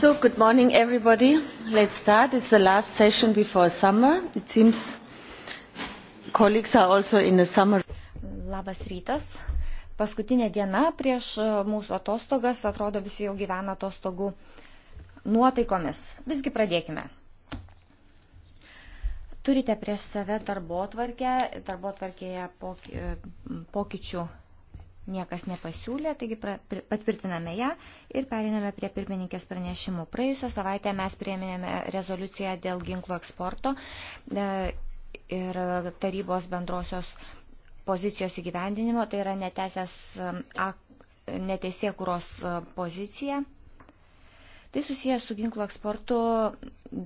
So, good morning, everybody. Let's start. It's the last session before summer. It seems colleagues are also in the summer. Labas rytas. Paskutinė diena prieš e, mūsų atostogas, atrodo, visi jau gyvena atostogų nuotaikomis. Visgi pradėkime. Turite prieš save darbo tvarkę, darbo tvarkėje e, pokyčių niekas nepasiūlė, taigi pra, pr, patvirtiname ją ir periname prie pirmininkės pranešimų. Praėjusią savaitę mes prieminėme rezoliuciją dėl ginklų eksporto e, ir tarybos bendrosios pozicijos įgyvendinimo, tai yra netesės, e, a, neteisė kuros e, pozicija. Tai susijęs su ginklų eksportu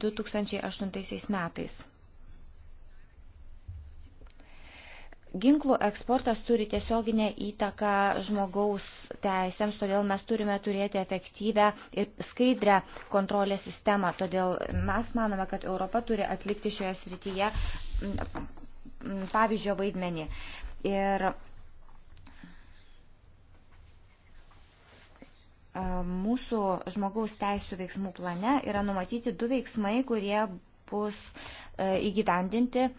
2008 metais. Ginklų eksportas turi tiesioginę įtaką žmogaus teisėms, todėl mes turime turėti efektyvę ir skaidrę kontrolės sistemą. Todėl mes manome, kad Europa turi atlikti šioje srityje pavyzdžio vaidmenį. Ir e, mūsų žmogaus teisų veiksmų plane yra numatyti du veiksmai, kurie bus e, įgyvendinti uh,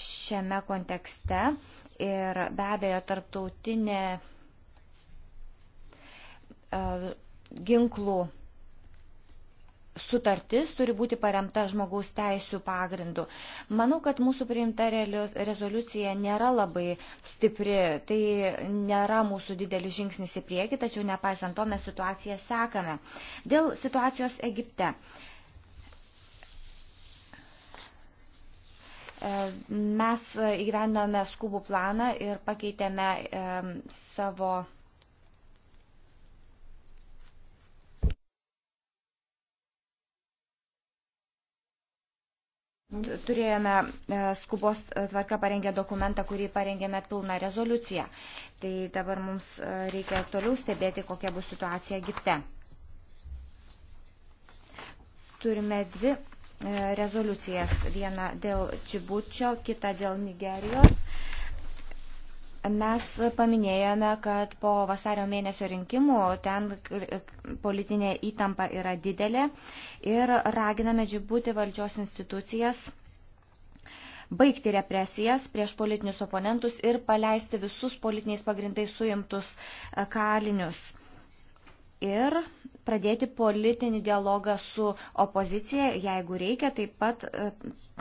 šiame kontekste ir be abejo tarptautinė e, ginklų sutartis turi būti paremta žmogaus teisų pagrindu. Manau, kad mūsų priimta rezoliucija nėra labai stipri, tai nėra mūsų didelis žingsnis į priekį, tačiau nepaisant to mes situaciją sekame. Dėl situacijos Egipte. Uh, Mes įgyvendome skubų planą ir pakeitėme savo Turėjome e, skubos tvarka parengę dokumentą, kurį parengėme pilną rezoliuciją. Tai dabar mums e, reikia toliau stebėti, kokia bus situacija Egipte. Turime dvi E, rezoliucijas. Vieną dėl Čibučio, kitą dėl Nigerijos. Mes paminėjome, kad po vasario mėnesio rinkimų ten politinė įtampa yra didelė ir raginame džibūti valdžios institucijas baigti represijas prieš politinius oponentus ir paleisti visus politiniais pagrindais suimtus e, kalinius ir pradėti politinį dialogą su opozicija, jeigu reikia, taip pat e,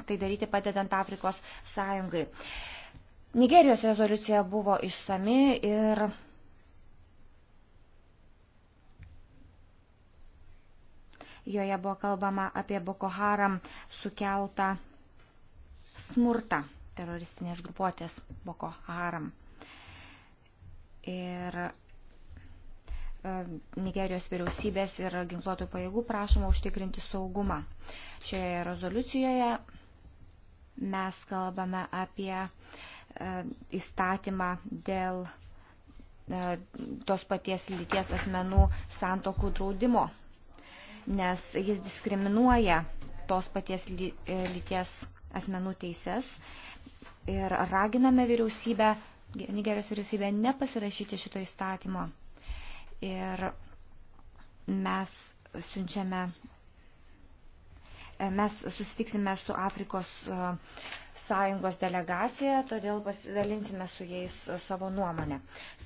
tai daryti padedant Afrikos sąjungai. Nigerijos rezoliucija buvo išsami ir joje buvo kalbama apie Boko Haram sukeltą smurtą teroristinės grupuotės Boko Haram. Ir E, Nigerijos vyriausybės ir ginkluotų pajėgų prašoma užtikrinti saugumą. Šioje rezoliucijoje mes kalbame apie e, įstatymą dėl e, tos paties lyties asmenų santokų draudimo, nes jis diskriminuoja tos paties lyties asmenų teises ir raginame vyriausybę, Nigerijos vyriausybę nepasirašyti šito įstatymo ir mes siunčiame, mes susitiksime su Afrikos e, sąjungos delegacija, todėl pasidalinsime su jais e, savo nuomonę.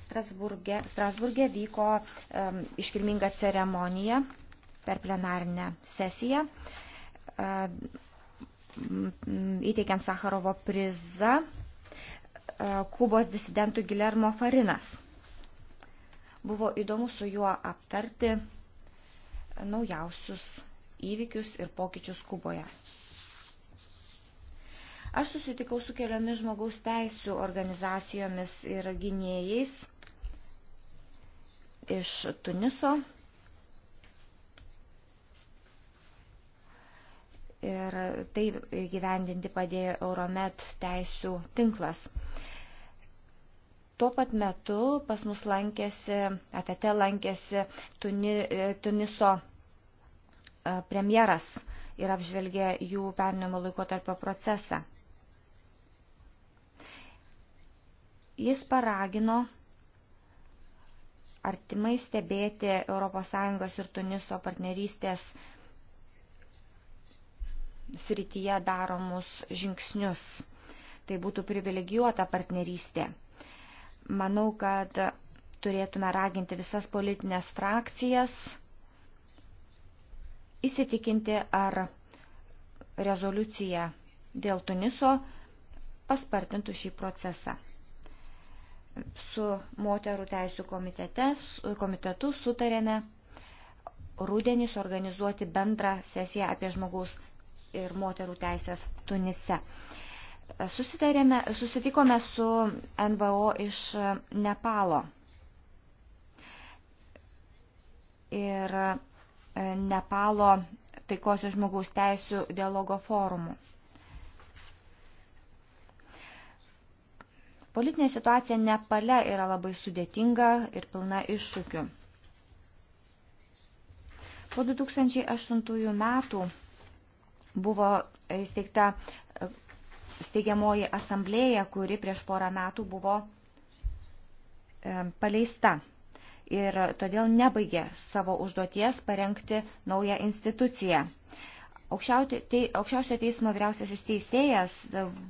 Strasburgė, Strasburgė vyko um, iškilminga ceremonija per plenarinę sesiją, um, įteikiant Sakarovo prizą um, Kubos disidentų Gilermo Farinas. Buvo įdomu su juo aptarti naujausius įvykius ir pokyčius Kuboje. Aš susitikau su keliomis žmogaus teisų organizacijomis ir gynėjais iš Tuniso. Ir tai gyvendinti padėjo Euromet teisų tinklas. Tuo pat metu pas mus lankėsi, atete lankėsi Tuni, e, Tuniso e, premjeras ir apžvelgė jų pernimo laikotarpio procesą. Jis paragino artimai stebėti ES ir Tuniso partnerystės srityje daromus žingsnius. Tai būtų privilegijuota partnerystė. Manau, kad turėtume raginti visas politinės frakcijas įsitikinti, ar rezoliucija dėl Tuniso paspartintų šį procesą. Su moterų teisų komitetu sutarėme rūdienį suorganizuoti bendrą sesiją apie žmogaus ir moterų teisės Tunise susitikome su NVO iš Nepalo. Ir e, Nepalo taikosios žmogaus teisų dialogo forumų. Politinė situacija Nepale yra labai sudėtinga ir pilna iššūkių. Po 2008 metų buvo įsteigta steigiamoji asamblėja, kuri prieš porą metų buvo e, paleista. Ir todėl nebaigė savo užduoties parengti naują instituciją. Aukščiausio teismo vyriausiasis teisėjas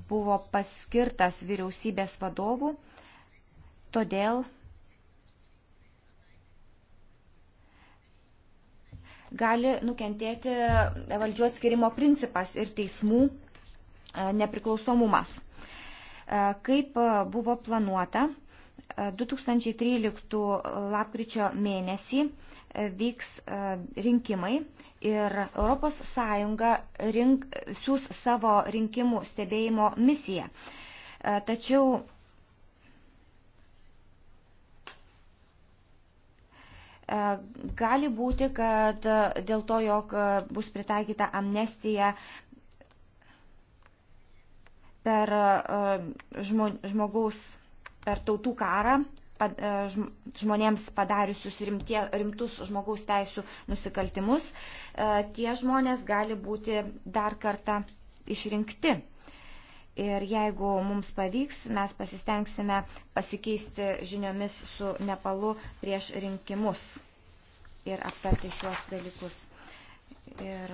buvo paskirtas vyriausybės vadovų, todėl gali nukentėti valdžių atskirimo principas ir teismų E, nepriklausomumas. E, kaip e, buvo planuota, 2013 lapkričio mėnesį vyks rinkimai ir ES rink, siūs savo rinkimų stebėjimo misiją. Tačiau gali būti, kad dėl to, jog bus pritaikyta amnestija, per e, žmogaus, per tautų karą e, žmonėms padariusius rimtie, rimtus žmogaus teisų nusikaltimus, e, tie žmonės gali būti dar kartą išrinkti. Ir jeigu mums pavyks, mes pasistengsime pasikeisti žiniomis su Nepalu prieš rinkimus ir aptarti šiuos dalykus. Ir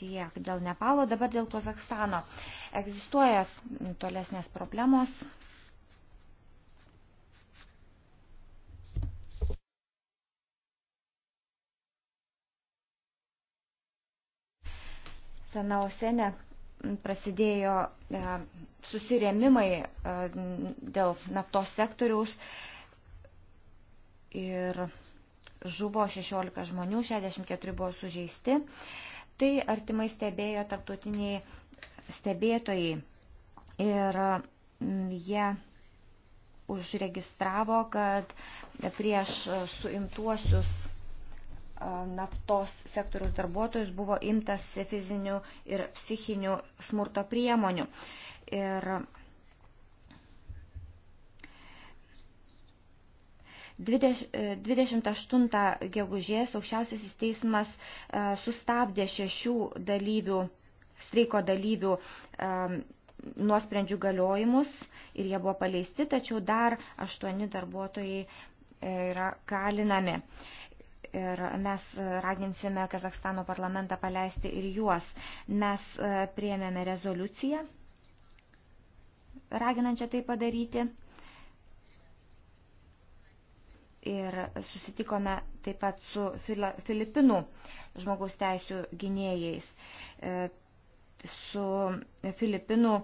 tiek dėl Nepalo, dabar dėl Kazakstano. Egzistuoja tolesnės problemos. Senaosene prasidėjo e, susirėmimai e, dėl naftos sektoriaus ir žuvo 16 žmonių, 64 buvo sužeisti. Tai artimai stebėjo tarptautiniai stebėtojai ir mm, jie užregistravo, kad prieš suimtuosius naftos sektoriaus darbuotojus buvo imtas fizinių ir psichinių smurto priemonių. Ir 28 e, gegužės aukščiausiasis teismas e, sustabdė šešių dalyvių, streiko dalyvių e, nuosprendžių galiojimus ir jie buvo paleisti, tačiau dar aštuoni darbuotojai yra kalinami. Ir mes raginsime Kazakstano parlamentą paleisti ir juos. Mes priėmėme rezoliuciją, raginančią tai padaryti ir susitikome taip pat su Filipinų žmogaus teisų gynėjais, e, su Filipinų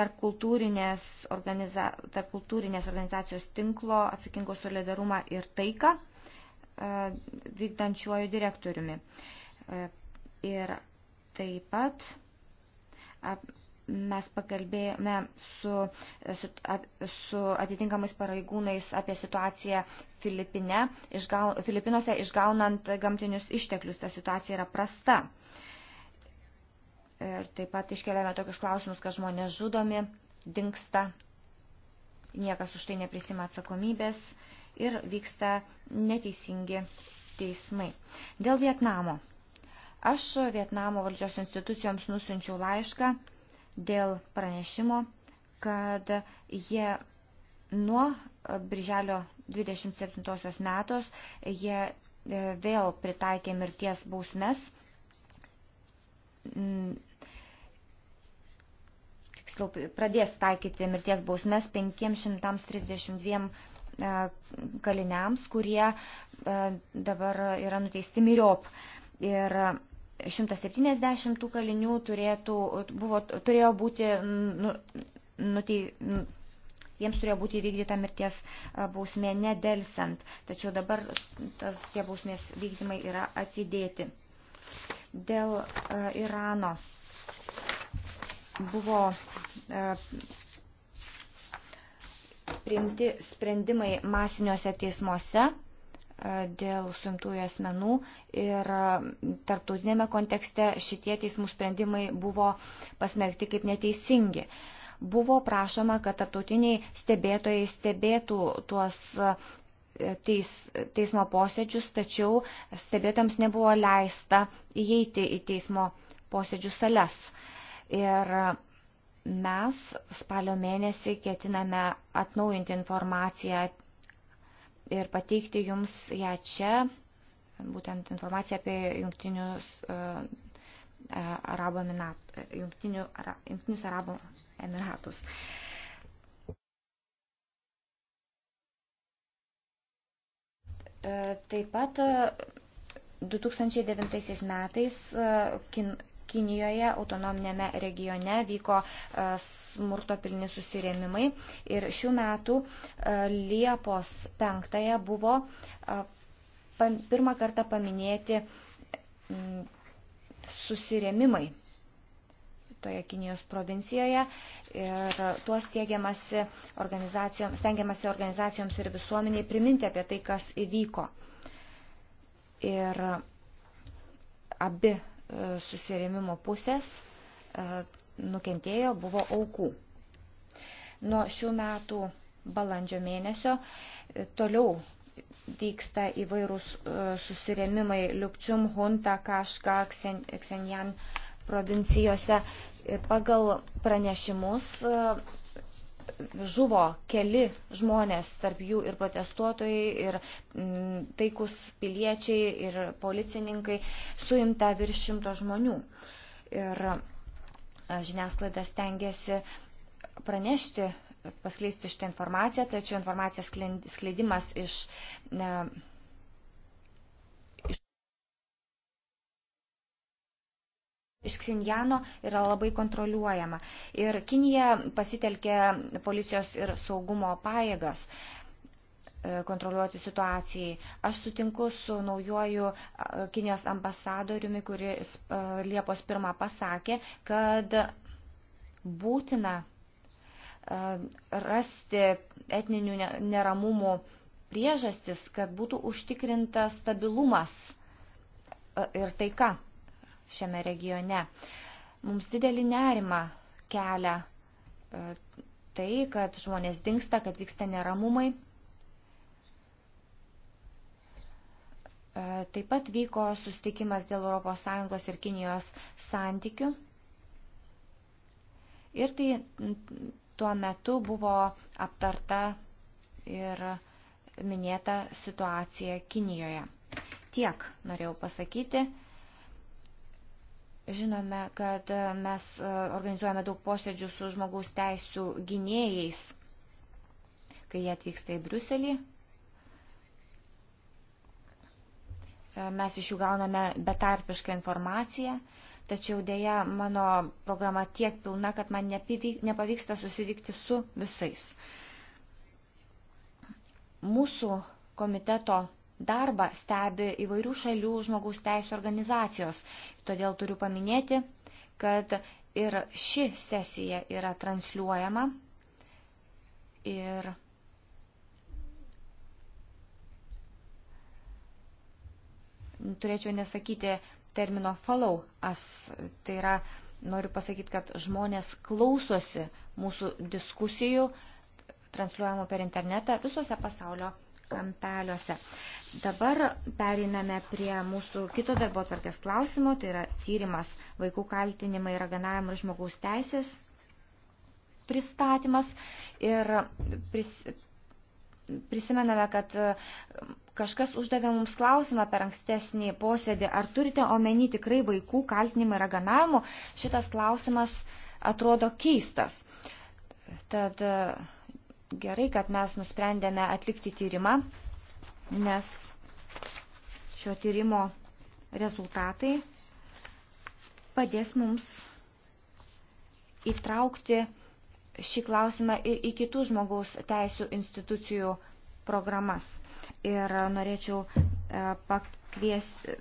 tarpkultūrinės, organiza, tarpkultūrinės organizacijos tinklo atsakingo solidarumą ir taiką e, vykdančiuoju direktoriumi. E, ir taip pat mes pakalbėjome su, su, su atitinkamais pareigūnais apie situaciją Filipine, išgal, Filipinuose išgaunant gamtinius išteklius. Ta situacija yra prasta. Ir taip pat iškeliame tokius klausimus, kad žmonės žudomi, dinksta, niekas už tai neprisima atsakomybės ir vyksta neteisingi teismai. Dėl Vietnamo. Aš Vietnamo valdžios institucijoms nusinčiau laišką dėl pranešimo, kad jie nuo birželio 27 metos jie e, vėl pritaikė mirties bausmes. Mm, tiksliau, pradės taikyti mirties bausmes 532 e, kaliniams, kurie e, dabar yra nuteisti myriop. Ir 170 tų kalinių turėtų, buvo, turėjo būti, nu, nutei, nu, jiems turėjo būti įvykdyta mirties bausmė nedelsiant, tačiau dabar tas, tie bausmės vykdymai yra atidėti. Dėl uh, Irano buvo uh, priimti sprendimai masiniuose teismuose dėl suimtųjų asmenų ir tarptautinėme kontekste šitie teismų sprendimai buvo pasmerkti kaip neteisingi. Buvo prašoma, kad tarptautiniai stebėtojai stebėtų tuos teis, teismo posėdžius, tačiau stebėtams nebuvo leista įeiti į teismo posėdžių sales. Ir mes spalio mėnesį ketiname atnaujinti informaciją ir pateikti jums ją čia, būtent informaciją apie jungtinius e, Arabų, Eminat, jungtinių, jungtinius Arabų Emiratus. E, taip pat 2009 e, metais kin, Kinijoje, autonominėme regione vyko e, smurto pilni susirėmimai ir šių metų e, Liepos 5 buvo e, pirmą kartą paminėti susirėmimai toje Kinijos provincijoje ir tuo stengiamasi organizacijoms, stengiamasi organizacijoms ir visuomeniai priminti apie tai, kas įvyko. Ir abi E, susirėmimo pusės e, nukentėjo buvo aukų. Nuo šių metų balandžio mėnesio e, toliau vyksta įvairūs susirėmimai Liukčium, Hunta, Kaška, Ksenjan provincijose. Pagal pranešimus žuvo keli žmonės, tarp jų ir protestuotojai, ir m, mm, taikus piliečiai, ir policininkai, suimta virš šimto žmonių. Ir e, žiniasklaida stengiasi pranešti, paskleisti šitą informaciją, tačiau informacijos skleidimas iš. Ne, iš Xinjiano yra labai kontroliuojama. Ir Kinija pasitelkė policijos ir saugumo pajėgas e, kontroliuoti situacijai. Aš sutinku su naujoju e, Kinijos ambasadoriumi, kuris e, Liepos pirmą pasakė, kad būtina rasti etninių neramumų priežastis, kad būtų užtikrinta stabilumas ir taika šiame regione. Mums didelį nerimą kelia e, tai, kad žmonės dinksta, kad vyksta neramumai. E, taip pat vyko sustikimas dėl ES ir Kinijos santykių. Ir tai tuo metu buvo aptarta ir minėta situacija Kinijoje. Tiek norėjau pasakyti. Žinome, kad e, mes e, organizuojame daug posėdžių su žmogaus teisų gynėjais, kai jie atvyksta į Bruselį. E, mes iš jų gauname betarpišką informaciją, tačiau dėja mano programa tiek pilna, kad man nepavyksta susitikti su visais. Mūsų komiteto darbą stebi įvairių šalių žmogaus teisų organizacijos. Todėl turiu paminėti, kad ir ši sesija yra transliuojama. Ir turėčiau nesakyti termino follow us. Tai yra, noriu pasakyti, kad žmonės klausosi mūsų diskusijų transliuojamų per internetą visose pasaulio kampeliuose. Dabar periname prie mūsų kito darbo tvarkės klausimo, tai yra tyrimas vaikų kaltinimai ir aganavimo ir žmogaus teisės pristatymas. Ir pris, prisimename, kad e, kažkas uždavė mums klausimą per ankstesnį posėdį, ar turite omeny tikrai vaikų kaltinimai ir aganavimo. Šitas klausimas atrodo keistas. Tad e, gerai, kad mes nusprendėme atlikti tyrimą, nes šio tyrimo rezultatai padės mums įtraukti šį klausimą ir į kitų žmogaus teisų institucijų programas. Ir norėčiau e, pakviesti,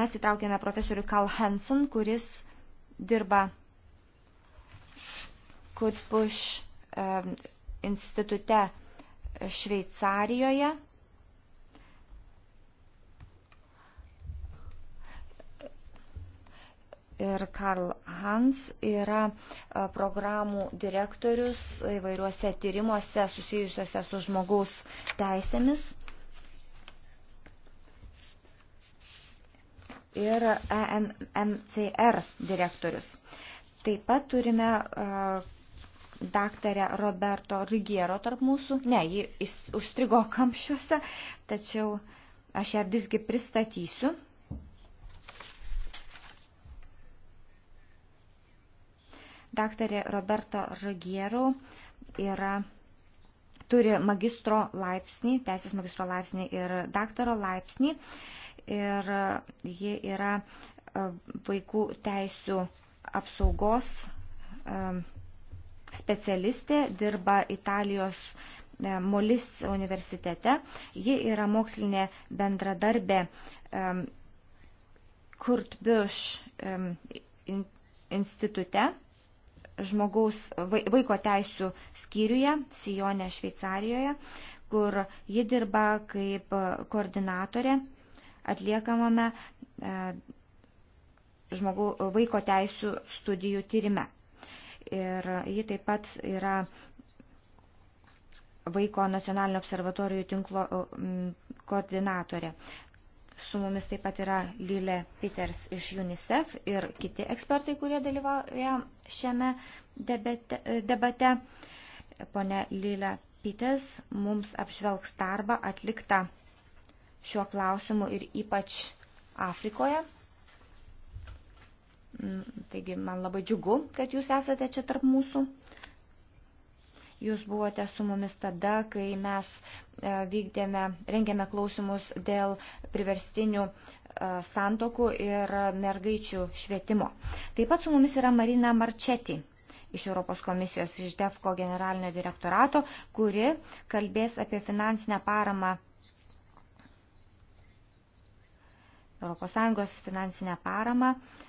mes įtraukėme profesorių Carl Hansen, kuris dirba Kutbush e, institute Šveicarijoje. Ir Karl Hans yra e, programų direktorius įvairiuose tyrimuose susijusiuose su žmogaus teisėmis. Ir ENMCR direktorius. Taip pat turime e, daktarę Roberto Rigiero tarp mūsų. Ne, ji užstrigo kamščiuose, tačiau aš ją visgi pristatysiu. Daktarė Roberta Rigiero yra turi magistro laipsnį, teisės magistro laipsnį ir daktaro laipsnį. Ir ji yra e, vaikų teisų apsaugos e, specialistė, dirba Italijos e, Molis universitete. Ji yra mokslinė bendradarbė Kurt Busch institute žmogaus vaiko teisų skyriuje, Sijone, Šveicarijoje, kur ji dirba kaip koordinatorė atliekamame e, žmogų, vaiko teisų studijų tyrime ir ji taip pat yra vaiko nacionalinio observatorijų tinklo koordinatorė. Su mumis taip pat yra Lilė Peters iš UNICEF ir kiti ekspertai, kurie dalyvauja šiame debate. debate. Pone Lilė Peters mums apžvelgs darbą atliktą šiuo klausimu ir ypač Afrikoje. Mm, taigi man labai džiugu, kad jūs esate čia tarp mūsų. Jūs buvote su mumis tada, kai mes e, vykdėme, rengėme klausimus dėl priverstinių e, santokų ir mergaičių švietimo. Taip pat su mumis yra Marina Marčeti iš Europos komisijos iš DEFCO generalinio direktorato, kuri kalbės apie finansinę paramą ES finansinę paramą uh,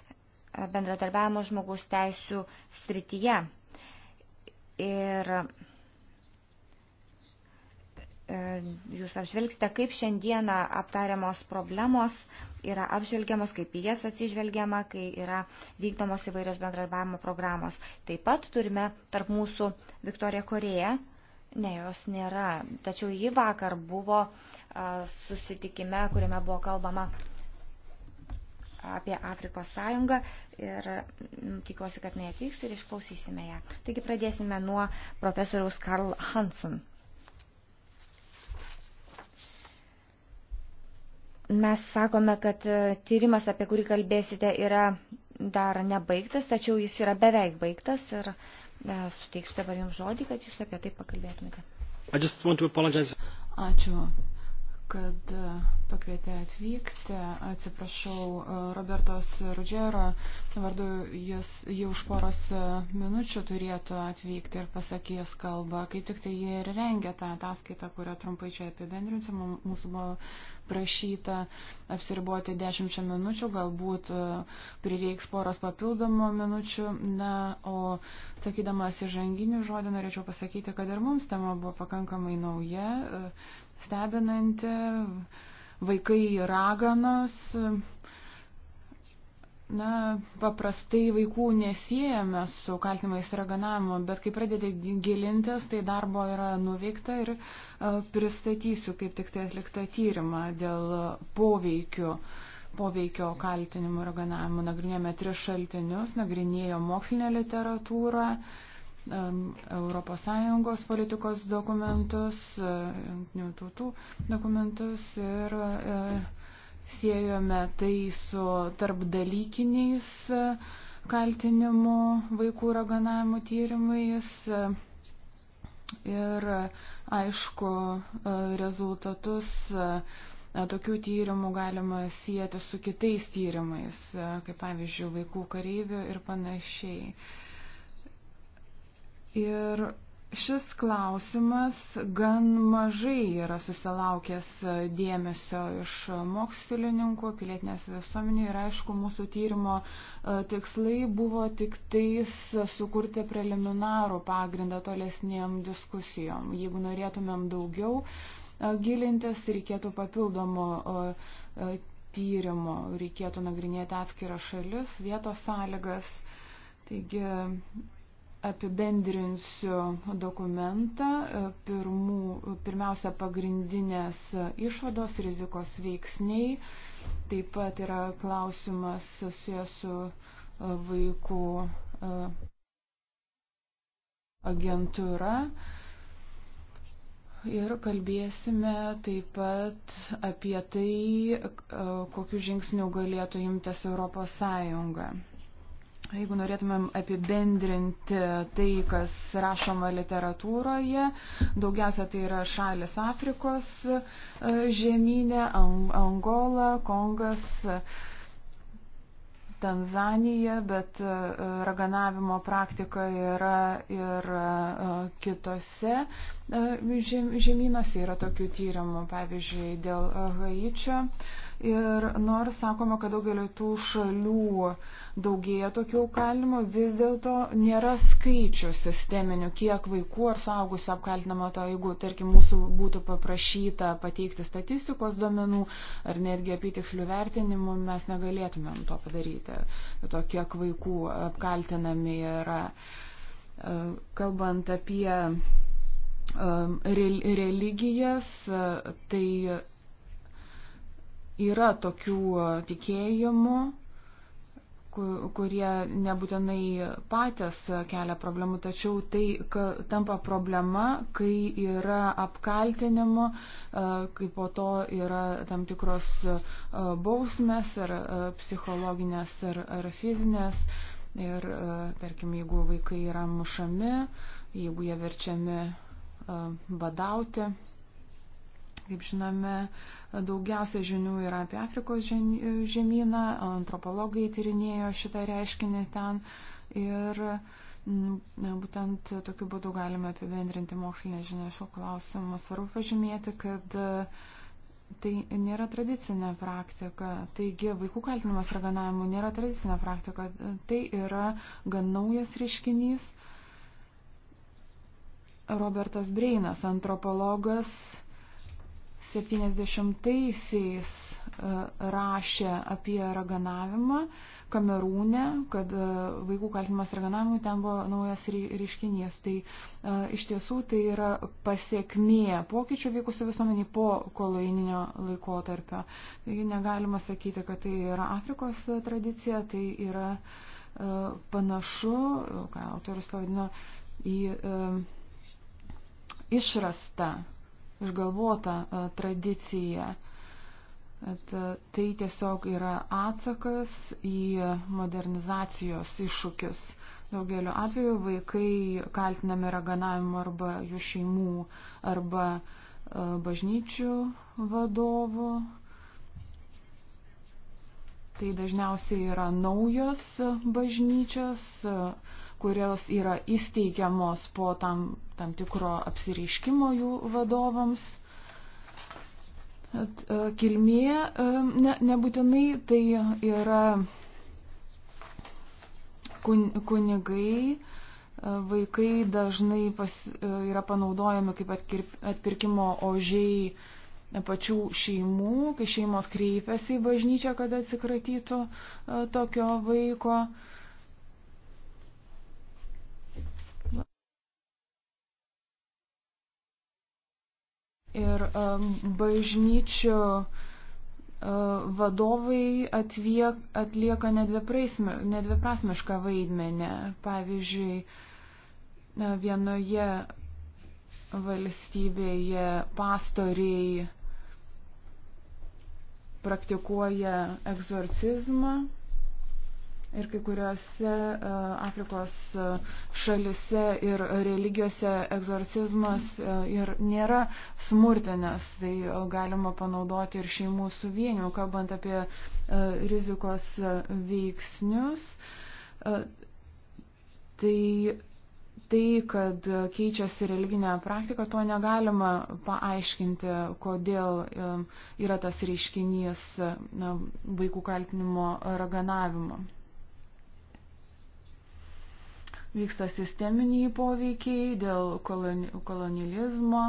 bendradarbiavimo žmogaus teisų srityje. Ir e, jūs apžvelgsite, kaip šiandieną aptariamos problemos yra apžvelgiamos, kaip į jas atsižvelgiama, kai yra vykdomos įvairios bendradarbiavimo programos. Taip pat turime tarp mūsų Viktoriją Koreją. Ne, jos nėra. Tačiau ji vakar buvo susitikime, kuriame buvo kalbama apie Afrikos sąjungą ir mm, tikiuosi, kad neatvyks ir išklausysime ją. Taigi pradėsime nuo profesoriaus Karl Hansen. Mes sakome, kad e, tyrimas, apie kurį kalbėsite, yra dar nebaigtas, tačiau jis yra beveik baigtas ir e, suteiksiu dabar jums žodį, kad jūs apie tai pakalbėtumėte. Ačiū kad e, pakvietė atvykti. Atsiprašau, e, Robertos Rudžero vardu, jis jau už poros e, minučių turėtų atvykti ir pasakys kalbą. Kaip tik tai jie ir rengia tą ataskaitą, kurią trumpai čia apibendrinsiu. Mūsų buvo prašyta apsiriboti dešimčia minučių, galbūt prireiks poros papildomų minučių. Na, o sakydamas įžanginių žodį norėčiau pasakyti, kad ir mums tema buvo pakankamai nauja stebinanti, vaikai raganos. Na, paprastai vaikų nesijame su kaltinimais raganavimu, bet kai pradedi gilintis, tai darbo yra nuveikta ir e, pristatysiu kaip tik tai atliktą tyrimą dėl poveikio poveikio kaltinimu ir ganavimu nagrinėjome tris šaltinius, nagrinėjo mokslinę literatūrą, ES politikos dokumentus, e, jungtinių tautų dokumentus ir e, siejome tai su tarpdalykiniais e, kaltinimu vaikų raganavimu tyrimais. Ir aišku, rezultatus tokių tyrimų galima sieti su kitais tyrimais, kaip pavyzdžiui, vaikų kareivių ir panašiai. Ir šis klausimas gan mažai yra susilaukęs dėmesio iš mokslininkų, pilietinės visuomenė ir aišku, mūsų tyrimo e, tikslai buvo tik tais sukurti preliminarų pagrindą tolesniem diskusijom. Jeigu norėtumėm daugiau e, gilintis, reikėtų papildomų e, tyrimų, reikėtų nagrinėti atskiras šalis, vietos sąlygas. Taigi apibendrinsiu dokumentą. Pirmų, pirmiausia, pagrindinės išvados, rizikos veiksniai. Taip pat yra klausimas susijęs su e, vaikų e, agentūra. Ir kalbėsime taip pat apie tai, e, kokiu žingsniu galėtų imtis Europos Sąjunga. Jeigu norėtumėm apibendrinti tai, kas rašoma literatūroje, daugiausia tai yra šalis Afrikos e, žemynė, Angola, Kongas, Tanzanija, bet e, raganavimo praktika yra ir e, kitose žemynuose, yra tokių tyrimų, pavyzdžiui, dėl Haičio. Uh, Ir nors sakoma, kad daugelio tų šalių daugėja tokių kalinimų, vis dėlto nėra skaičių sisteminių, kiek vaikų ar suaugusių apkaltinama to, jeigu, tarkim, mūsų būtų paprašyta pateikti statistikos duomenų ar netgi apytikslių vertinimų, mes negalėtumėm to padaryti, to, kiek vaikų apkaltinami yra. E, kalbant apie e, religijas, tai Yra tokių e, tikėjimų, kurie nebūtinai patys kelia problemų, tačiau tai ka, tampa problema, kai yra apkaltinimo, e, kai po to yra tam tikros e, bausmės ar psichologinės ar, ar fizinės. Ir, tarkim, jeigu vaikai yra mušami, jeigu jie verčiami badauti. Kaip žinome, daugiausia žinių yra apie Afrikos žemyną, antropologai tyrinėjo šitą reiškinį ten ir mm, būtent tokiu būdu galime apibendrinti mokslinę žinią šio klausimo. Svarbu pažymėti, kad e, tai nėra tradicinė praktika. Taigi vaikų kaltinimas raganavimu nėra tradicinė praktika. Tai yra gan naujas reiškinys. Robertas Breinas, antropologas, 70-aisiais e, rašė apie raganavimą Kamerūne, kad e, vaikų kaltinimas raganavimu ten buvo naujas reiškinys. Tai e, iš tiesų tai yra pasiekmė pokyčių vykusių visuomeniai po kolaininio laikotarpio. Taigi negalima sakyti, kad tai yra Afrikos tradicija, tai yra panašu, ką autorius pavadino, į išrastą išgalvota e, tradicija. At, e, tai tiesiog yra atsakas į modernizacijos iššūkius. Daugeliu atveju vaikai kaltinami raganavimu arba jų šeimų, arba e, bažnyčių vadovų. Tai dažniausiai yra naujos bažnyčios, kurios yra įsteigiamos po tam, tam tikro apsireiškimo jų vadovams. E, kilmė e, ne, nebūtinai tai yra kun, kunigai, e, vaikai dažnai pas, yra panaudojami kaip atpirkimo ožiai pačių šeimų, kai šeimos kreipiasi į bažnyčią, kad atsikratytų tokio vaiko. Uh, ir bažnyčių e, vadovai atviek, atlieka nedviprasmišką vaidmenį. Pavyzdžiui, e, vienoje valstybėje pastoriai praktikuoja egzorcizmą, Ir kai kuriuose e, Afrikos e, šalise ir religijose egzorcizmas e, ir nėra smurtinės, tai galima panaudoti ir šeimų suvienimų, kalbant apie rizikos veiksnius. Tai tai, kad keičiasi religinė praktika, to negalima paaiškinti, kodėl yra tas reiškinys vaikų kaltinimo raganavimo vyksta sisteminiai poveikiai dėl kolonializmo,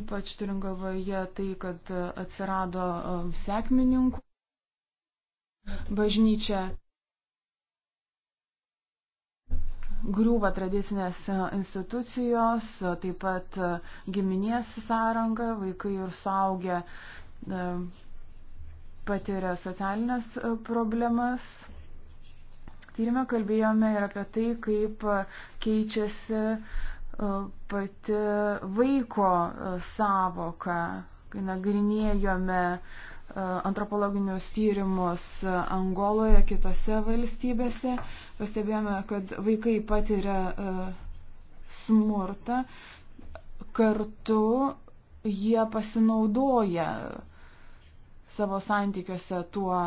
ypač turint galvoje tai, kad atsirado um, sekmininkų bažnyčia griūva tradicinės uh, institucijos, taip pat uh, giminės sąranga, vaikai ir suaugę um, patiria socialinės uh, problemas tyrimę kalbėjome ir apie tai, kaip keičiasi e, pati vaiko e, savoka, kai nagrinėjome e, antropologinius tyrimus Angoloje, kitose valstybėse, pastebėjome, kad vaikai patiria smurtą, kartu jie pasinaudoja savo santykiuose tuo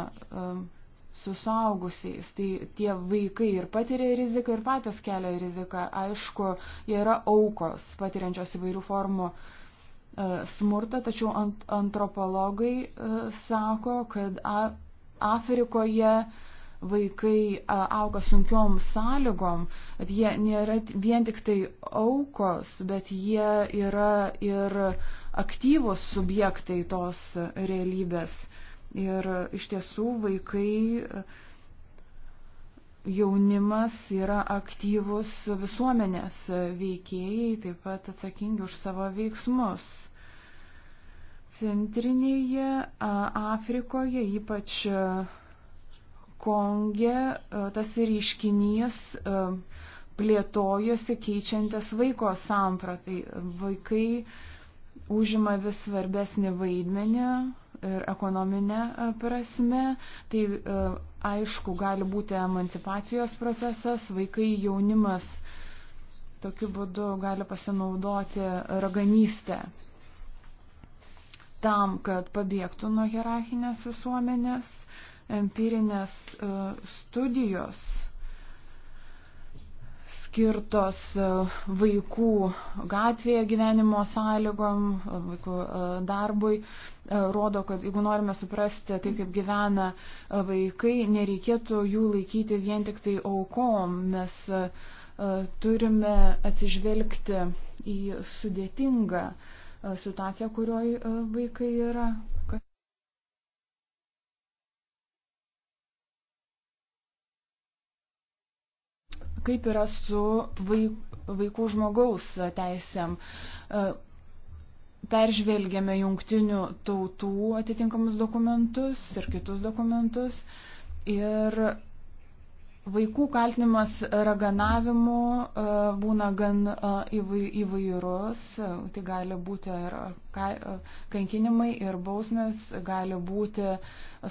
su suaugusiais. Tai tie vaikai ir patiria riziką, ir patys kelia riziką. Aišku, jie yra aukos patiriančios įvairių formų e, smurtą, tačiau ant, antropologai e, sako, kad Afrikoje vaikai e, auga sunkiom sąlygom, kad jie nėra vien tik tai aukos, bet jie yra ir aktyvus subjektai tos realybės. Ir iš tiesų vaikai, jaunimas yra aktyvus visuomenės veikėjai, taip pat atsakingi už savo veiksmus. Centrinėje Afrikoje, ypač Konge, tas ryškinys plėtojosi keičiantis vaiko sampratai. Vaikai užima vis svarbesnį vaidmenį ir ekonominė e, prasme. Tai e, aišku, gali būti emancipacijos procesas, vaikai, jaunimas tokiu būdu gali pasinaudoti raganystę tam, kad pabėgtų nuo hierarchinės visuomenės, empirinės e, studijos skirtos vaikų gatvėje gyvenimo sąlygom, vaikų darbui, E, rodo, kad jeigu norime suprasti tai, kaip gyvena e, vaikai, nereikėtų jų laikyti vien tik tai aukom. Mes e, turime atsižvelgti į sudėtingą situaciją, kurioj vaikai yra. Kaip yra su vaikų žmogaus teisėm? peržvelgėme jungtinių tautų atitinkamus dokumentus ir kitus dokumentus. Ir vaikų kaltinimas raganavimu e, būna gan e, įvairus. E, tai gali būti ir kankinimai, ir bausmės, gali būti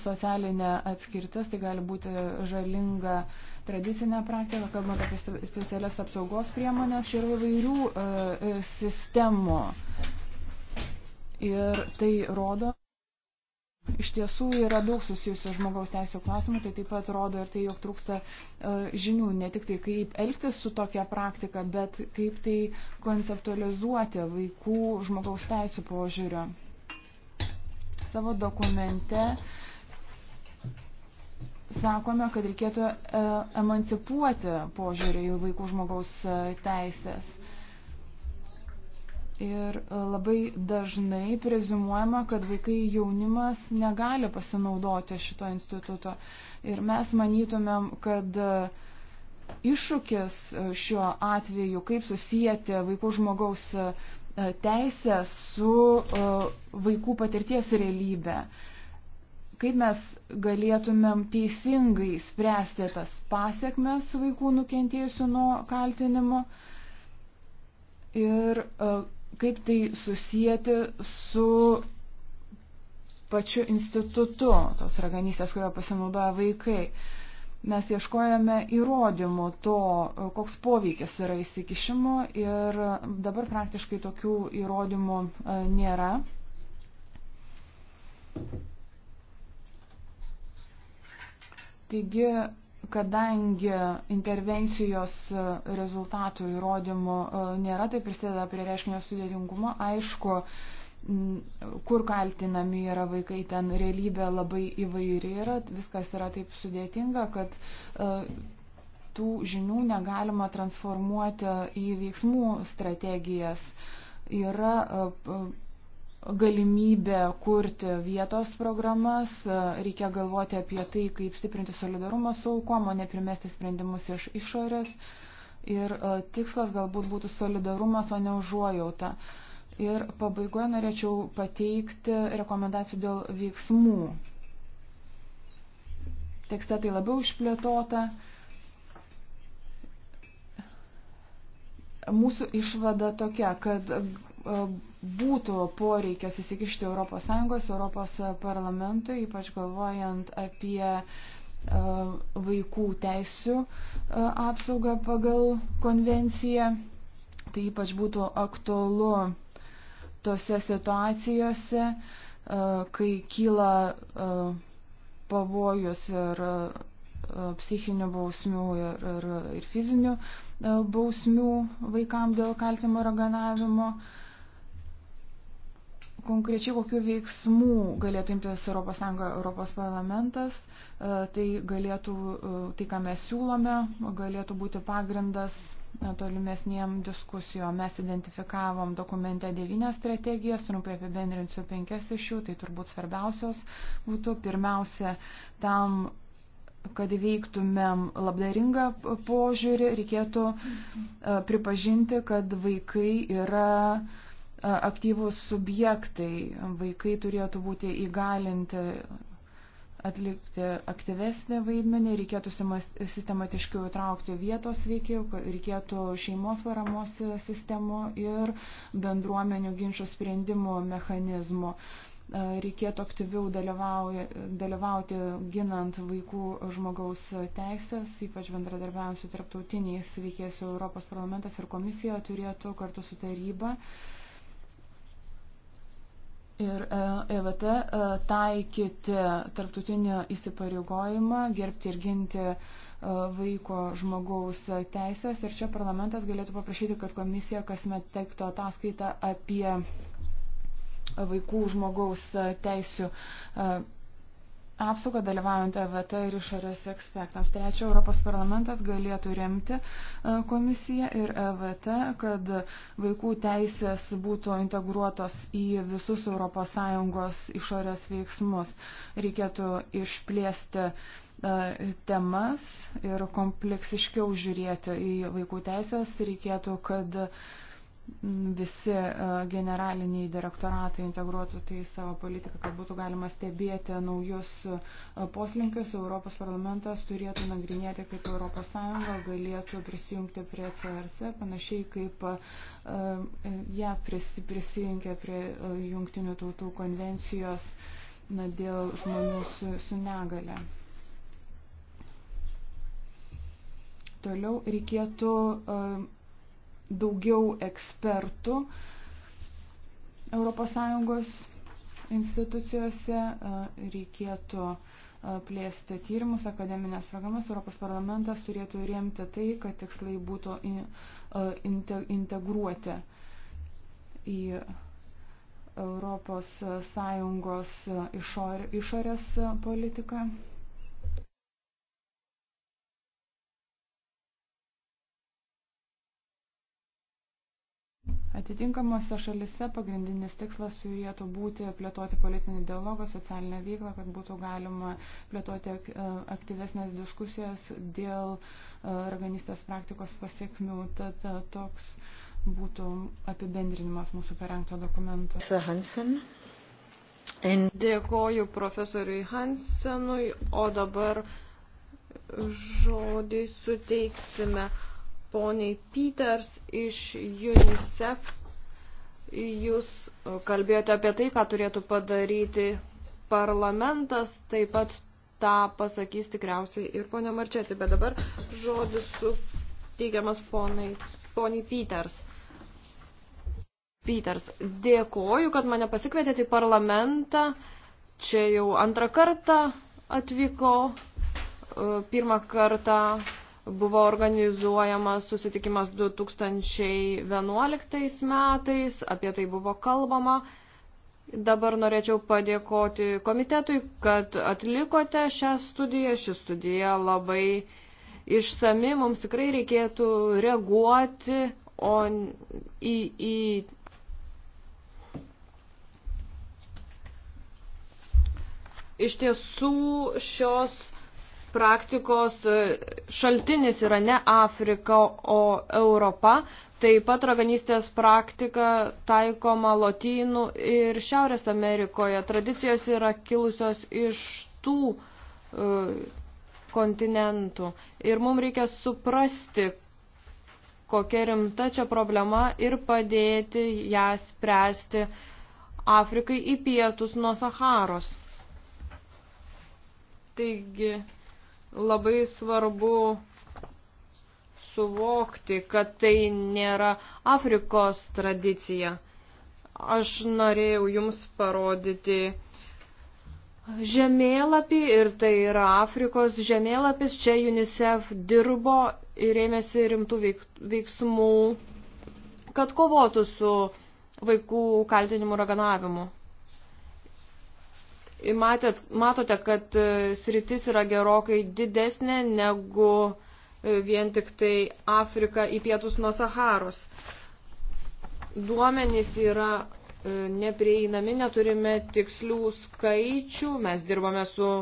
socialinė atskirtis, tai gali būti žalinga tradicinė praktika, kalbant apie specialias apsaugos priemonės ir įvairių sistemų. Ir tai rodo, iš tiesų yra daug susijusių žmogaus teisų klausimų, tai taip pat rodo ir tai, jog trūksta e, žinių, ne tik tai kaip elgtis su tokia praktika, bet kaip tai konceptualizuoti vaikų žmogaus teisų požiūrio. Savo dokumente sakome, kad reikėtų e, emancipuoti požiūrį į vaikų žmogaus e, teisės Ir e, labai dažnai prezumuojama, kad vaikai jaunimas negali pasinaudoti šito instituto. Ir mes manytumėm, kad e, iššūkis e, šiuo atveju, kaip susijęti vaikų žmogaus teisę su vaikų patirties realybė. Kaip mes galėtumėm teisingai spręsti tas pasiekmes vaikų nukentėjusių nuo kaltinimo ir uh, kaip tai susijęti su pačiu institutu, tos raganystės, kurio pasinaudoja vaikai. Mes ieškojame įrodymų to, koks poveikis yra įsikišimo ir dabar praktiškai tokių įrodymų e, nėra. Taigi kadangi intervencijos e, rezultatų įrodymų e, nėra, tai prisideda prie reiškinio sudėtingumo. Aišku, kur kaltinami yra vaikai, ten realybė labai įvairi yra, viskas yra taip sudėtinga, kad e, tų žinių negalima transformuoti į veiksmų strategijas. Yra galimybė kurti vietos programas, reikia galvoti apie tai, kaip stiprinti solidarumą su aukom, o ne primesti sprendimus iš išorės. Ir e, tikslas galbūt būtų solidarumas, o ne užuojauta. Ir pabaigoje norėčiau pateikti rekomendacijų dėl veiksmų. Tekste tai labiau išplėtota. Mūsų išvada tokia, kad e, būtų poreikio susikišti Europos Sąjungos, Europos parlamentui, ypač galvojant apie e, vaikų teisų e, apsaugą pagal konvenciją. Tai ypač būtų aktualu tose situacijose, e, kai kyla pavojus ir psichinių bausmių ir, ir, ir fizinių bausmių vaikams dėl kaltimo raganavimo. ganavimo konkrečiai kokiu veiksmu galėtų imtis ES, ES parlamentas, e, tai galėtų, e, tai ką mes siūlome, galėtų būti pagrindas e, tolimesniem diskusijom. Mes identifikavom dokumente devynias strategijas, trumpai apibendrinsiu penkias iš jų, tai turbūt svarbiausios būtų. Pirmiausia, tam kad įveiktumėm labdaringą požiūrį, reikėtų pripažinti, kad vaikai yra uh, aktyvūs subjektai, vaikai turėtų būti įgalinti atlikti aktyvesnį vaidmenį, reikėtų sistematiškiau įtraukti vietos veikėjų, reikėtų šeimos paramos sistemų ir bendruomenių ginčio sprendimo mechanizmų. Reikėtų aktyviau dalyvauti ginant vaikų žmogaus teisės, ypač bendradarbiavimus su tarptautiniais veikėjais Europos parlamentas ir komisija turėtų kartu su taryba uh, ir EVT e e, taikyti tarptautinį įsipareigojimą, gerbti ir ginti e, vaiko žmogaus teisės. Ir čia parlamentas galėtų paprašyti, kad komisija kasmet teiktų ataskaitą apie vaikų žmogaus teisų apsaugą dalyvaujant EVT ir išorės ekspertams. Trečia, Europos parlamentas galėtų remti e, komisiją ir EVT, kad vaikų teisės būtų integruotos į visus ES išorės veiksmus. Reikėtų išplėsti e, temas ir kompleksiškiau žiūrėti į vaikų teisės. Reikėtų, kad visi e, generaliniai direktoratai integruotų tai į savo politiką, kad būtų galima stebėti naujus e, poslinkius. Europos parlamentas turėtų nagrinėti, kaip ES galėtų prisijungti prie CRC, panašiai kaip e, jie ja, prisijungė prie Junktinių tautų konvencijos na, dėl žmonių su, su negale. Toliau reikėtų uh, daugiau ekspertų ES institucijose, e, reikėtų e, plėsti tyrimus, akademinės programas, Europos parlamentas turėtų remti tai, kad tikslai būtų e, integruoti į Europos Sąjungos išorės politiką. Atitinkamose šalise pagrindinis tikslas turėtų būti plėtoti politinį dialogą, socialinę veiklą, kad būtų galima plėtoti e, aktyvesnės diskusijas dėl e, raganistės praktikos pasiekmių. Tad e, toks būtų apibendrinimas mūsų parengto dokumento. Hansen. Dėkoju profesoriui Hansenui, o dabar žodį suteiksime poniai Peters iš UNICEF. Jūs e, kalbėjote apie tai, ką turėtų padaryti parlamentas, taip pat tą pasakys tikriausiai ir ponia Marčetė, bet dabar žodis suteikiamas poniai, poniai Peters. Peters, dėkoju, kad mane pasikvietėte į parlamentą. Čia jau antrą kartą atvyko, e, pirmą kartą buvo organizuojamas susitikimas 2011 metais, apie tai buvo kalbama. Dabar norėčiau padėkoti komitetui, kad atlikote šią studiją. Ši studija labai išsami, mums tikrai reikėtų reaguoti o į, į Iš tiesų šios praktikos e, šaltinis yra ne Afrika, o Europa. Taip pat raganystės praktika taikoma Lotynų ir Šiaurės Amerikoje. Tradicijos yra kilusios iš tų e, kontinentų. Ir mums reikia suprasti, kokia rimta čia problema ir padėti ją spręsti Afrikai į pietus nuo Saharos. Taigi, labai svarbu suvokti, kad tai nėra Afrikos tradicija. Aš norėjau jums parodyti žemėlapį ir tai yra Afrikos žemėlapis. Čia UNICEF dirbo ir ėmėsi rimtų veiksmų, kad kovotų su vaikų kaltinimu raganavimu matėt, matote, kad e, sritis yra gerokai didesnė negu e, vien tik tai Afrika į pietus nuo Saharos. Duomenys yra e, neprieinami, neturime tikslių skaičių, mes dirbame su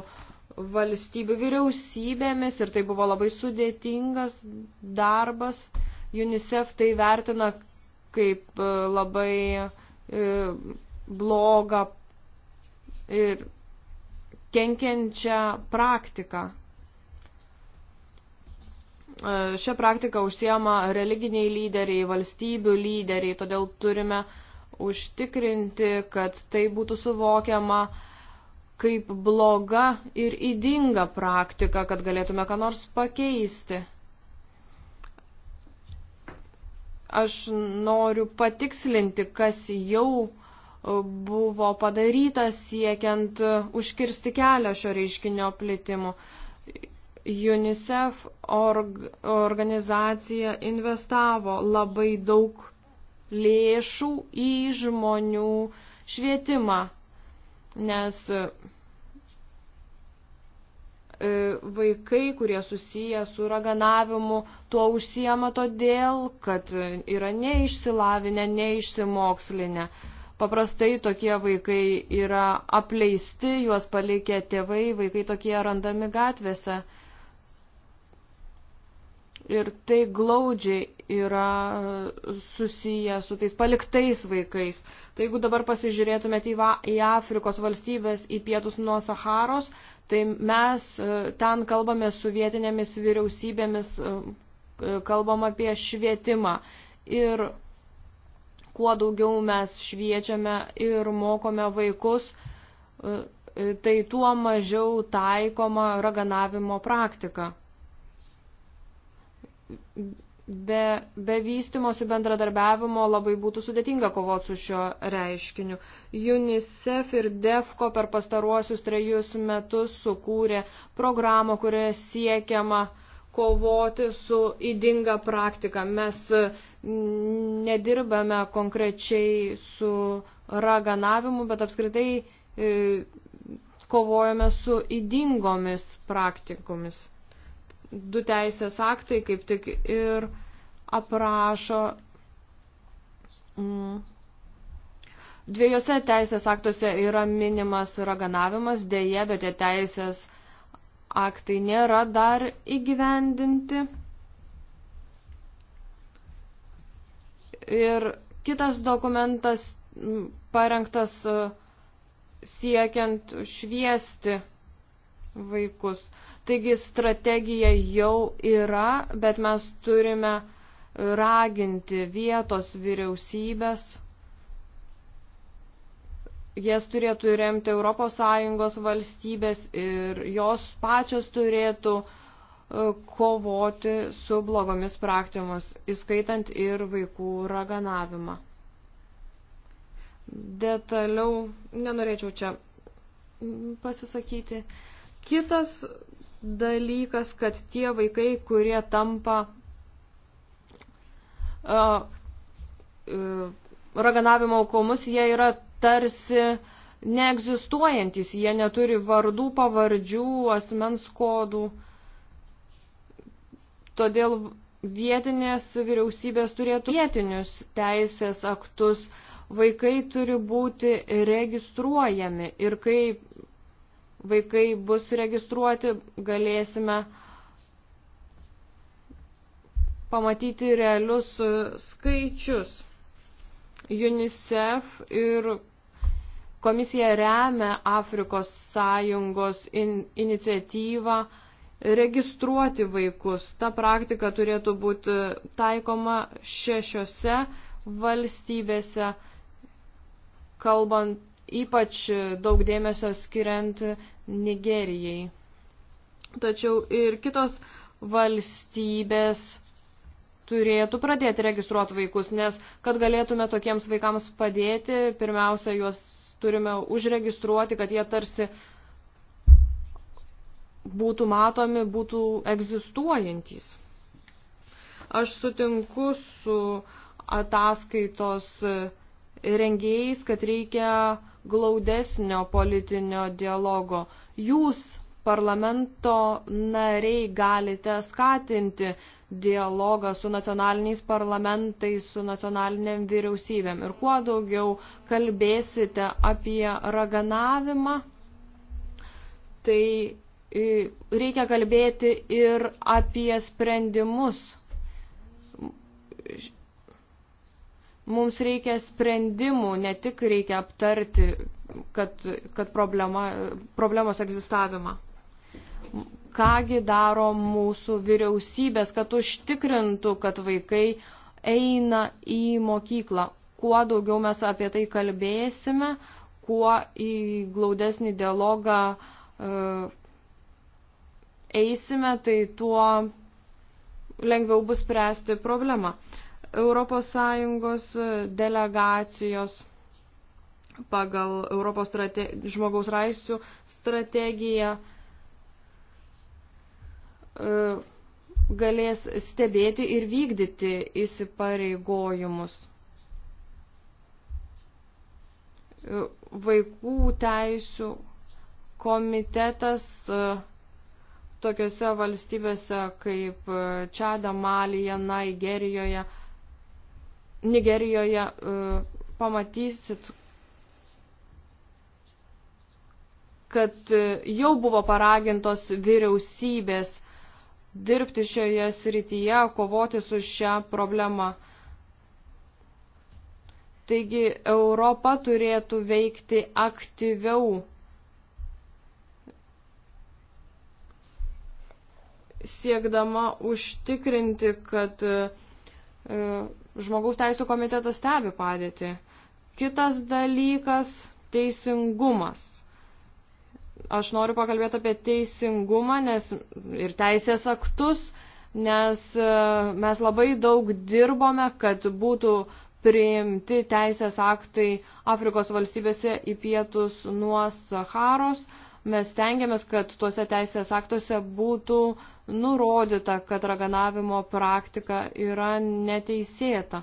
valstybių vyriausybėmis ir tai buvo labai sudėtingas darbas. UNICEF tai vertina kaip labai blogą ir kenkiančią praktiką. E, šią praktiką užsiema religiniai lyderiai, valstybių lyderiai, todėl turime užtikrinti, kad tai būtų suvokiama kaip bloga ir įdinga praktika, kad galėtume ką nors pakeisti. Aš noriu patikslinti, kas jau buvo padarytas siekiant užkirsti kelią šio reiškinio plitimu. UNICEF org, organizacija investavo labai daug lėšų į žmonių švietimą, nes e, vaikai, kurie susiję su raganavimu, tuo užsiema todėl, kad yra neišsilavinę, neišsimokslinę. Ne Paprastai tokie vaikai yra apleisti, juos palikę tėvai, vaikai tokie randami gatvėse. Ir tai glaudžiai yra susiję su tais paliktais vaikais. Tai jeigu dabar pasižiūrėtumėte į Afrikos valstybės, į pietus nuo Saharos, tai mes e, ten kalbame su vietinėmis vyriausybėmis, e, kalbam apie švietimą. Ir kuo daugiau mes šviečiame ir mokome vaikus, e, e, tai tuo mažiau taikoma raganavimo praktika. Be, be vystimosi bendradarbiavimo labai būtų sudėtinga kovoti su šio reiškiniu. UNICEF ir DEFCO per pastaruosius trejus metus sukūrė programą, kurioje siekiama uh, kovoti su įdinga praktika. Mes nedirbame konkrečiai su raganavimu, bet apskritai e, kovojame su įdingomis praktikomis. Du teisės aktai kaip tik ir aprašo mm, Dviejose teisės aktuose yra minimas raganavimas, dėje, bet tie teisės aktai nėra dar įgyvendinti. Ir kitas dokumentas parengtas e, siekiant šviesti vaikus. Taigi strategija jau yra, bet mes turime raginti vietos vyriausybės jas turėtų remti ES valstybės ir jos pačios turėtų e, kovoti su blogomis praktimus, įskaitant ir vaikų raganavimą. Detaliau nenorėčiau čia mm, pasisakyti. Kitas dalykas, kad tie vaikai, kurie tampa uh, uh, raganavimo aukomus, jie yra tarsi neegzistuojantis, jie neturi vardų, pavardžių, asmens kodų. Todėl vietinės vyriausybės turėtų vietinius teisės aktus, vaikai turi būti registruojami ir kai vaikai bus registruoti, galėsime pamatyti realius skaičius. UNICEF ir komisija remia Afrikos sąjungos in, iniciatyvą registruoti vaikus. Ta praktika turėtų būti taikoma šešiose valstybėse, kalbant ypač daug dėmesio skiriant Nigerijai. Tačiau ir kitos valstybės turėtų pradėti registruoti vaikus, nes kad galėtume tokiems vaikams padėti, pirmiausia, juos turime užregistruoti, kad jie tarsi būtų matomi, būtų egzistuojantys. Aš sutinku su ataskaitos rengėjais, kad reikia glaudesnio politinio dialogo. Jūs parlamento nariai galite skatinti dialogą su nacionaliniais parlamentais, su nacionaliniam vyriausybėm. Ir kuo daugiau kalbėsite apie raganavimą, tai e, reikia kalbėti ir apie sprendimus. Mums reikia sprendimų, ne tik reikia aptarti, kad, kad problema, problemos egzistavimą kągi daro mūsų vyriausybės, kad užtikrintų, kad vaikai eina į mokyklą. Kuo daugiau mes apie tai kalbėsime, kuo į glaudesnį dialogą uh, eisime, tai tuo lengviau bus spręsti problemą. ES delegacijos pagal Europos strate žmogaus raisių strategiją uh, E, galės stebėti ir vykdyti įsipareigojimus. E, vaikų teisų komitetas e, tokiuose valstybėse kaip Čada, Malija, Nigerijoje, Nigerijoje pamatysit, kad jau buvo paragintos vyriausybės dirbti šioje srityje, kovoti su šią problemą. Taigi Europa turėtų veikti aktyviau, siekdama užtikrinti, kad e, žmogaus teisų komitetas stebi padėti. Kitas dalykas - teisingumas aš noriu pakalbėti apie teisingumą nes, ir teisės aktus, nes e, mes labai daug dirbome, kad būtų priimti teisės aktai Afrikos valstybėse į pietus nuo Saharos. Mes tengiamės, kad tuose teisės aktuose būtų nurodyta, kad raganavimo praktika yra neteisėta.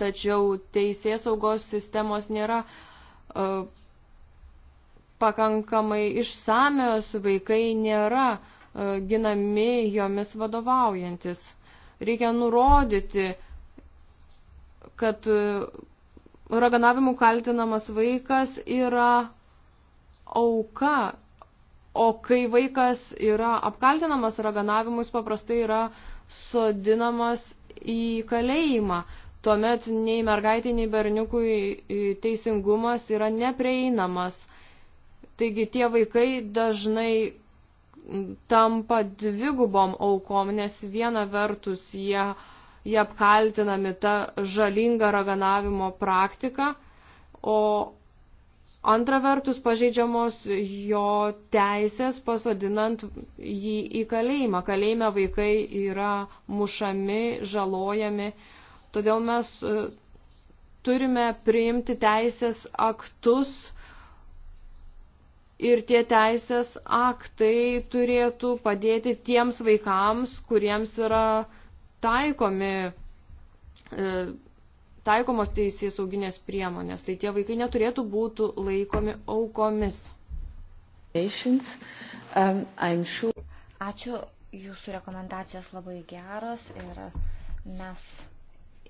Tačiau teisės saugos sistemos nėra uh, pakankamai išsamios, vaikai nėra e, ginami jomis vadovaujantis. Reikia nurodyti, kad e, raganavimu kaltinamas vaikas yra auka, o kai vaikas yra apkaltinamas raganavimu, jis paprastai yra sodinamas į kalėjimą. Tuomet nei mergaitė, nei berniukui e, teisingumas yra neprieinamas Taigi tie vaikai dažnai tampa dvigubom aukom, nes viena vertus jie, jie apkaltinami tą žalingą raganavimo praktiką, o Antra vertus pažeidžiamos jo teisės pasodinant jį į kalėjimą. Kalėjime vaikai yra mušami, žalojami. Todėl mes e, turime priimti teisės aktus ir tie teisės aktai turėtų padėti tiems vaikams, kuriems yra taikomi, e, taikomos teisės sauginės priemonės. Tai tie vaikai neturėtų būti laikomi aukomis. Um, Ačiū, jūsų rekomendacijos labai geros ir mes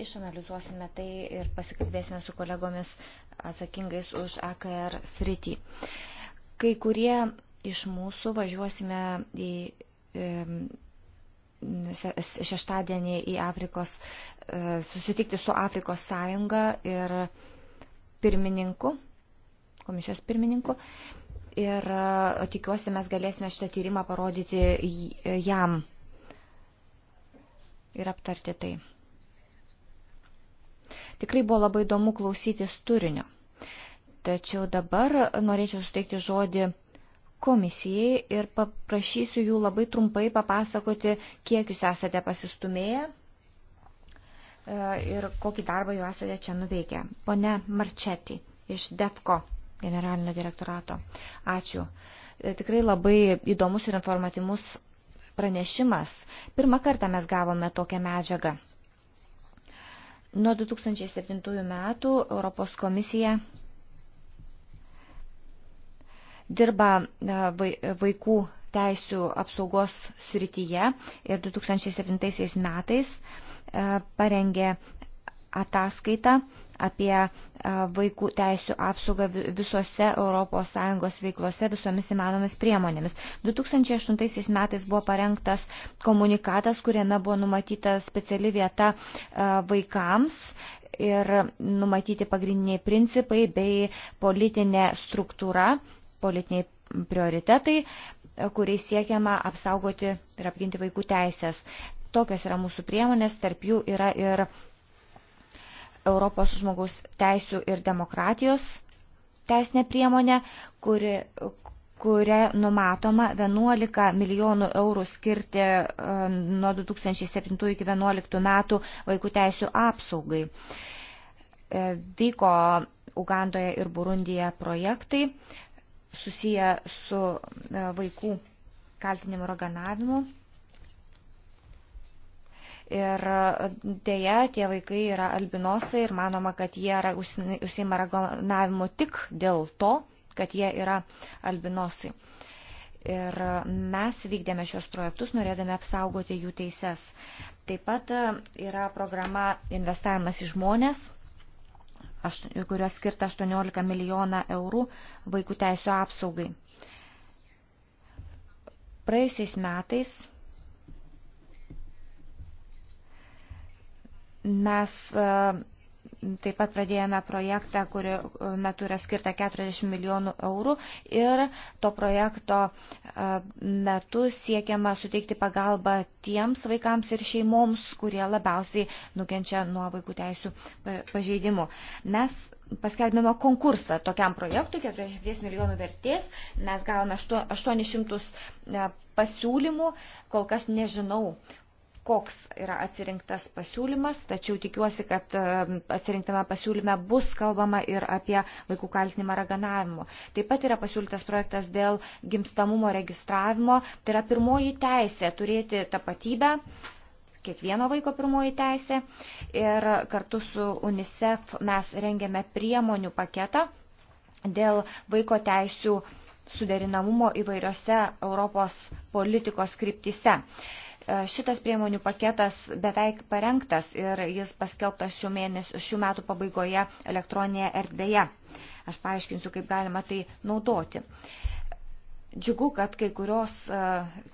išanalizuosime tai ir pasikalbėsime su kolegomis atsakingais už AKR sritį. Uh, Kai kurie iš mūsų važiuosime į šeštadienį į Afrikos, e, susitikti su Afrikos sąjunga ir pirmininku, komisijos pirmininku. Ir e, tikiuosi, mes galėsime šitą tyrimą parodyti e, jam ir aptarti tai. Tikrai buvo labai įdomu klausytis turinio. Tačiau dabar norėčiau suteikti žodį komisijai ir paprašysiu jų labai trumpai papasakoti, kiek jūs esate pasistumėję e, ir kokį darbą jau esate čia nuveikę. Pone Marčeti iš DEPCO generalinio direktorato. Ačiū. E, tikrai labai įdomus ir informatymus pranešimas. Pirmą kartą mes gavome tokią medžiagą. Nuo 2007 metų Europos komisija dirba e, vaikų teisų apsaugos srityje ir 2007 metais e, parengė ataskaitą apie e, vaikų teisų apsaugą visose ES veiklose visomis įmanomis priemonėmis. 2008 metais buvo parengtas komunikatas, kuriame buvo numatyta speciali vieta vaikams ir numatyti pagrindiniai principai bei politinė struktūra politiniai prioritetai, kuriais siekiama apsaugoti ir apginti vaikų teisės. Tokios yra mūsų priemonės, tarp jų yra ir Europos žmogaus teisų ir demokratijos teisinė priemonė, kuri, kuria numatoma 11 milijonų eurų skirti um, nuo 2007 iki 2011 metų vaikų teisų apsaugai. E, vyko Ugandoje ir Burundija projektai, susiję su e, vaikų kaltinimu ir ganavimu. Ir e, dėja, tie vaikai yra albinosai ir manoma, kad jie užsima raganavimu tik dėl to, kad jie yra albinosai. Ir e, mes vykdėme šios projektus, norėdami apsaugoti jų teises. Taip pat yra programa Investavimas į žmonės kurios skirta 18 milijoną eurų vaikų teisų apsaugai. Praėjusiais metais mes Taip pat pradėjome projektą, kurio e, metu yra skirta 40 milijonų eurų ir to projekto e, metu siekiama suteikti pagalbą tiems vaikams ir šeimoms, kurie labiausiai nukenčia nuo vaikų teisų e, pažeidimų. Mes paskelbėme konkursą tokiam projektui, 40 milijonų vertės, mes gavome 800 pasiūlymų, kol kas nežinau, koks yra atsirinktas pasiūlymas, tačiau tikiuosi, kad atsirinktame pasiūlyme bus kalbama ir apie vaikų kaltinimą raganavimu. Taip pat yra pasiūlytas projektas dėl gimstamumo registravimo. Tai yra pirmoji teisė turėti tapatybę kiekvieno vaiko pirmoji teisė ir kartu su UNICEF mes rengėme priemonių paketą dėl vaiko teisių suderinamumo įvairiose Europos politikos kryptise. Uh, E, šitas priemonių paketas beveik parengtas ir jis paskelbtas šių, mėnesių, šių metų pabaigoje elektroninėje erdvėje. Aš paaiškinsiu, kaip galima tai naudoti. Džiugu, kad kai kurios e,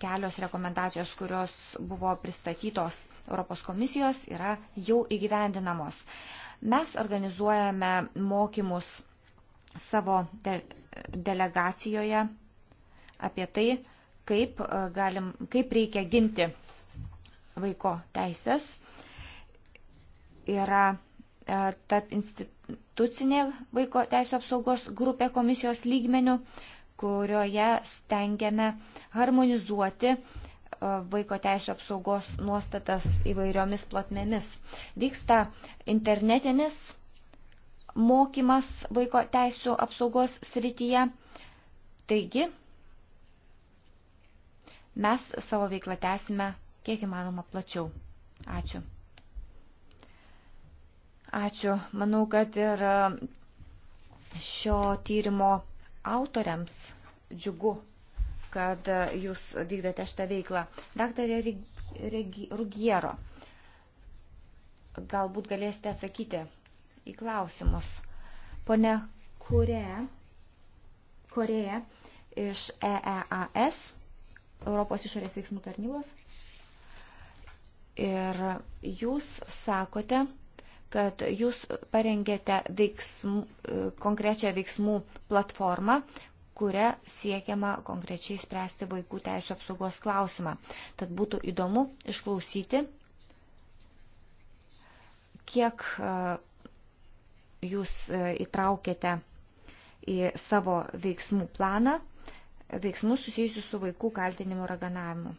kelios rekomendacijos, kurios buvo pristatytos Europos komisijos, yra jau įgyvendinamos. Mes organizuojame mokymus savo de delegacijoje apie tai, kaip, e, galim, kaip reikia ginti vaiko teisės. Yra e, tarp institucinė vaiko teisų apsaugos grupė komisijos lygmenių, kurioje stengiame harmonizuoti e, vaiko teisų apsaugos nuostatas įvairiomis plotmėmis. Vyksta internetinis mokymas vaiko teisų apsaugos srityje. Taigi, Mes savo veiklą tęsime kiek įmanoma plačiau. Ačiū. Ačiū. Manau, kad ir e, šio tyrimo autoriams džiugu, kad e, jūs vykdote šitą veiklą. Daktarė Rugiero, galbūt galėsite atsakyti į klausimus. Pone Kurė, Korėja iš EEAS Europos išorės veiksmų tarnybos. Ir jūs sakote, kad jūs parengėte veiksmų, konkrečią veiksmų platformą, kuria siekiama konkrečiai spręsti vaikų teisų apsaugos klausimą. Tad būtų įdomu išklausyti, kiek e, jūs e, įtraukėte į savo veiksmų planą veiksmus susijusius su vaikų kaltinimu raganavimu.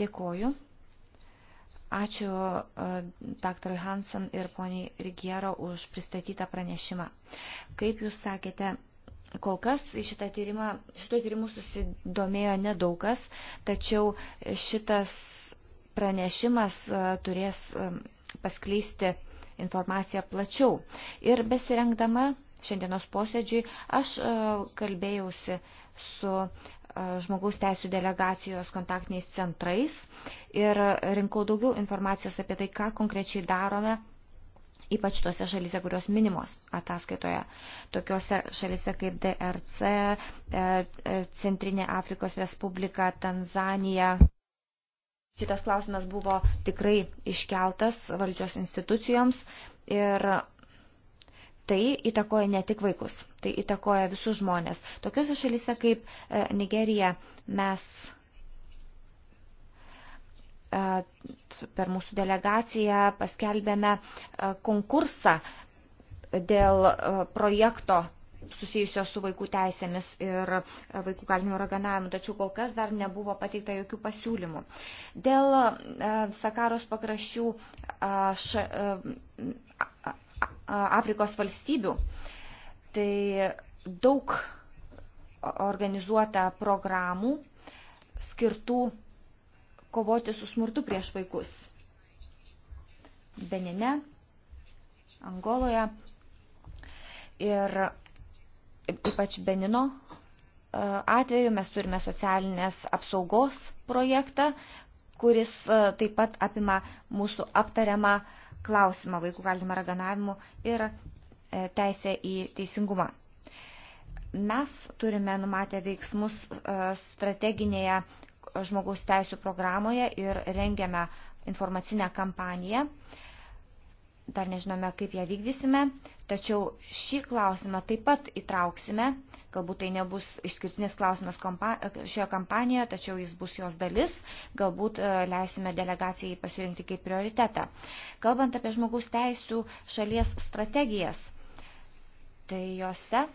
Dėkoju. Ačiū e, daktarui Hansen ir poniai Rigiero už pristatytą pranešimą. Kaip jūs sakėte, kol kas šitą tyrimą, šito tyrimu susidomėjo nedaugas, tačiau šitas pranešimas e, turės e, paskleisti informaciją plačiau. Ir besirengdama šiandienos posėdžiui aš kalbėjausi su e, žmogaus teisų delegacijos kontaktiniais centrais ir rinkau daugiau informacijos apie tai, ką konkrečiai darome, ypač tose šalyse, kurios minimos ataskaitoje. Tokiose šalyse kaip DRC, e, e, Centrinė Afrikos Respublika, Tanzanija. Šitas klausimas buvo tikrai iškeltas valdžios institucijoms ir tai įtakoja ne tik vaikus, tai įtakoja visus žmonės. Tokiuose šalyse kaip e, Nigerija mes e, per mūsų delegaciją paskelbėme e, konkursą dėl projekto susijusios su vaikų teisėmis ir vaikų kalinių raganavimu, tačiau kol kas dar nebuvo pateikta jokių pasiūlymų. Dėl Sakaros pakraščių Afrikos valstybių. Tai daug organizuota programų skirtų kovoti su smurtu prieš vaikus. Benine, Angoloje ir ypač Benino e, atveju mes turime socialinės apsaugos projektą, kuris e, taip pat apima mūsų aptariamą uh, klausimą vaikų galimą raganavimu ir e, teisę į teisingumą. Mes turime numatę veiksmus e, strateginėje žmogaus teisų programoje ir rengiame informacinę kampaniją. Dar nežinome, kaip ją vykdysime. Tačiau šį klausimą taip pat įtrauksime, galbūt tai nebus išskirtinis klausimas kompa šioje kampanijoje, tačiau jis bus jos dalis, galbūt e, leisime delegacijai pasirinkti kaip prioritetą. Kalbant apie žmogaus teisų šalies strategijas, tai jose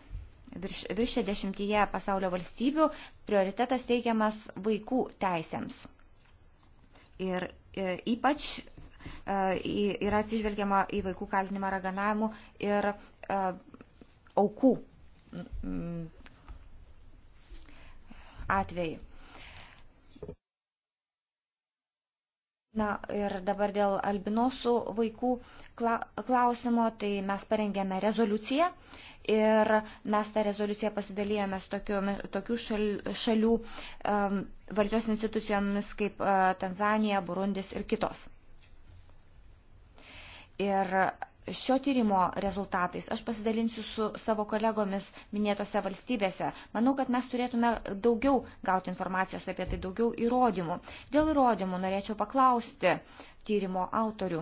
virš, virš 60 pasaulio valstybių prioritetas teikiamas vaikų teisėms. Ir e, ypač E, yra atsižvelgiama į vaikų kaltinimą raganavimu ir e, aukų mm, atvejai. Na ir dabar dėl albinosų vaikų klausimo, tai mes parengėme rezoliuciją ir mes tą rezoliuciją pasidalijome su tokiu, tokių šal, šalių um, valdžios institucijomis kaip uh, Tanzanija, Burundis ir kitos. Ir šio tyrimo rezultatais aš pasidalinsiu su savo kolegomis minėtose valstybėse. Manau, kad mes turėtume daugiau gauti informacijos apie tai, daugiau įrodymų. Dėl įrodymų norėčiau paklausti tyrimo autorių.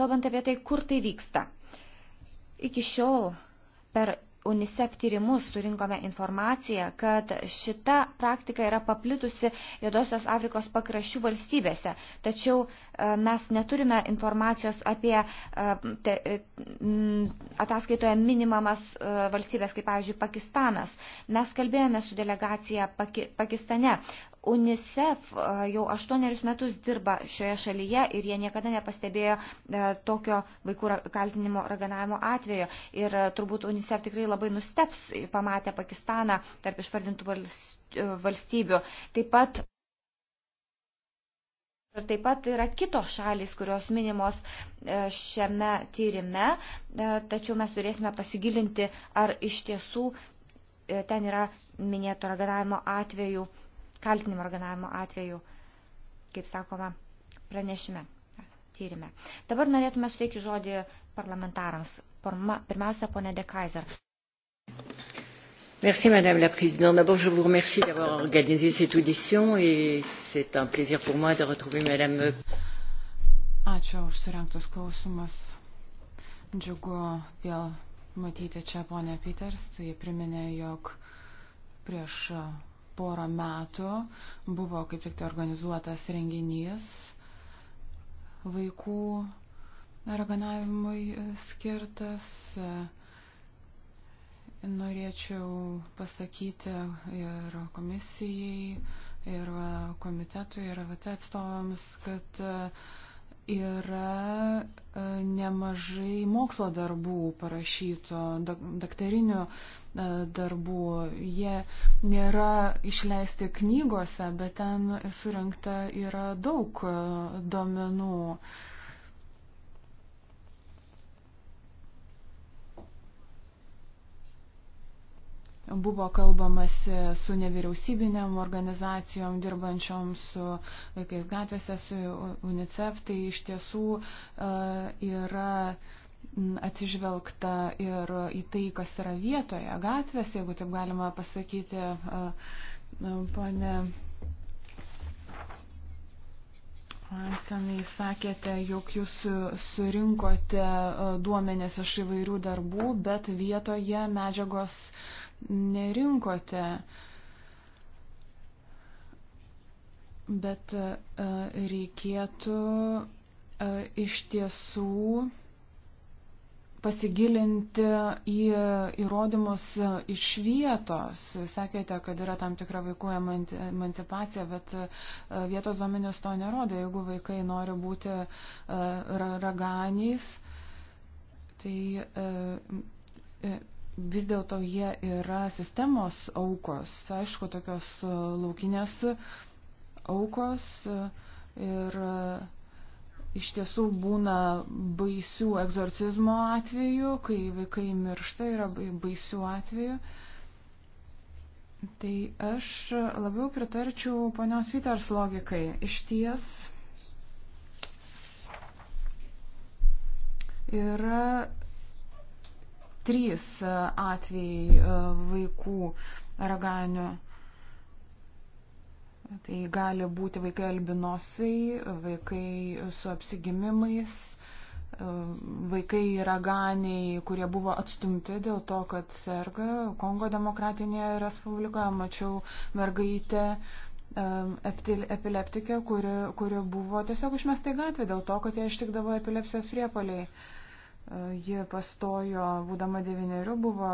Kalbant apie tai, kur tai vyksta. Iki šiol per UNICEF tyrimus surinkome informaciją, kad šita praktika yra paplitusi Jodosios Afrikos pakraščių valstybėse. Tačiau e, mes neturime informacijos apie e, te, e, ataskaitoje minimamas valstybės, kaip pavyzdžiui Pakistanas. Mes kalbėjome su delegacija Pakistane. UNICEF jau aštuonerius metus dirba šioje šalyje ir jie niekada nepastebėjo e, tokio vaikų kaltinimo raganavimo atvejo. Ir e, turbūt UNICEF tikrai labai nusteps e, pamatę Pakistaną tarp išvardintų valstybių. Taip pat Ir taip pat yra kitos šalys, kurios minimos šiame tyrime, tačiau mes turėsime pasigilinti, ar iš tiesų ten yra minėto raganavimo atveju kaltinimo organizavimo atveju, kaip sakoma, pranešime, tyrime. Dabar norėtume suteikti žodį parlamentarams. Pirma, pirmiausia, ponė De Kaiser. Merci Madame la Présidente. D'abord, je vous remercie d'avoir organisé cette audition et c'est un plaisir pour moi de retrouver Madame. Ačiū už surinktus klausimus. Džiugu vėl matyti čia ponę Peters. Jie priminė, jog prieš porą metų buvo kaip tik tai organizuotas renginys vaikų raganavimui skirtas. Norėčiau pasakyti ir komisijai, ir komitetui, ir VT atstovams, kad uh, yra e, nemažai mokslo darbų parašyto, daktarinių e, darbų. Jie nėra išleisti knygose, bet ten surinkta yra daug e, domenų. Uh, Buvo kalbamasi su nevyriausybinėm organizacijom, dirbančiom su vaikais gatvėse, su UNICEF. Tai iš tiesų e, yra atsižvelgta ir į tai, kas yra vietoje, gatvėse, jeigu taip galima pasakyti, e, e, pane. Senai sakėte, jog jūs surinkote duomenės iš įvairių darbų, bet vietoje medžiagos uh, nerinkote. Bet e, reikėtų e, iš tiesų pasigilinti į įrodymus iš vietos. Sakėte, kad yra tam tikra vaikų emancipacija, bet e, vietos duomenės to nerodo. Jeigu vaikai nori būti raganiais, tai vis dėlto jie yra sistemos aukos, aišku, tokios e, laukinės aukos e, ir e, iš tiesų būna baisių egzorcizmo atvejų, kai vaikai miršta, yra baisių atvejų. Tai aš labiau pritarčiau ponios Viters logikai. Iš ties yra trys e, atvejai e, vaikų raganių. Tai gali būti vaikai albinosai, vaikai su apsigimimais, e, vaikai raganiai, kurie buvo atstumti dėl to, kad serga Kongo demokratinėje Respublikoje. Mačiau mergaitę epileptikę, kuri, kuri buvo tiesiog išmesta į gatvę dėl to, kad jie ištikdavo epilepsijos priepoliai. Uh, Ji pastojo, būdama devynerių, buvo,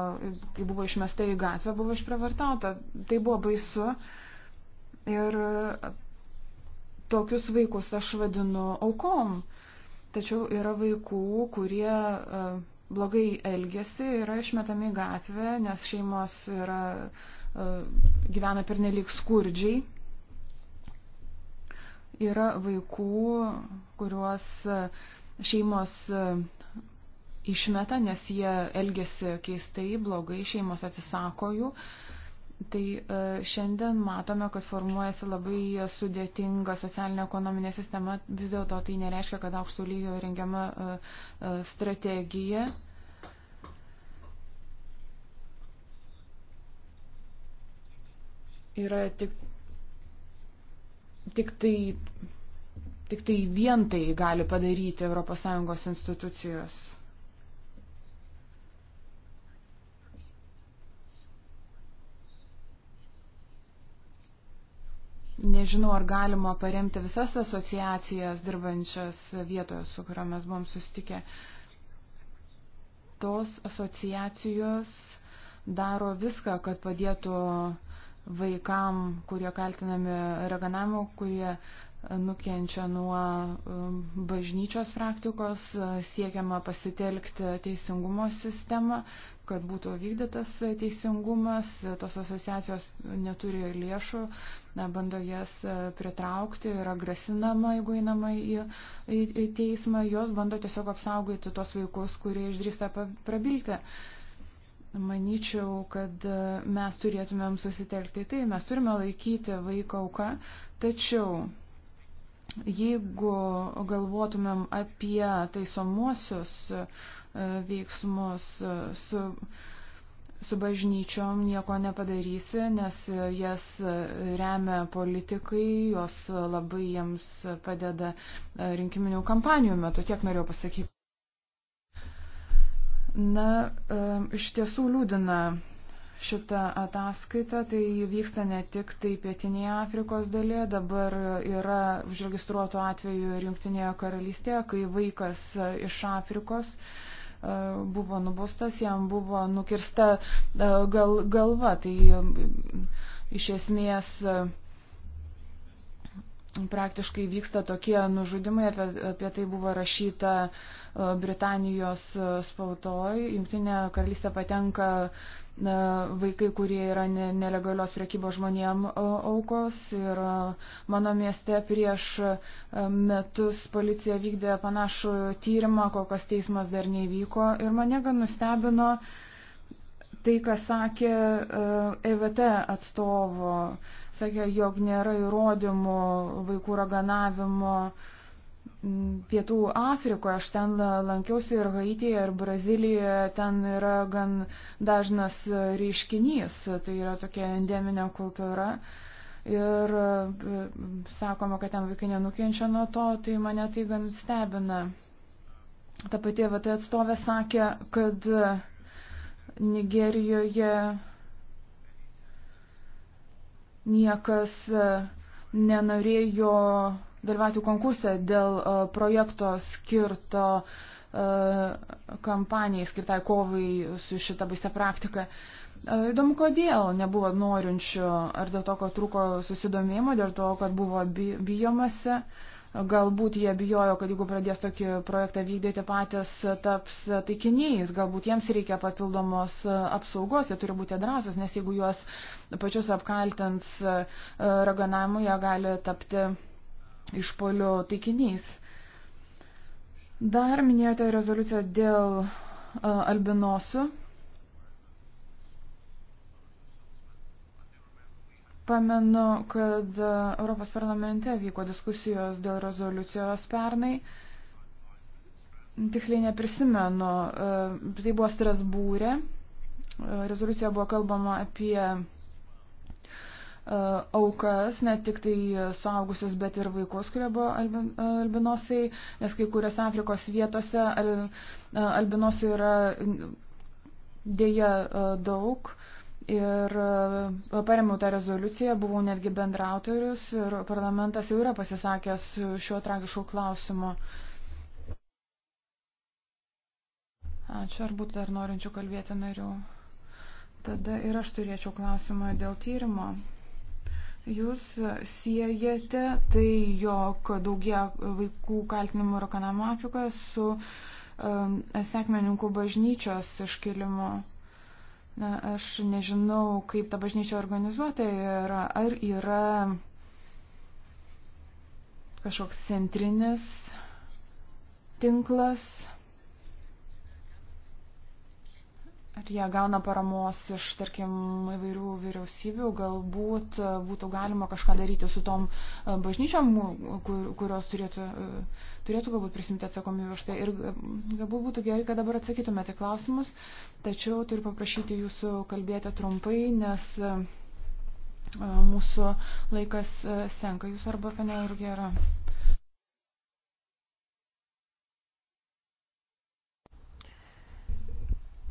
buvo išmesta į gatvę, buvo išprievartauta. Tai buvo baisu. Ir tokius vaikus aš vadinu aukom. Tačiau yra vaikų, kurie e, blogai elgesi, yra išmetami į gatvę, nes šeimos yra, e, gyvena pernelyg skurdžiai. Yra vaikų, kuriuos e, šeimos išmeta, nes jie elgesi keistai, blogai, šeimos atsisako jų. Tai e, šiandien matome, kad formuojasi labai sudėtinga socialinė ekonominė sistema, vis dėlto tai nereiškia, kad aukštų lygio rengiama e, e, strategija yra tik, tik tai. Tik tai vien tai gali padaryti ES institucijos. Nežinau, ar galima paremti visas asociacijas dirbančias vietoje, su kuriuo mes buvom sustikę. Tos asociacijos daro viską, kad padėtų vaikam, kurie kaltinami raganavimu, kurie nukenčia nuo um, bažnyčios praktikos, siekiama pasitelkti teisingumo sistemą, kad būtų vykdytas teisingumas, tos asociacijos neturi lėšų, na, bando jas e, pritraukti, yra grasinama, jeigu einama į, į, į teismą, jos bando tiesiog apsaugoti tos vaikus, kurie išdrįsta prabilti. Manyčiau, kad e, mes turėtumėm susitelkti tai, mes turime laikyti vaiką auką, tačiau jeigu galvotumėm apie taisomuosius, uh, E, veiksmus e, su, su bažnyčiom, nieko nepadarysi, nes e, jas remia politikai, jos labai jiems padeda rinkiminių kampanijų metu, tiek norėjau pasakyti. Na, iš tiesų liūdina šitą ataskaitą, tai vyksta ne tik tai pietinėje Afrikos dalyje, dabar yra užregistruotų atvejų ir Junktinėje karalystėje, kai vaikas iš Afrikos uh, E, buvo nubaustas, jam buvo nukirsta e, gal, galva. Tai e, iš esmės praktiškai vyksta tokie nužudimai, apie, apie tai buvo rašyta Britanijos spautoj. Jungtinė karalystė patenka vaikai, kurie yra nelegalios priekybos žmonėm aukos. Ir mano mieste prieš metus policija vykdė panašų tyrimą, kol kas teismas dar nevyko. Ir mane gan nustebino tai, ką sakė EVT atstovo. Sakė, jog nėra įrodymų vaikų raganavimo Pietų Afrikoje, aš ten lankiausi ir Haityje, ir Brazilijoje, ten yra gan dažnas reiškinys, tai yra tokia endeminė kultūra. Ir e, sakoma, kad ten vaikai nenukenčia nuo to, tai mane tai gan stebina. Ta pati VT atstovė sakė, kad Nigerijoje niekas e, nenorėjo dalyvauti konkurse dėl e, projekto skirto e, kampanijai, skirtai kovai su šita baise praktika. E, įdomu, kodėl nebuvo norinčių, ar dėl to, kad trūko susidomėjimo, dėl to, kad buvo bijomasi. Galbūt jie bijojo, kad jeigu pradės tokį projektą vykdyti patys, taps taikiniais, galbūt jiems reikia papildomos apsaugos, jie turi būti drąsus, nes jeigu juos pačius apkaltins raganavimu, jie gali tapti išpolio taikinys. Dar minėjote rezoliuciją dėl e, albinosų. Pamenu, kad e, Europos parlamente vyko diskusijos dėl rezoliucijos pernai. Tiksliai neprisimenu. E, tai buvo Strasbūrė. Rezoliucija buvo kalbama apie E, aukas, ne tik tai suaugusius, bet ir vaikus, kurie buvo e, albinosai, nes kai kurias Afrikos vietose al, e, albinosų yra dėja daug. Ir paremiau tą rezoliuciją, buvau netgi bendrautorius ir parlamentas jau yra pasisakęs šiuo tragišku klausimu. Ačiū, ar būtų dar norinčių kalbėti narių? Tada ir aš turėčiau klausimą dėl tyrimo. Jūs siejate tai, jog daugie vaikų kaltinimų yra Kanama Afrikoje su um, sekmeninkų bažnyčios iškilimu. Na, aš nežinau, kaip ta bažnyčia organizuota yra. Ar yra kažkoks centrinis tinklas? Ar jie gauna paramos iš, tarkim, įvairių vyriausybių, galbūt e, būtų galima kažką daryti su tom e, bažnyčiom, kur, kurios turėtų, e, turėtų galbūt prisimti atsakomybę už tai. Ir galbūt būtų gerai, kad dabar atsakytumėte klausimus, tačiau turiu paprašyti jūsų kalbėti trumpai, nes mūsų laikas senka. Jūs arba, pane Urgera.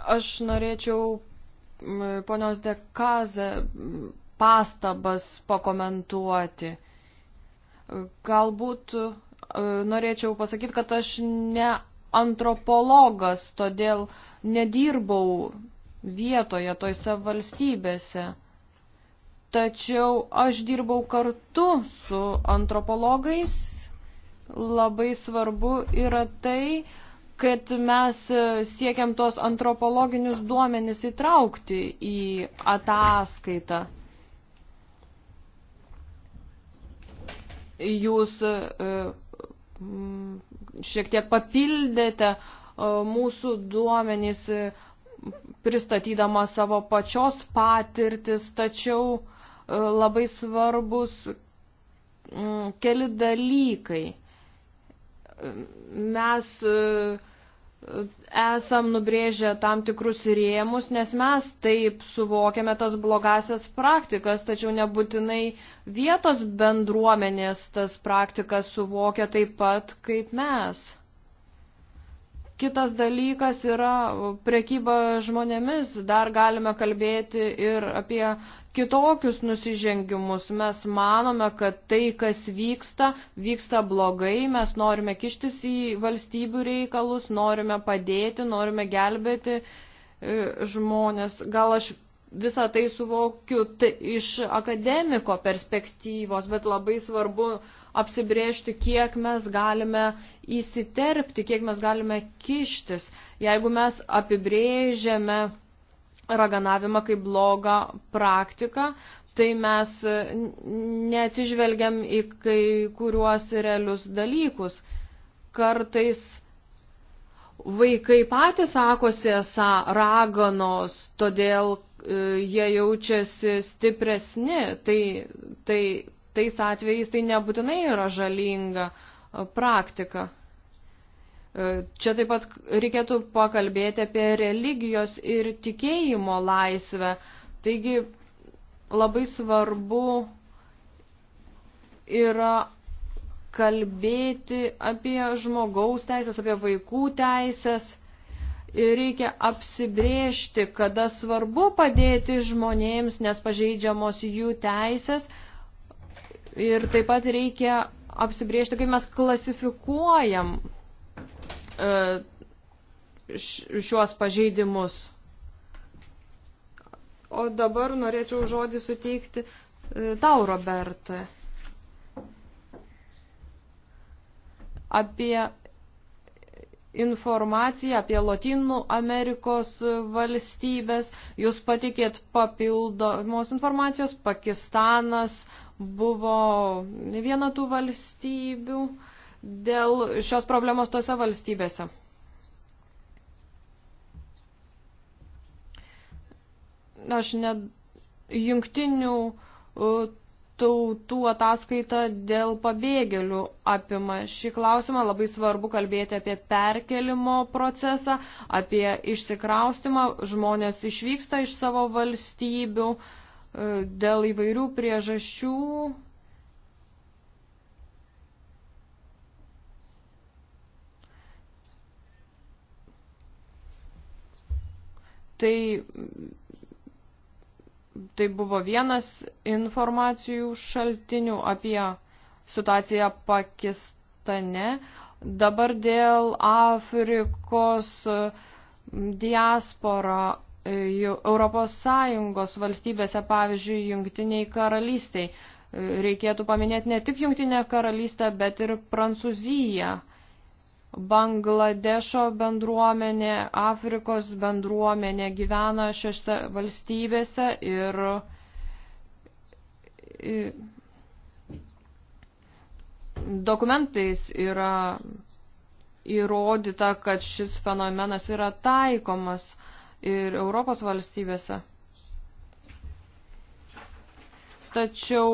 Aš norėčiau ponios Dekazę pastabas pakomentuoti. Galbūt e, norėčiau pasakyti, kad aš ne antropologas, todėl nedirbau vietoje toise valstybėse. Tačiau aš dirbau kartu su antropologais. Labai svarbu yra tai, kad mes e, siekiam tos antropologinius duomenis įtraukti į ataskaitą. Jūs e, šiek tiek papildėte e, mūsų duomenys pristatydama savo pačios patirtis, tačiau labai svarbus keli dalykai mes e, esam nubrėžę tam tikrus rėmus, nes mes taip suvokiame tas blogasias praktikas, tačiau nebūtinai vietos bendruomenės tas praktikas suvokia taip pat kaip mes. Kitas dalykas yra prekyba žmonėmis. Dar galime kalbėti ir apie kitokius nusižengimus. Mes manome, kad tai, kas vyksta, vyksta blogai, mes norime kištis į valstybių reikalus, norime padėti, norime gelbėti e, žmonės. Gal aš visą tai suvokiu tai iš akademiko perspektyvos, bet labai svarbu apsibriežti, kiek mes galime įsiterpti, kiek mes galime kištis. Jeigu mes apibrėžiame raganavimą kaip blogą praktiką, tai mes e, neatsižvelgiam į kai kuriuos realius dalykus. Kartais vaikai patys sakosi esą raganos, todėl e, jie jaučiasi stipresni, tai, tai tais atvejais tai nebūtinai yra žalinga e, praktika. Čia taip pat reikėtų pakalbėti apie religijos ir tikėjimo laisvę. Taigi labai svarbu yra kalbėti apie žmogaus teisės, apie vaikų teisės. Ir reikia apsibriežti, kada svarbu padėti žmonėms, nes pažeidžiamos jų teisės. Ir taip pat reikia apsibriežti, kaip mes klasifikuojam E, šiuos pažeidimus. O dabar norėčiau žodį suteikti e, tau, Robertai. Apie informaciją apie Latinų Amerikos valstybės, jūs patikėt papildomos informacijos, Pakistanas buvo viena tų valstybių. Uh, dėl šios problemos tose valstybėse. Aš ne jungtinių tautų ataskaita dėl pabėgėlių apima šį klausimą. Labai svarbu kalbėti apie perkelimo procesą, apie išsikraustimą. Žmonės išvyksta iš savo valstybių e, dėl įvairių priežasčių tai, tai buvo vienas informacijų šaltinių apie situaciją Pakistane. Dabar dėl Afrikos diaspora e, Europos Sąjungos valstybėse, pavyzdžiui, jungtiniai karalystiai. E, reikėtų paminėti ne tik jungtinę karalystę, bet ir Prancūziją. Bangladešo bendruomenė, Afrikos bendruomenė gyvena šiose valstybėse ir dokumentais yra įrodyta, kad šis fenomenas yra taikomas ir Europos valstybėse. Tačiau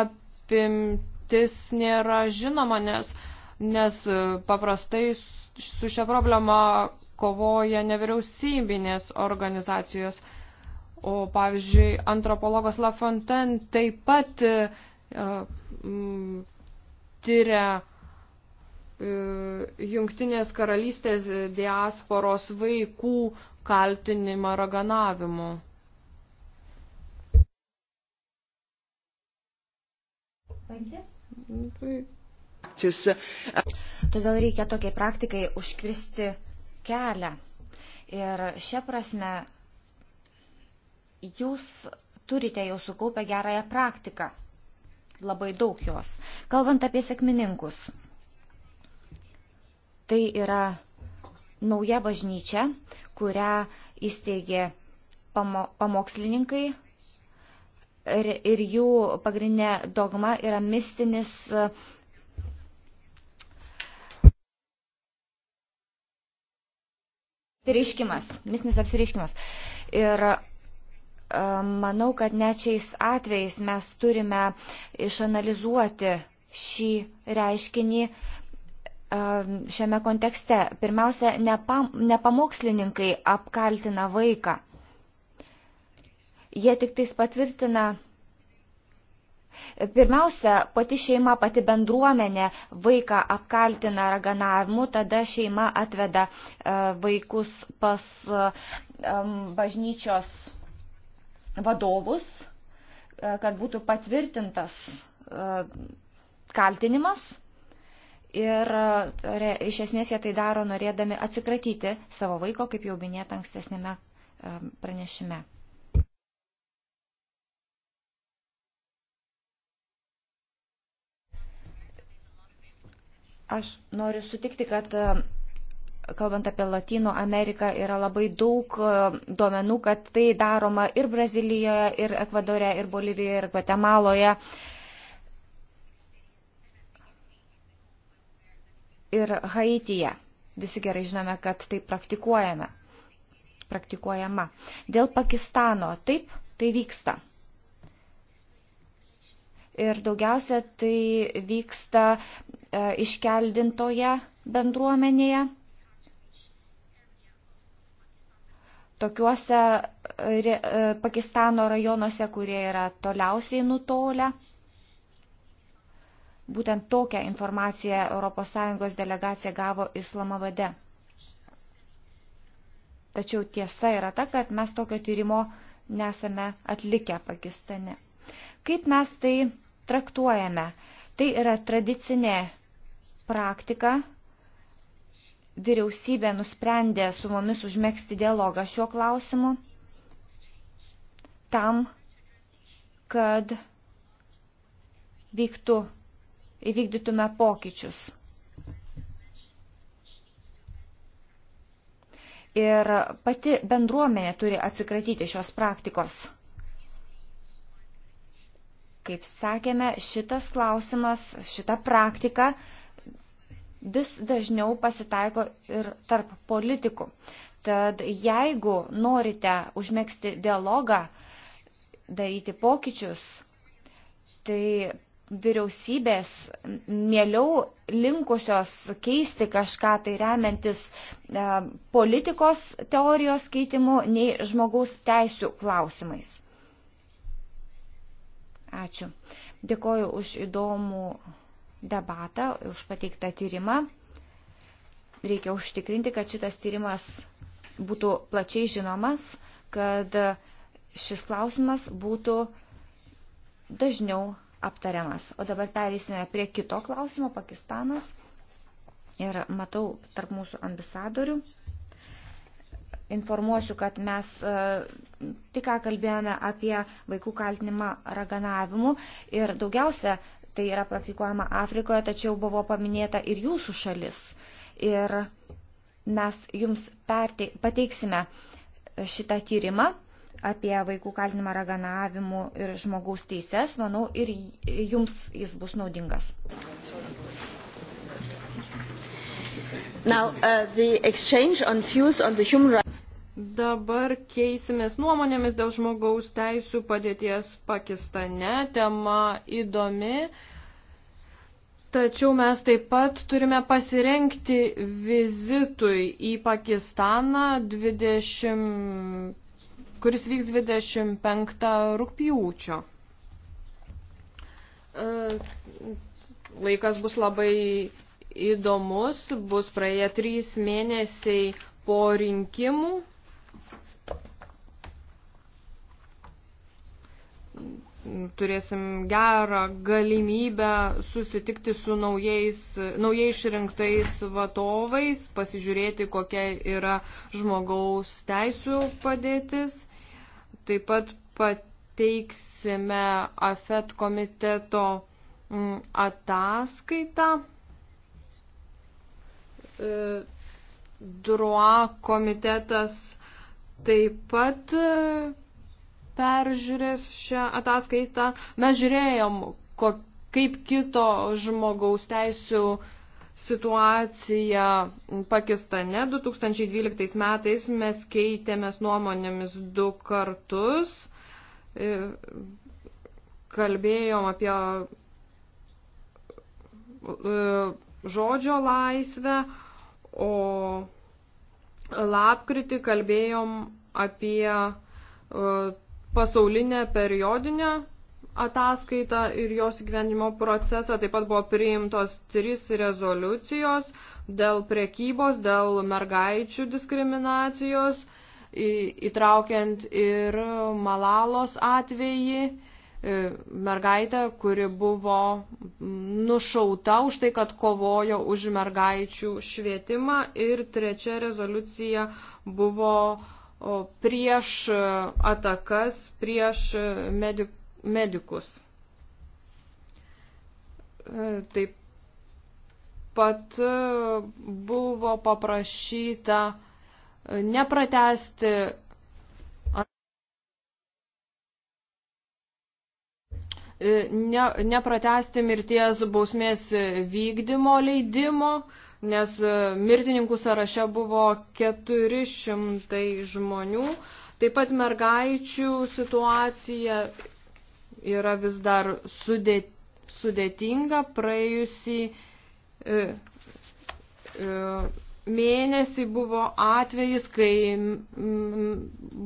apimtis nėra žinoma, nes uh, nes e, paprastai su šia problema kovoja nevyriausybinės organizacijos. O pavyzdžiui, antropologas Lafontaine taip pat e, e, tyria jungtinės karalystės diasporos vaikų kaltinimą raganavimu. Baigtis? practice. Todėl reikia tokiai praktikai užkristi kelią. Ir šia prasme jūs turite jau sukaupę gerąją praktiką. Labai daug jos. Kalbant apie sėkmininkus. Tai yra nauja bažnyčia, kurią įsteigė pamo, pamokslininkai ir, ir jų pagrindinė dogma yra mistinis apsireiškimas, misinis apsireiškimas. Ir e, manau, kad net šiais atvejais mes turime išanalizuoti šį reiškinį e, šiame kontekste. Pirmiausia, nepamokslininkai apkaltina vaiką. Jie tik tais patvirtina Pirmiausia, pati šeima, pati bendruomenė vaiką apkaltina raganavimu, tada šeima atveda e, vaikus pas e, bažnyčios vadovus, e, kad būtų patvirtintas kaltinimas. Ir iš esmės jie tai daro norėdami atsikratyti savo vaiko, kaip jau minėta ankstesnėme pranešime. Aš noriu sutikti, kad e, kalbant apie Latino Ameriką, yra labai daug e, duomenų, kad tai daroma ir Brazilijoje, ir Ekvadore, ir Bolivijoje, ir Gvatemaloje. Ir Haityje. Visi gerai žinome, kad tai praktikuojame. Praktikuojama. Dėl Pakistano. Taip, tai vyksta ir daugiausia tai vyksta e, iškeldintoje bendruomenėje. Tokiuose e, Pakistano rajonuose, kurie yra toliausiai nutolę. Būtent tokią informaciją ES delegacija gavo Islamabade. Tačiau tiesa yra ta, kad mes tokio tyrimo nesame atlikę Pakistane. Kaip mes tai traktuojame. Tai yra tradicinė praktika. Vyriausybė nusprendė su mumis užmėgsti dialogą šiuo klausimu tam, kad vyktų, įvykdytume pokyčius. Ir pati bendruomenė turi atsikratyti šios praktikos. Kaip sakėme, šitas klausimas, šita praktika vis dažniau pasitaiko ir tarp politikų. Tad jeigu norite užmėgsti dialogą, daryti pokyčius, tai vyriausybės mieliau linkusios keisti kažką tai remiantis e, politikos teorijos keitimu nei žmogaus teisų klausimais. Ačiū. Dėkoju už įdomų debatą, už pateiktą tyrimą. Reikia užtikrinti, kad šitas tyrimas būtų plačiai žinomas, kad šis klausimas būtų dažniau aptariamas. O dabar perėsime prie kito klausimo - Pakistanas. Ir matau tarp mūsų ambasadorių informuosiu, kad mes e, tik ką kalbėjome apie vaikų kaltinimą raganavimu ir daugiausia tai yra praktikuojama Afrikoje, tačiau buvo paminėta ir jūsų šalis. Ir mes jums pertei, pateiksime šitą tyrimą apie vaikų kaltinimą raganavimu ir žmogaus teises, manau, ir jums jis bus naudingas. Now, uh, the exchange on views on the human rights Dabar keisimės nuomonėmis dėl žmogaus teisų padėties Pakistane. Tema įdomi. Tačiau mes taip pat turime pasirenkti vizitui į Pakistaną, 20, kuris vyks 25 rūpjūčio. E, laikas bus labai įdomus, bus praėję trys mėnesiai po rinkimų turėsim gerą galimybę susitikti su naujais, naujai išrinktais vadovais, pasižiūrėti, kokia yra žmogaus teisų padėtis. Taip pat pateiksime AFET komiteto mm, ataskaitą. E, DROA komitetas taip pat e, peržiūrės šią ataskaitą, mes žiūrėjom, ko, kaip kito žmogaus teisų situacija Pakistane 2012 metais mes keitėmės nuomonėmis du kartus, e, kalbėjom apie e, žodžio laisvę, o lapkritį kalbėjom apie e, pasaulinę periodinę ataskaitą ir jos gyvenimo procesą. Taip pat buvo priimtos trys rezoliucijos dėl prekybos, dėl mergaičių diskriminacijos, įtraukiant ir Malalos atvejį e, mergaitę, kuri buvo nušauta už tai, kad kovojo už mergaičių švietimą. Ir trečia rezoliucija buvo prieš e, atakas, prieš e, medikus. E, taip pat buvo paprašyta nepratesti ne, nepratesti mirties bausmės vykdymo leidimo, nes e, mirtininkų sąraše buvo 400 žmonių. Taip pat mergaičių situacija yra vis dar sudėtinga. Praėjusį e, e, mėnesį buvo atvejis, kai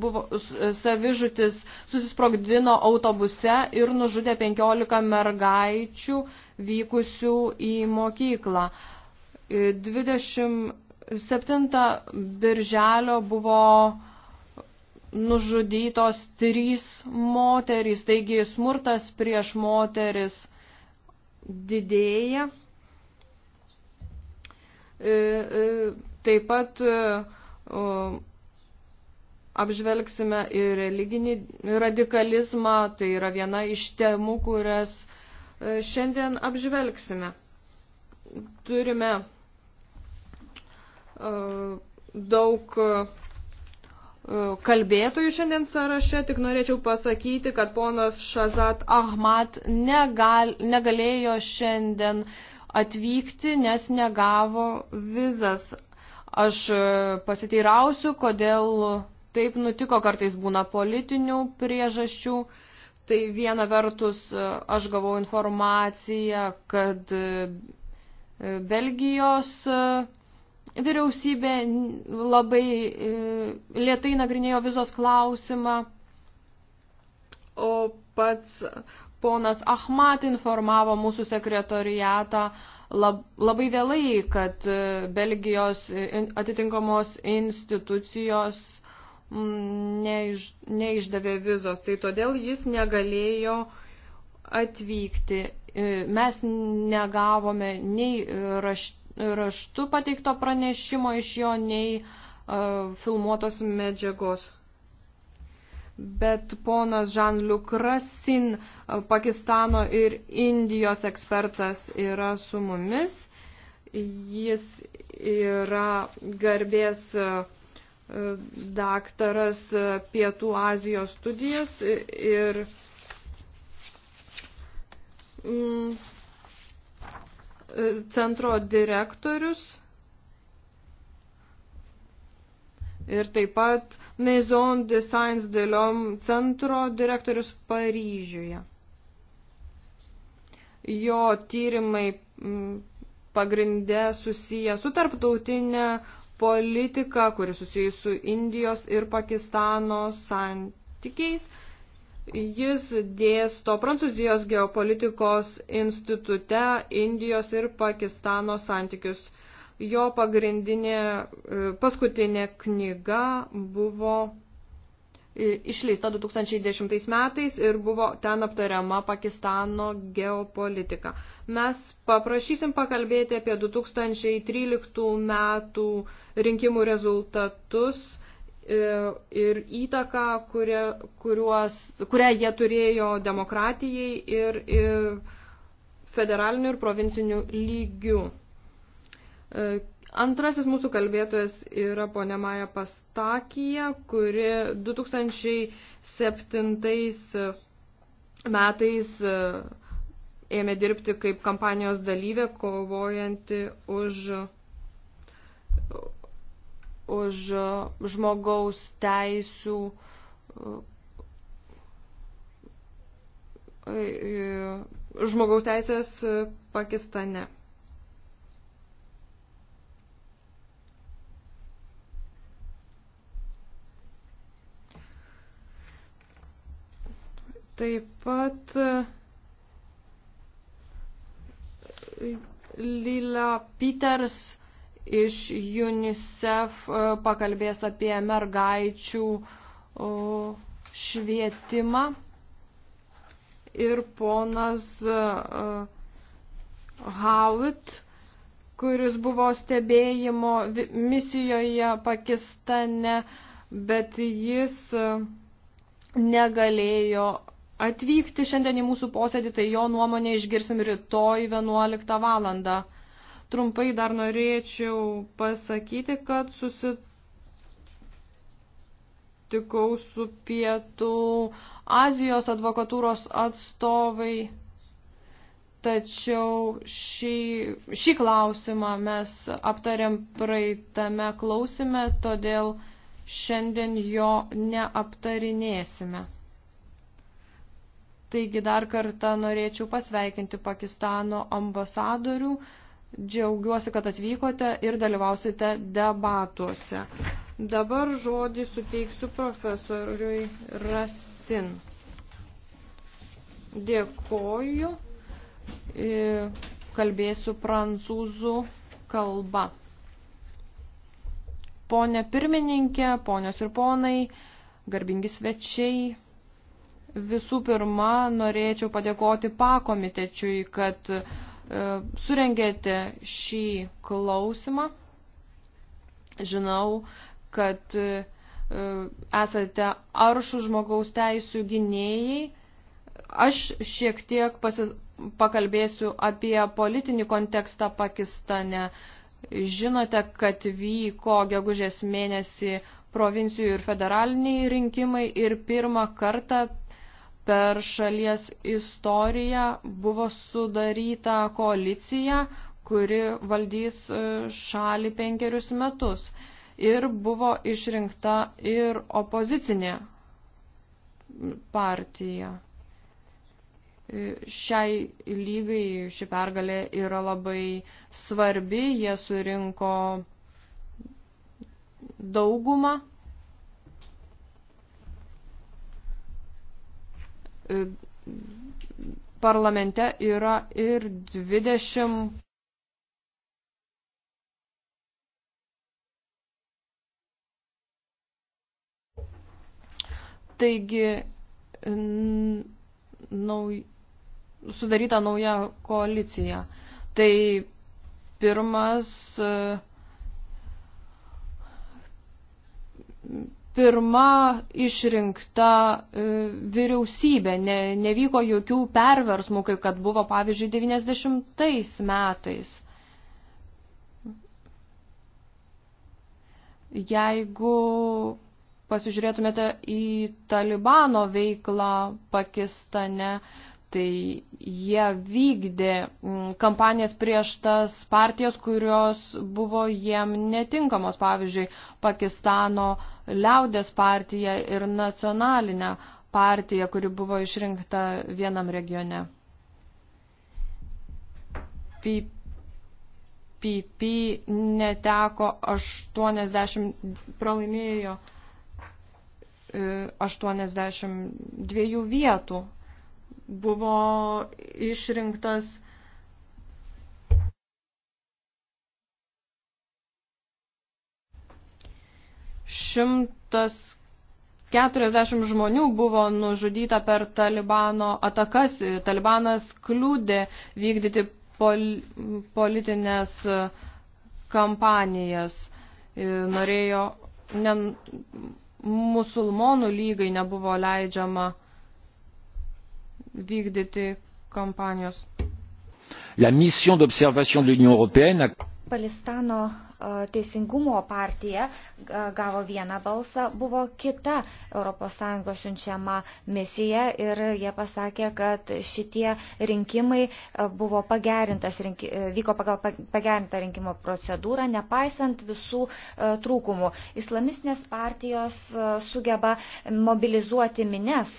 buvo savižutis susisprogdino autobuse ir nužudė 15 mergaičių vykusių į mokyklą. 27 birželio buvo nužudytos trys moterys, taigi smurtas prieš moteris didėja. E, e, taip pat e, apžvelgsime ir religinį radikalizmą, tai yra viena iš temų, kurias šiandien apžvelgsime. Turime E, daug e, kalbėtojų šiandien sąraše, tik norėčiau pasakyti, kad ponas Šazat Ahmad negal, negalėjo šiandien atvykti, nes negavo vizas. Aš e, pasiteirausiu, kodėl taip nutiko, kartais būna politinių priežasčių. Tai viena vertus aš gavau informaciją, kad Belgijos Vyriausybė labai e, lietai nagrinėjo vizos klausimą, o pats ponas Ahmat informavo mūsų sekretoriatą lab, labai vėlai, kad e, Belgijos e, atitinkamos institucijos neiš, neišdavė vizos, tai todėl jis negalėjo atvykti. Mes negavome nei rašt, raštu pateikto pranešimo iš jo, nei uh, filmuotos medžiagos. Bet ponas Jean-Luc Rasin, e, Pakistano ir Indijos ekspertas, yra su mumis. Jis yra garbės e, daktaras Pietų Azijos studijas ir mm, E, centro direktorius ir taip pat Maison de Sciences de l'Homme centro direktorius Paryžiuje. Jo tyrimai pagrindė susiję su tarptautinė politika, kuri susijusi su Indijos ir Pakistano santykiais Jis dėsto Prancūzijos geopolitikos institute Indijos ir Pakistano santykius. Jo pagrindinė e, paskutinė knyga buvo e, išleista 2010 metais ir buvo ten aptariama Pakistano geopolitika. Mes paprašysim pakalbėti apie 2013 metų rinkimų rezultatus E, ir įtaką, kurie, kuriuos, kurią jie turėjo demokratijai ir, ir e, federaliniu ir provinciniu lygiu. E, antrasis mūsų kalbėtojas yra ponė Maja Pastakija, kuri 2007 metais ėmė dirbti kaip kampanijos dalyvė, kovojanti už už e, žmogaus teisų e, e, žmogaus teisės Pakistane. Taip pat Lila Peters iš UNICEF e, pakalbės apie mergaičių e, švietimą ir ponas e, Howitt, kuris buvo stebėjimo misijoje Pakistane, bet jis negalėjo atvykti šiandien į mūsų posėdį, tai jo nuomonę išgirsim rytoj 11 valandą. Trumpai dar norėčiau pasakyti, kad susitikau su Pietų Azijos advokatūros atstovai, tačiau šį, šį klausimą mes aptarėm praeitame klausime, todėl šiandien jo neaptarinėsime. Taigi dar kartą norėčiau pasveikinti Pakistano ambasadorių Džiaugiuosi, kad atvykote ir dalyvausite debatuose. Dabar žodį suteiksiu profesoriui Rasin. Dėkoju. E, kalbėsiu prancūzų kalba. Pone pirmininkė, ponios ir ponai, garbingi svečiai, visų pirma norėčiau padėkoti pakomitečiui, kad uh, E, surengėte šį klausimą. Žinau, kad e, esate aršų žmogaus teisų gynėjai. Aš šiek tiek pasis, pakalbėsiu apie politinį kontekstą Pakistane. Žinote, kad vyko gegužės mėnesį provincijų ir federaliniai rinkimai ir pirmą kartą per šalies istoriją buvo sudaryta koalicija, kuri valdys e, šalį penkerius metus. Ir buvo išrinkta ir opozicinė partija. E, šiai lygai ši pergalė yra labai svarbi, jie surinko daugumą parlamente yra ir 20. Taigi nauj, sudaryta nauja koalicija. Tai pirmas pirma išrinkta e, vyriausybė, ne, nevyko jokių perversmų, kaip kad buvo, pavyzdžiui, 90 metais. Jeigu pasižiūrėtumėte į Talibano veiklą Pakistane, tai jie vykdė mm, kampanijas prieš tas partijas, kurios buvo jiem netinkamos, pavyzdžiui, Pakistano liaudės partija ir nacionalinė partija, kuri buvo išrinkta vienam regione. PP neteko 80, pralaimėjo 82 e, vietų buvo išrinktas šimtas 40 žmonių buvo nužudyta per Talibano atakas. Talibanas kliūdė vykdyti pol, politinės kampanijas. Norėjo, ne, musulmonų lygai nebuvo leidžiama uh, vykdyti kompanijos. La mission d'observation de l'Union européenne a... Palestano Teisingumo partija gavo vieną balsą, buvo kita ES siunčiama misija ir jie pasakė, kad šitie rinkimai buvo pagerintas, rinki, vyko pagal pagerintą rinkimo procedūrą, nepaisant visų trūkumų. Islamistinės partijos sugeba mobilizuoti mines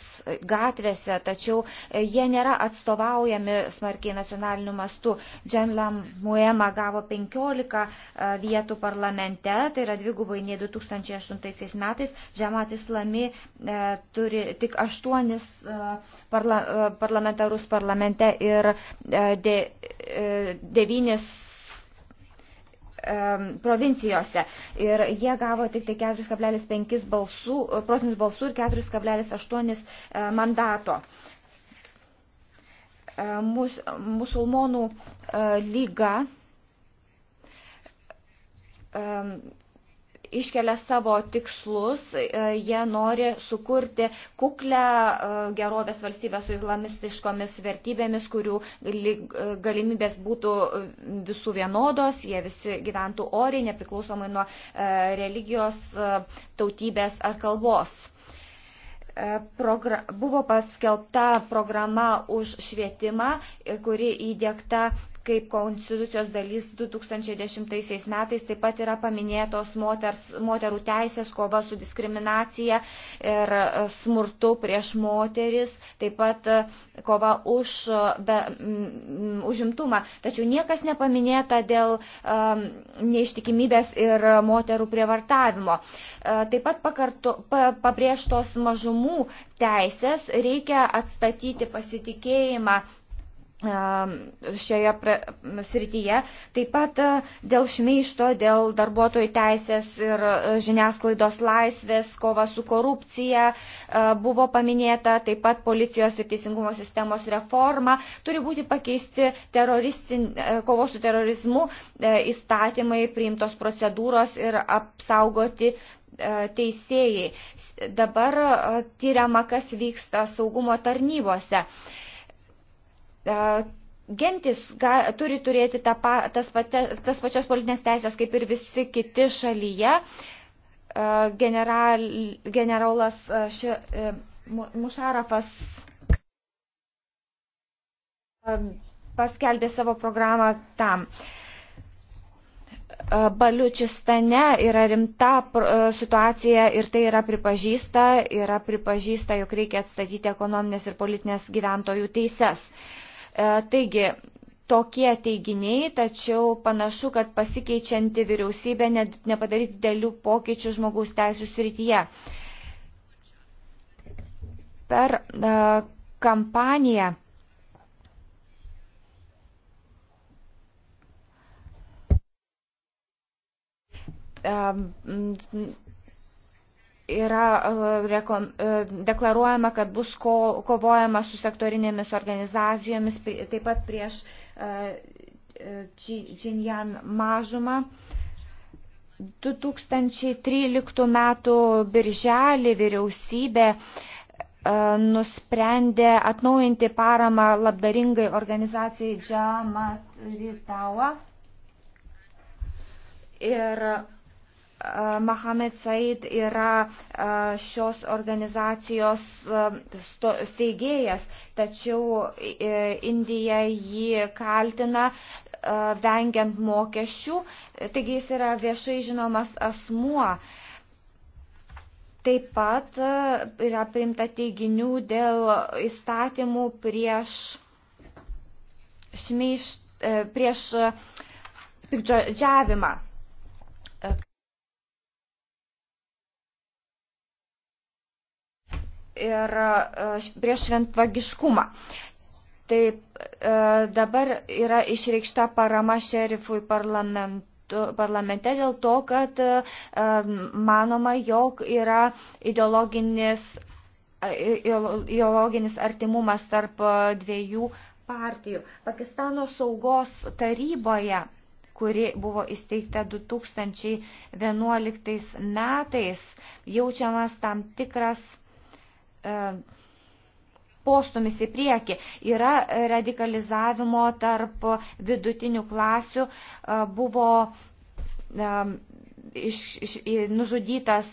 gatvėse, tačiau jie nėra atstovaujami smarkiai nacionaliniu mastu. Džemlam Muema gavo 15 vietų vietų parlamente, tai yra dvigubai nei 2008 metais, Žemat Islami e, turi tik aštuonis e, parla, e, parlamentarus parlamente ir e, de, e, devynis e, provincijose. Ir jie gavo tik tai 4,5 balsų, e, procentus balsų ir 4,8 e, mandato. Mus, musulmonų lyga Um, iškelia savo tikslus, e, jie nori sukurti kuklę e, gerovės valstybę su islamistiškomis vertybėmis, kurių e, galimybės būtų visų vienodos, jie visi gyventų oriai, nepriklausomai nuo religijos, tautybės ar kalbos. Progra buvo paskelbta programa už švietimą, kuri įdėkta kaip konstitucijos dalis 2010 metais taip pat yra paminėtos moters, moterų teisės, kova su diskriminacija ir e, smurtu prieš moteris, taip pat e, kova už e, be, m, užimtumą. Tačiau niekas nepaminėta dėl um, neištikimybės ir moterų prievartavimo. Uh, taip pat pakarto, pa, pabrėžtos mažumų teisės reikia atstatyti pasitikėjimą šioje srityje, taip pat dėl šmeišto, dėl darbuotojų teisės ir žiniasklaidos laisvės, kova su korupcija buvo paminėta, taip pat policijos ir teisingumo sistemos reforma, turi būti pakeisti kovos su terorizmu įstatymai, priimtos procedūros ir apsaugoti teisėjai. Dabar tyriama, kas vyksta saugumo tarnybose. Gentis ga, turi turėti tą, tas, pate, tas pačias politinės teisės kaip ir visi kiti šalyje. General, generolas ši, e, Mušarafas paskelbė savo programą tam. Baliučistane yra rimta situacija ir tai yra pripažįsta, yra pripažįsta, jog reikia atstatyti ekonominės ir politinės gyventojų teises. Uh, E, taigi, tokie teiginiai, tačiau panašu, kad pasikeičianti vyriausybė nepadarys dėlių pokyčių žmogaus teisų srityje. Per uh, kampaniją um, yra e, reklam, e, deklaruojama, kad bus ko, kovojama su sektorinėmis organizacijomis, taip pat prieš Činjan e, mažumą. 2013 m. birželį vyriausybė nusprendė atnaujinti paramą labdaringai organizacijai Džama Ritawa. Ir Mohamed Said yra šios organizacijos steigėjas, tačiau e, Indija jį kaltina vengiant mokesčių, taigi jis yra viešai žinomas asmuo. Taip pat yra priimta teiginių dėl įstatymų prieš, šmeiš, e, prieš pikdžiavimą. ir e, prieš šventvagiškumą. Taip, e, dabar yra išreikšta parama šerifui parlamentu, parlamente dėl to, kad e, manoma, jog yra ideologinis, ideologinis artimumas tarp dviejų partijų. Pakistano saugos taryboje kuri buvo įsteigta 2011 metais, jaučiamas tam tikras E, postumis į priekį. Yra radikalizavimo tarp vidutinių klasių, e, buvo e, iš, iš, nužudytas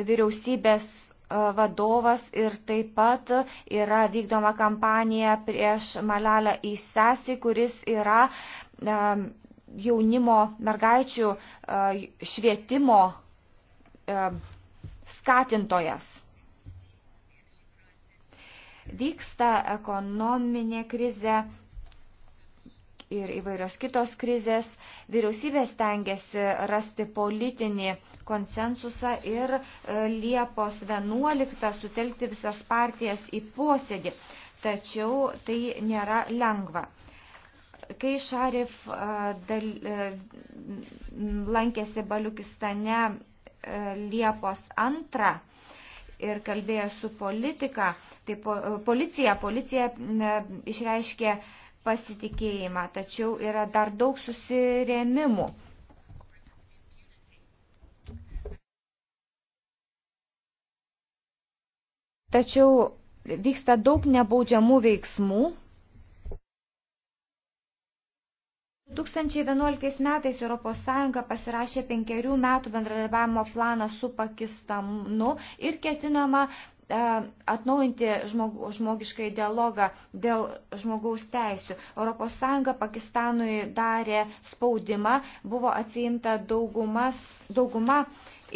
vyriausybės vadovas ir taip pat yra vykdoma kampanija prieš Malalą Įsesį, kuris yra jaunimo mergaičių švietimo skatintojas. Vyksta ekonominė krize ir įvairios kitos krizės. Vyriausybės tengiasi rasti politinį konsensusą ir e, Liepos 11 sutelkti visas partijas į posėdį. Tačiau tai nėra lengva kai Šarif e, dal, e, lankėsi Baliukistane E, Liepos 2 ir kalbėjo su politika, tai po, e, policija, policija išreiškė pasitikėjimą, tačiau yra dar daug susirėmimų. Tačiau vyksta daug nebaudžiamų veiksmų 2011 metais ES pasirašė penkerių metų bendradarbiavimo planą su Pakistanu ir ketinama e, atnaujinti žmog, žmogiškai dialogą dėl žmogaus teisų. ES Pakistanui darė spaudimą, buvo atsiimta daugumas, dauguma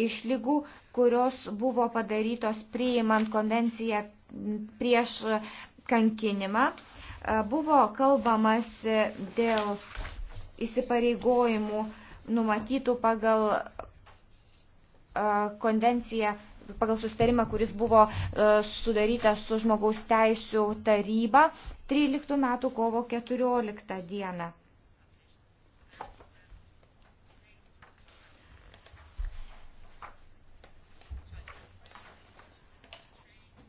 išlygų, kurios buvo padarytos priimant konvenciją prieš kankinimą. E, buvo kalbamas dėl įsipareigojimų numatytų pagal konvenciją, pagal sustarimą, kuris buvo sudarytas su žmogaus teisų taryba 13 metų kovo 14 dieną.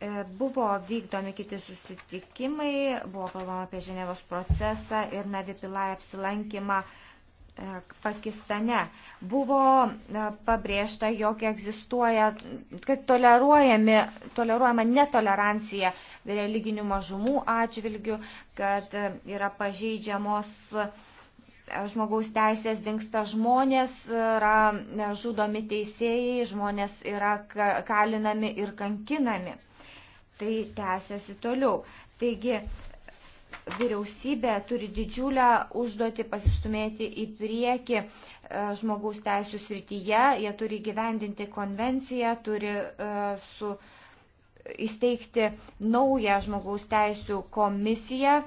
E, buvo vykdomi kiti susitikimai, buvo kalbama apie Ženevos procesą ir Navipilai apsilankimą e, Pakistane. Buvo e, pabrėžta, jog egzistuoja, kad toleruojama netolerancija religinių mažumų atžvilgių, kad yra pažeidžiamos žmogaus teisės dinksta žmonės, yra žudomi teisėjai, žmonės yra kalinami ir kankinami tai tęsiasi toliau. Taigi, vyriausybė turi didžiulę užduotį pasistumėti į priekį e, žmogaus teisų srityje, jie turi gyvendinti konvenciją, turi e, su, įsteigti naują žmogaus teisų komisiją.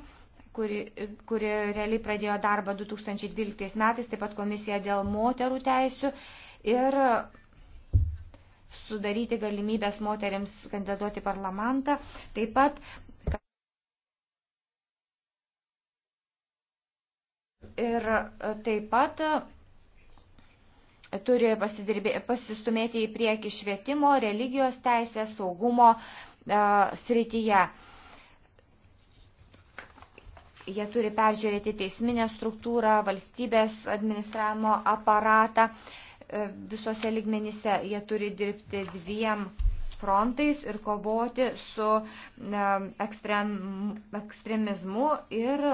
Kuri, kuri realiai pradėjo darbą 2012 metais, taip pat komisija dėl moterų teisių. Ir sudaryti galimybės moteriams kandidatuoti parlamentą. Taip pat ir e, taip pat e, turi pasistumėti į priekį švietimo, religijos teisės, saugumo e, srityje. Jie turi peržiūrėti teisminę struktūrą, valstybės administravimo aparatą. E, E, visose ligmenyse. Jie turi dirbti dviem frontais ir kovoti su e, ekstrem, ekstremizmu ir e,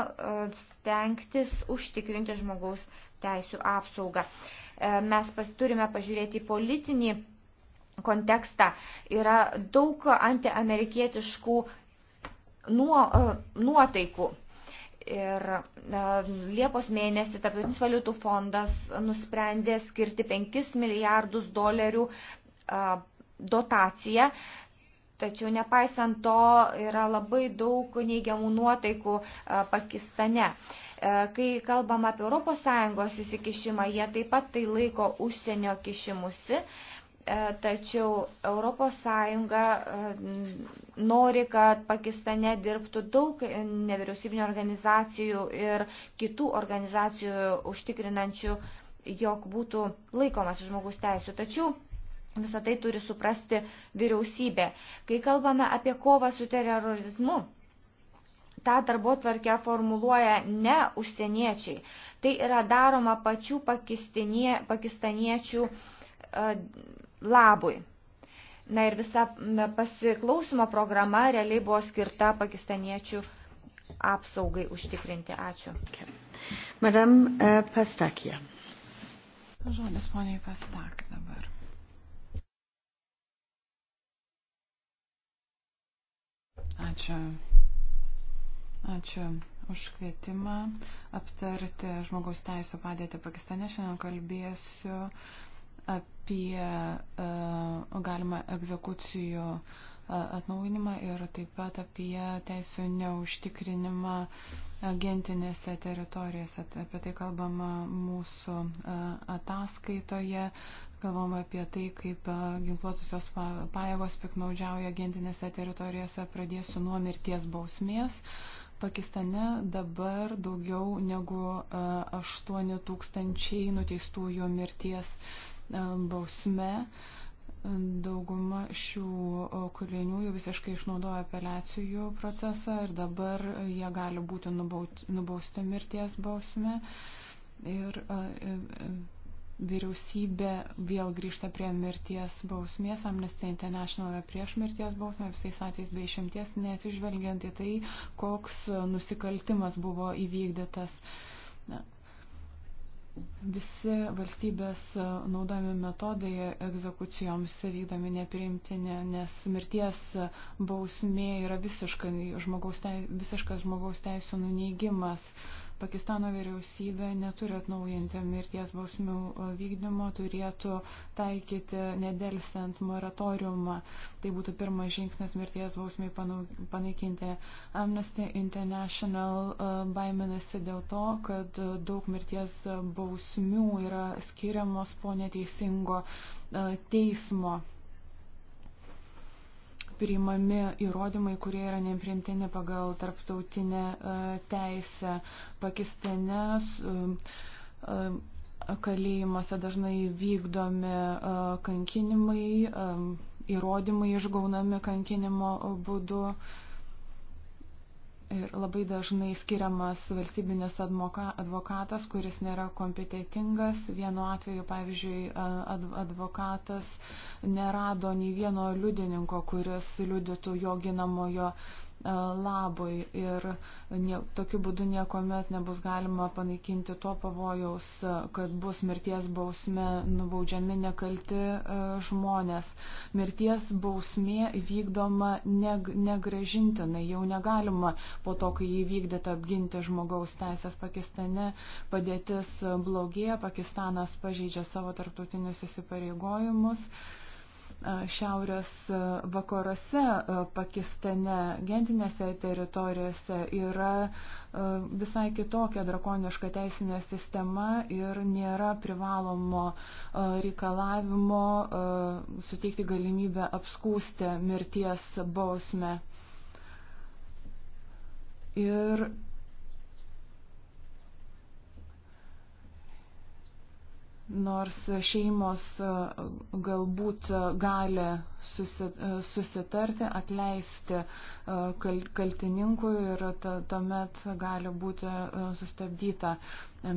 stengtis užtikrinti žmogaus teisų apsaugą. Mes pas, turime pažiūrėti į politinį kontekstą. Yra daug antiamerikietiškų nuo, nuotaikų. Ir e, Liepos mėnesį Tarptautinis valiutų fondas nusprendė skirti 5 milijardus dolerių e, dotaciją. Tačiau nepaisant to yra labai daug neigiamų nuotaikų e, Pakistane. Kai kalbam apie ES įsikišimą, jie taip pat tai laiko užsienio kišimusi. E, tačiau ES e, nori, kad Pakistane dirbtų daug nevyriausybinio organizacijų ir kitų organizacijų užtikrinančių, jog būtų laikomas žmogus teisų. Tačiau visą tai turi suprasti vyriausybė. Kai kalbame apie kovą su terorizmu, tą darbo tvarkę formuluoja ne užsieniečiai. Tai yra daroma pačių pakistaniečių. Uh, labui. Na ir visa pasiklausimo programa realiai buvo skirta pakistaniečių apsaugai užtikrinti. Ačiū. Madam uh, Pastakija. Žodis poniai Pastak dabar. Ačiū. Ačiū už kvietimą aptarti žmogaus teisų padėtį Pakistane. Šiandien kalbėsiu apie apie e, galimą egzekucijų e, atnaujinimą ir taip pat apie teisų neužtikrinimą gentinėse teritorijose. Apie tai kalbama mūsų e, ataskaitoje, kalbama apie tai, kaip ginkluotusios pajėgos piknaudžiauja gentinėse teritorijose. Pradėsiu nuo mirties bausmės. Pakistane dabar daugiau negu 8 tūkstančiai nuteistųjų mirties bausme. Dauguma šių kalinių jau visiškai išnaudoja apeliacijų procesą ir dabar jie gali būti nubausti mirties bausme. Ir e, e, vyriausybė vėl grįžta prie mirties bausmės, Amnesty International yra prieš mirties bausmę, visais atvejais bei išimties, neatsižvelgiant į tai, koks nusikaltimas buvo įvykdytas. Na, Visi valstybės naudojami metodai egzekucijoms vykdomi nepriimtini, nes mirties bausmė yra visiškai žmogaus teis, visiškas žmogaus teisų nuneigimas. Uh, Pakistano vyriausybė neturi atnaujinti mirties bausmių vykdymo, turėtų taikyti nedelsiant moratoriumą. Tai būtų pirmas žingsnis mirties bausmiai panaikinti. Amnesty International baiminasi dėl to, kad daug mirties bausmių yra skiriamos po neteisingo teismo priimami įrodymai, kurie yra nepriimtini pagal tarptautinę e, teisę. Pakistanes e, e, kalėjimuose dažnai vykdomi kankinimai, įrodymai išgaunami kankinimo būdu. Ir labai dažnai skiriamas valstybinis advoka, advokatas, kuris nėra kompetitingas. Vienu atveju, pavyzdžiui, advokatas nerado nei vieno liudininko, kuris liudytų jo ginamojo E, labui ir nie, tokiu būdu niekuomet nebus galima panaikinti to pavojaus, e, kad bus mirties bausme nubaudžiami nekalti e, žmonės. Mirties bausmė vykdoma neg, negražintinai, jau negalima po to, kai jį vykdyta apginti žmogaus teisės Pakistane, padėtis blogėja, Pakistanas pažeidžia savo tarptautinius įsipareigojimus. Uh, šiaurės vakaruose Pakistane, gentinėse teritorijose yra visai kitokia drakoniška teisinė sistema ir nėra privalomo reikalavimo suteikti galimybę apskūsti mirties bausmę. Ir nors šeimos e, galbūt e, gali e, susitarti, atleisti kaltininkų ir tuomet gali būti sustabdyta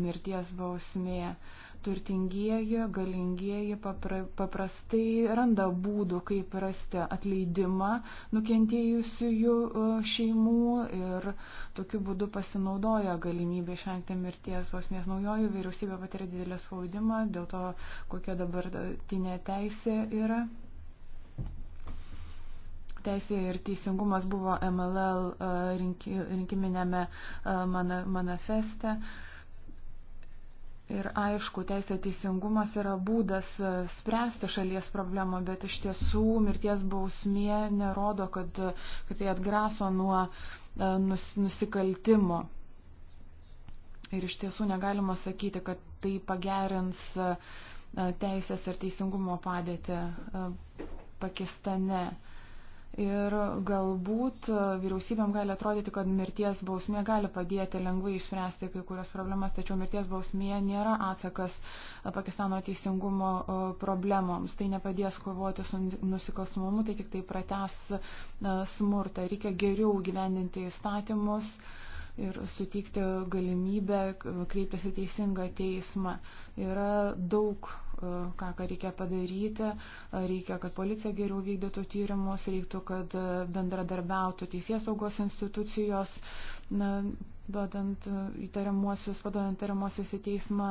mirties bausmė turtingieji, galingieji paprastai randa būdų, kaip rasti atleidimą nukentėjusiųjų e, šeimų ir tokiu būdu pasinaudoja galimybę išvengti mirties bausmės. Naujoji vyriausybė patiria didelį spaudimą dėl to, kokia dabartinė teisė yra. Teisė ir teisingumas buvo MLL e, rinkiminėme e, manifeste. Man Ir aišku, teisė teisingumas yra būdas e, spręsti šalies problemą, bet iš tiesų mirties bausmė nerodo, kad, kad tai atgraso nuo e, nus, nusikaltimo. Ir iš tiesų negalima sakyti, kad tai pagerins e, teisės ir teisingumo padėtį Pakistane. Ir galbūt vyriausybėm gali atrodyti, kad mirties bausmė gali padėti lengvai išspręsti kai kurias problemas, tačiau mirties bausmė nėra atsakas Pakistano teisingumo e, problemoms. Tai nepadės kovoti su nusikalstumumu, tai tik tai prates e, smurtą. Reikia geriau gyvendinti įstatymus ir suteikti galimybę kreiptis į teisingą teismą. Yra daug E, ką, ką reikia padaryti. E, reikia, kad policija geriau vykdytų tyrimus, reiktų, kad e, bendradarbiautų teisės saugos institucijos, duodant įtariamuosius, paduodant įtariamuosius į teismą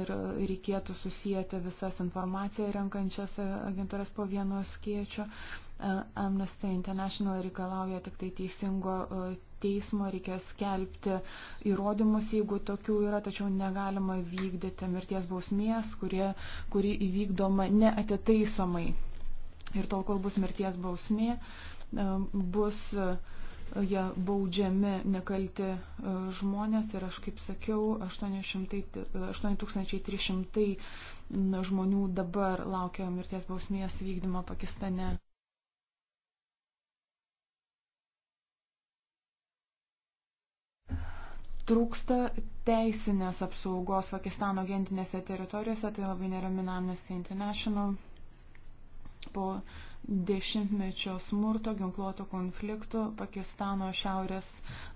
ir reikėtų susijęti visas informaciją renkančias agentūras po vieno skėčiu. Amnesty International reikalauja tik tai teisingo teismo, reikia skelbti įrodymus, jeigu tokių yra, tačiau negalima vykdyti mirties bausmės, kurie, kuri įvykdoma neatitaisomai. Ir tol, kol bus mirties bausmė, e, bus jie baudžiami nekalti e, žmonės ir aš kaip sakiau, 8300 žmonių dabar laukia mirties bausmės vykdymo Pakistane. trūksta teisinės apsaugos Pakistano gentinėse teritorijose, tai labai neramina Amnesty International. Po uh, dešimtmečio smurto, ginkluoto konflikto Pakistano šiaurės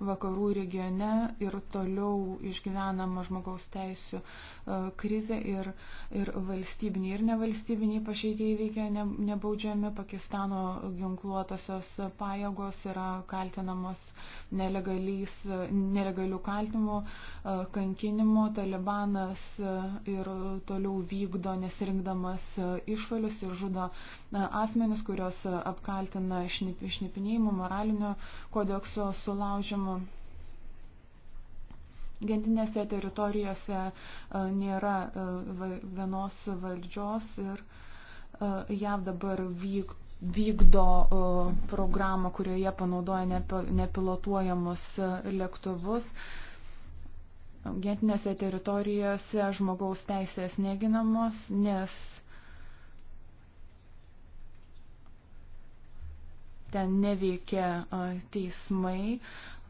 vakarų regione ir toliau išgyvenama žmogaus teisų e, krizė ir, ir valstybiniai ir nevalstybiniai pašeitėjai veikia ne, nebaudžiami. Pakistano ginkluotosios pajėgos yra kaltinamos nelegalių kaltinimų, e, kankinimų. Talibanas e, ir toliau vykdo nesirinkdamas išvalius ir žudo asmenis asmenims, kurios apkaltina šnip, šnipinėjimu, moralinio kodekso sulaužimu. Gentinėse teritorijose e, nėra e, vienos valdžios ir e, jav dabar vyk, vykdo programą, kurioje panaudoja nepilotuojamus lėktuvus gentinėse teritorijose žmogaus teisės neginamos, nes ten neveikia teismai.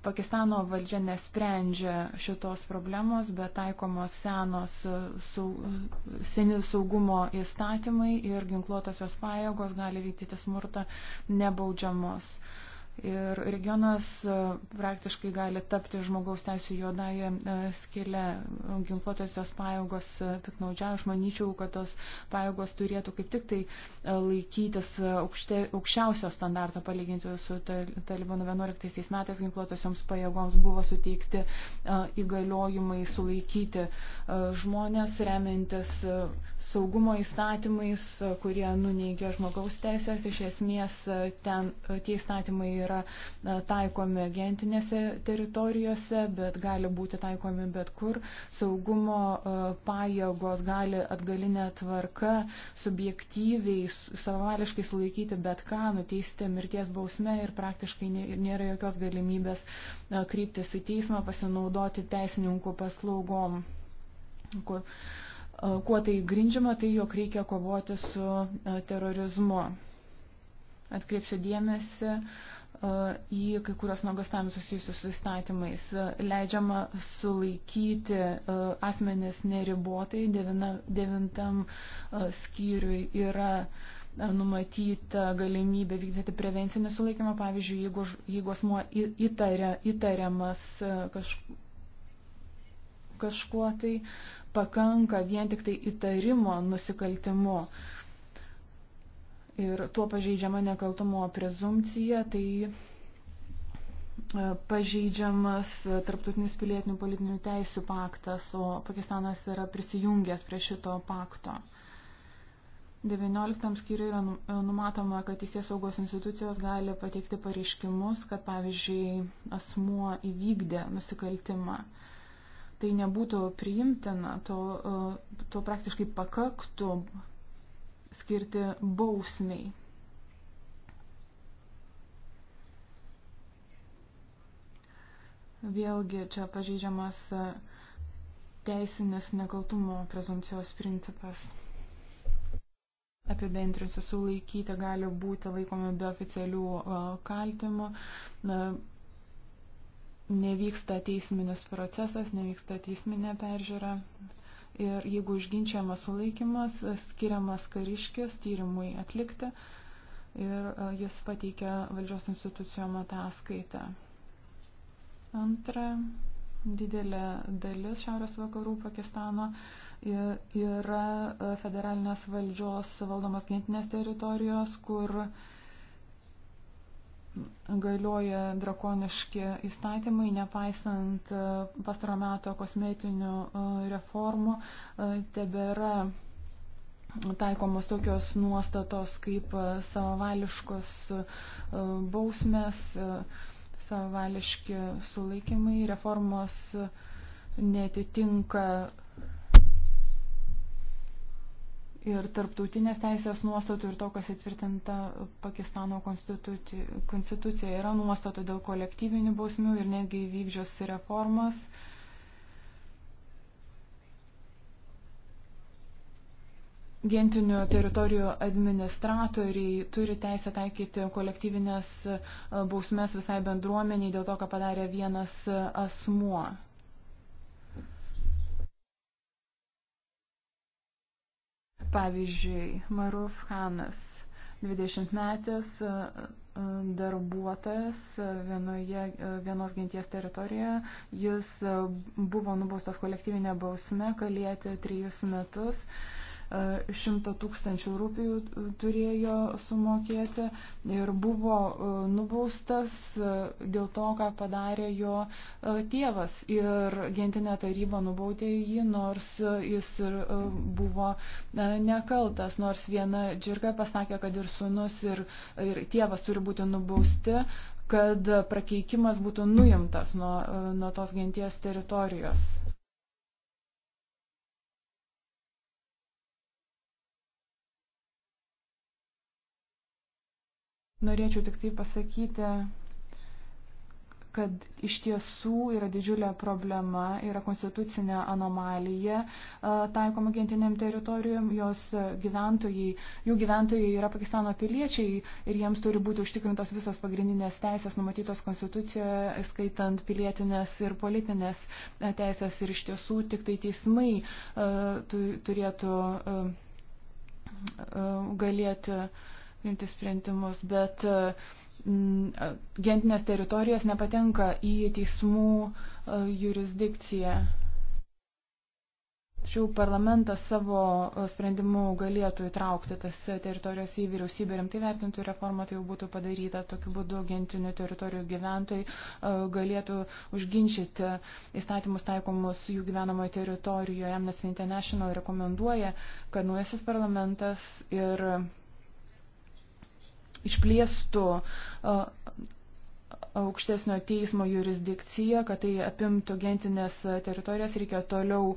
Pakistano valdžia nesprendžia šitos problemos, bet taikomos senos sau, seni saugumo įstatymai ir ginkluotosios pajėgos gali vykdyti smurtą nebaudžiamos. Uh, Ir regionas e, praktiškai gali tapti žmogaus teisų juodąją e, skilę. Ginkluotosios pajėgos e, piknaudžiavo. Aš manyčiau, kad tos pajėgos turėtų kaip tik tai laikytis aukšte, aukščiausio standarto palyginti su Talibanu 11 metais ginkluotosioms pajėgoms buvo suteikti įgaliojimai sulaikyti žmonės, remiantis saugumo įstatymais, kurie nuneigia žmogaus teisės. Iš esmės ten e, tie įstatymai yra e, taikomi gentinėse teritorijose, bet gali būti taikomi bet kur. Saugumo e, pajėgos gali atgalinę tvarką subjektyviai, savališkai sulaikyti bet ką, nuteisti mirties bausme ir praktiškai nėra jokios galimybės kryptis į teismą, pasinaudoti teisininkų paslaugom. Kur, uh, Kuo tai grindžiama, tai jog reikia kovoti su terorizmu. Atkreipsiu dėmesį į kai kurios nuogastavimus susijusius su įstatymais. Leidžiama sulaikyti asmenis neribotai, devintam skyriui yra numatyta galimybė vykdyti prevencinį sulaikymą, pavyzdžiui, jeigu, jeigu asmuo įtaria, įtariamas kaž, kažkuo tai. Uh, pakanka vien tik tai įtarimo nusikaltimu. Ir tuo pažeidžiama nekaltumo prezumcija, tai e, pažeidžiamas tarptautinis pilietinių politinių teisių paktas, o Pakistanas yra prisijungęs prie šito pakto. 19 skyriui yra nu, e, numatoma, kad teisės saugos institucijos gali pateikti pareiškimus, kad pavyzdžiui asmuo įvykdė nusikaltimą. Uh, tai nebūtų priimtina, to, e, to praktiškai pakaktų skirti bausmiai. Vėlgi čia pažeidžiamas e, teisinės nekaltumo prezumcijos principas. Apibendrinsiu, sulaikyti gali būti laikomi be oficialių e, kaltimų nevyksta teisminis procesas, nevyksta teisminė peržiūra. Ir jeigu užginčiamas sulaikimas, skiriamas kariškis tyrimui atlikti ir e, jis pateikia valdžios institucijom ataskaitą. Antra, didelė dalis šiaurės vakarų Pakistano yra e, federalinės valdžios valdomos gentinės teritorijos, kur uh, galioja drakoniški įstatymai, nepaisant e, pastaro meto kosmetinių e, reformų, e, tebėra taikomos tokios nuostatos kaip savavališkos bausmės, savavališki sulaikymai, reformos netitinka ir tarptautinės teisės nuostatų ir to, kas įtvirtinta Pakistano konstitucija, yra nuostata dėl kolektyvinių bausmių ir netgi įvykdžios reformas. Gentinių teritorijų administratoriai turi teisę taikyti kolektyvinės bausmes visai bendruomeniai dėl to, ką padarė vienas asmuo. Pavyzdžiui, Maruf Hanas, 20-metės e, e, darbuotojas e, vienoje, vienos genties teritorijoje, jis buvo nubaustas kolektyvinė bausme kalėti trijus metus 100 e, tūkstančių rūpijų e, turėjo sumokėti ir buvo e, nubaustas dėl to, ką padarė jo tėvas. Ir gentinė taryba nubaudė jį, nors jis ir buvo nekaltas, nors viena džirga pasakė, kad ir sunus, ir, ir tėvas turi būti nubausti kad prakeikimas būtų nuimtas nuo, nuo tos genties teritorijos. Norėčiau tik tai pasakyti, kad iš tiesų yra didžiulė problema, yra konstitucinė anomalija taikoma gentiniam teritorijom, jos gyventojai, jų gyventojai yra Pakistano piliečiai ir jiems turi būti užtikrintos visos pagrindinės teisės numatytos konstitucijoje, skaitant pilietinės ir politinės teisės ir iš tiesų tik tai teismai turėtų galėti priimti sprendimus, bet mm, gentinės teritorijos nepatenka į teismų jurisdikciją. Tačiau parlamentas savo sprendimu galėtų įtraukti tas teritorijos į vyriausybę rimtai vertintų reformą, tai jau būtų padaryta. Tokiu būdu gentinių teritorijų gyventojai galėtų užginčyti įstatymus taikomus jų gyvenamoje teritorijoje. Amnesty International rekomenduoja, kad naujasis parlamentas ir išplėstų aukštesnio teismo jurisdikciją, kad tai apimtų gentinės teritorijas, reikia toliau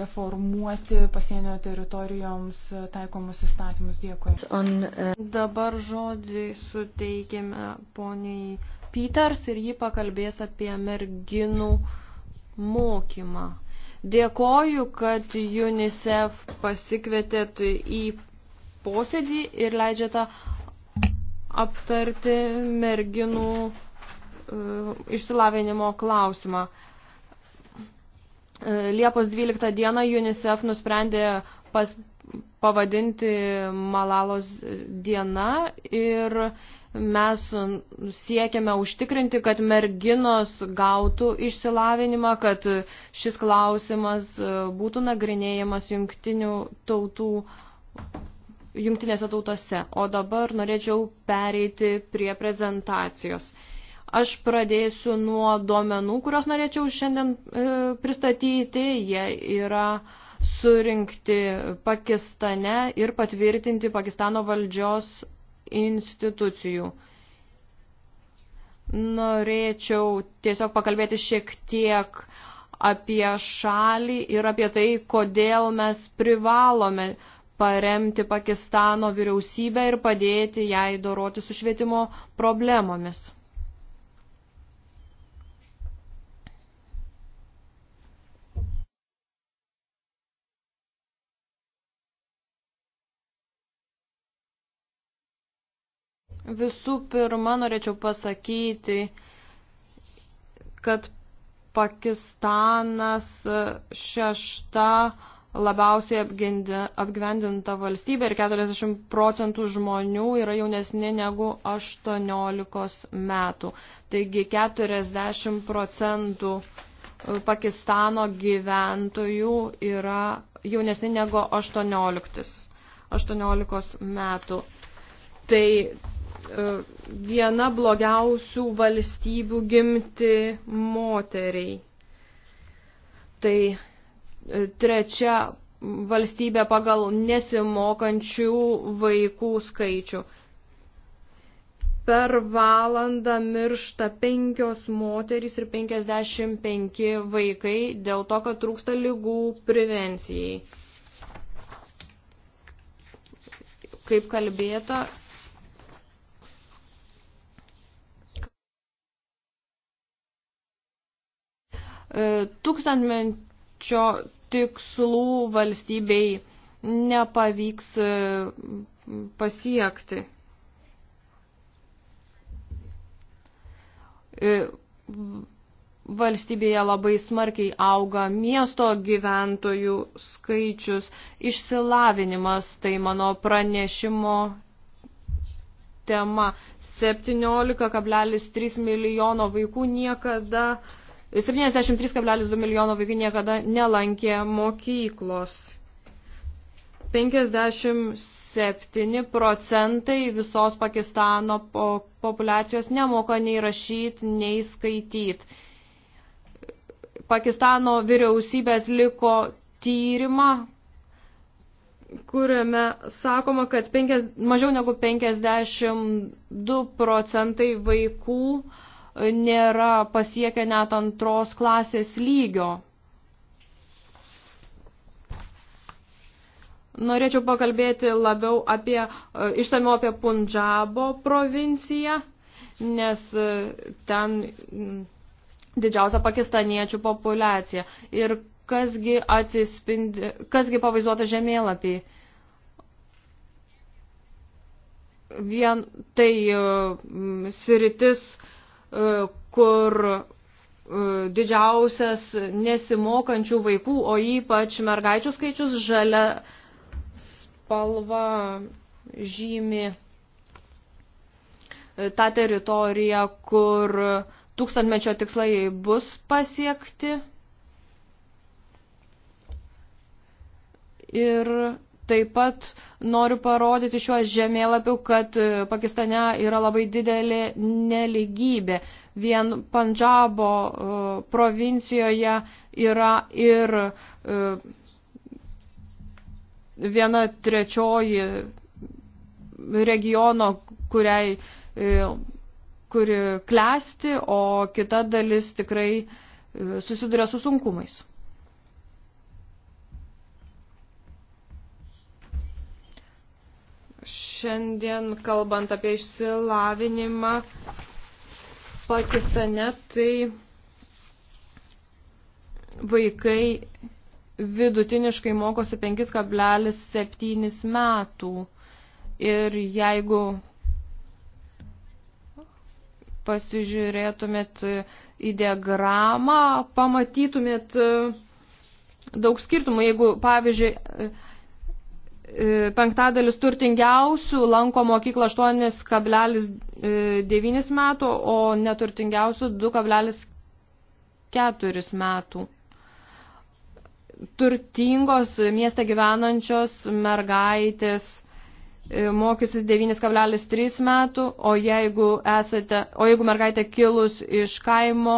reformuoti pasienio teritorijoms taikomus įstatymus. Dėkui. On, uh... Dabar žodį suteikėme poniai Peters ir ji pakalbės apie merginų mokymą. Dėkoju, kad UNICEF pasikvietėt į posėdį ir leidžia tą aptarti merginų e, išsilavinimo klausimą. E, Liepos 12 dieną UNICEF nusprendė pas, pavadinti Malalos diena ir mes siekiame užtikrinti, kad merginos gautų išsilavinimą, kad šis klausimas būtų nagrinėjamas jungtinių tautų jungtinėse tautose. O dabar norėčiau pereiti prie prezentacijos. Aš pradėsiu nuo duomenų, kuriuos norėčiau šiandien e, pristatyti. Jie yra surinkti Pakistane ir patvirtinti Pakistano valdžios institucijų. Norėčiau tiesiog pakalbėti šiek tiek apie šalį ir apie tai, kodėl mes privalome uh, paremti Pakistano vyriausybę ir padėti jai doroti su švietimo problemomis. Visų pirma, norėčiau pasakyti, kad Pakistanas šešta labiausiai apgyvendinta valstybė ir 40 procentų žmonių yra jaunesni negu 18 metų. Taigi 40 procentų e, Pakistano gyventojų yra jaunesni negu 18, 18 metų. Tai e, viena blogiausių valstybių gimti moteriai. Tai trečia valstybė pagal nesimokančių vaikų skaičių. Per valandą miršta penkios moterys ir 55 vaikai dėl to, kad trūksta lygų prevencijai. Kaip kalbėta, e, tūkstantmečio tikslų valstybei nepavyks e, pasiekti. E, valstybėje labai smarkiai auga miesto gyventojų skaičius, išsilavinimas, tai mano pranešimo tema. 17,3 milijono vaikų niekada uh, 73,2 milijono vaikų niekada nelankė mokyklos. 57 procentai visos Pakistano populacijos nemoka nei rašyti, nei skaityti. Pakistano vyriausybė atliko tyrimą, kuriame sakoma, kad 5, mažiau negu 52 procentai vaikų uh, nėra pasiekę net antros klasės lygio. Norėčiau pakalbėti labiau apie, e, ištamiau apie Punjabo provinciją, nes e, ten mm, didžiausia pakistaniečių populiacija. Ir kasgi atsispindi, kasgi pavaizduota žemėlapį. Vien tai e, mm, sritis, uh, kur e, didžiausias nesimokančių vaikų, o ypač mergaičių skaičius žalia spalva žymi e, tą teritoriją, kur tūkstantmečio tikslai bus pasiekti. Ir Taip pat noriu parodyti šiuo žemėlapiu, kad e, Pakistane yra labai didelė neligybė. Vien Pandžabo e, provincijoje yra ir e, viena trečioji regiono, kuriai, kuri klesti, o kita dalis tikrai susiduria su sunkumais. šiandien, kalbant apie išsilavinimą Pakistane, tai vaikai vidutiniškai mokosi 5,7 metų. Ir jeigu pasižiūrėtumėt į diagramą, pamatytumėt daug skirtumų. Jeigu, pavyzdžiui, E, penktadalis turtingiausių lanko mokyklą 8,9 metų, o neturtingiausių 2,4 metų. Turtingos mieste gyvenančios mergaitės e, mokysis 9,3 metų, o jeigu, esate, o jeigu mergaitė kilus iš kaimo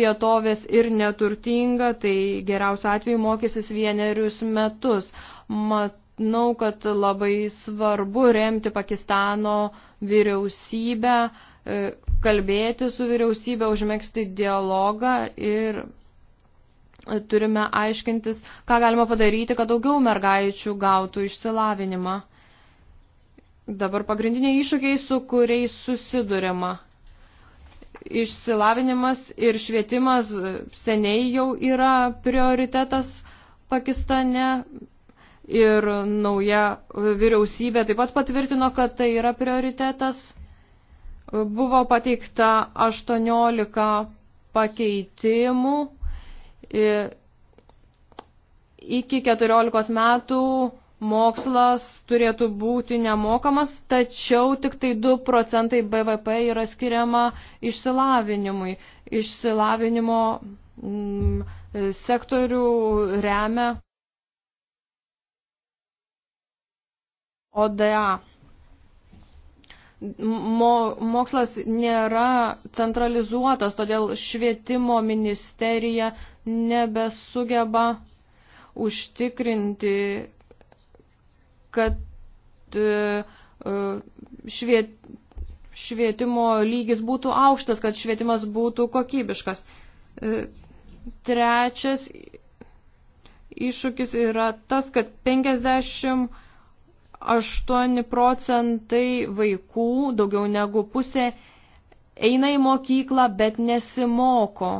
vietovės ir neturtinga, tai geriausiu atveju mokysis vienerius metus. Mat, manau, kad labai svarbu remti Pakistano vyriausybę, e, kalbėti su vyriausybė, užmėgsti dialogą ir e, turime aiškintis, ką galima padaryti, kad daugiau mergaičių gautų išsilavinimą. Dabar pagrindiniai iššūkiai, su kuriais susidurima. Išsilavinimas ir švietimas e, seniai jau yra prioritetas Pakistane, ir nauja vyriausybė taip pat patvirtino, kad tai yra prioritetas. Buvo pateikta 18 pakeitimų iki 14 metų mokslas turėtų būti nemokamas, tačiau tik tai 2 procentai BVP yra skiriama išsilavinimui. Išsilavinimo mm, sektorių remia ODA. Mo, mokslas nėra centralizuotas, todėl švietimo ministerija nebesugeba užtikrinti, kad e, šviet, švietimo lygis būtų aukštas, kad švietimas būtų kokybiškas. E, trečias iššūkis yra tas, kad 50 8 procentai vaikų, daugiau negu pusė, eina į mokyklą, bet nesimoko.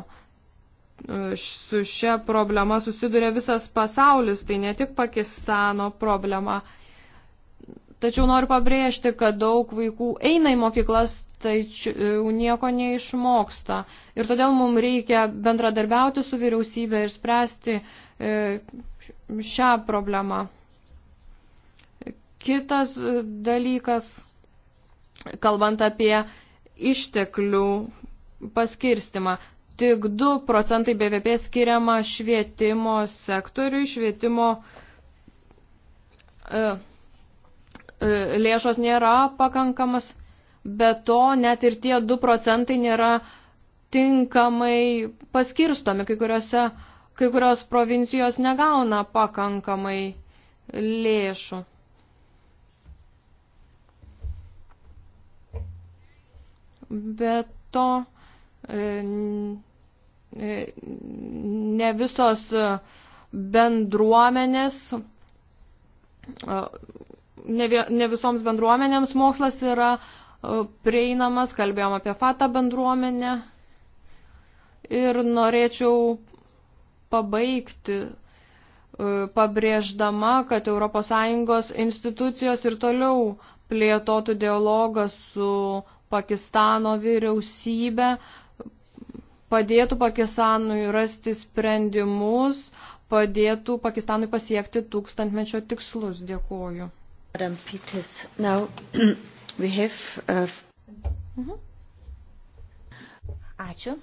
E, su šia problema susiduria visas pasaulis, tai ne tik Pakistano problema. Tačiau noriu pabrėžti, kad daug vaikų eina į mokyklas, tačiau e, nieko neišmoksta. Ir todėl mums reikia bendradarbiauti su vyriausybė ir spręsti e, šią problemą. Kitas e, dalykas, kalbant apie išteklių paskirstimą, tik 2 procentai BVP skiriama švietimo sektoriui, švietimo e, e lėšos nėra pakankamas, bet to net ir tie 2 procentai nėra tinkamai paskirstomi, kai, kuriuose, kai kurios provincijos negauna pakankamai lėšų. bet to e, e, ne visos e, bendruomenės, ne visoms bendruomenėms mokslas yra prieinamas, kalbėjom apie fatą bendruomenę ir norėčiau pabaigti pabrėždama, kad ES institucijos ir toliau plėtotų dialogą su Pakistano vyriausybę, padėtų Pakistanui rasti sprendimus, padėtų Pakistanui pasiekti tūkstantmečio tikslus. Dėkuoju. Now, have, uh... Mhm. Ačiū.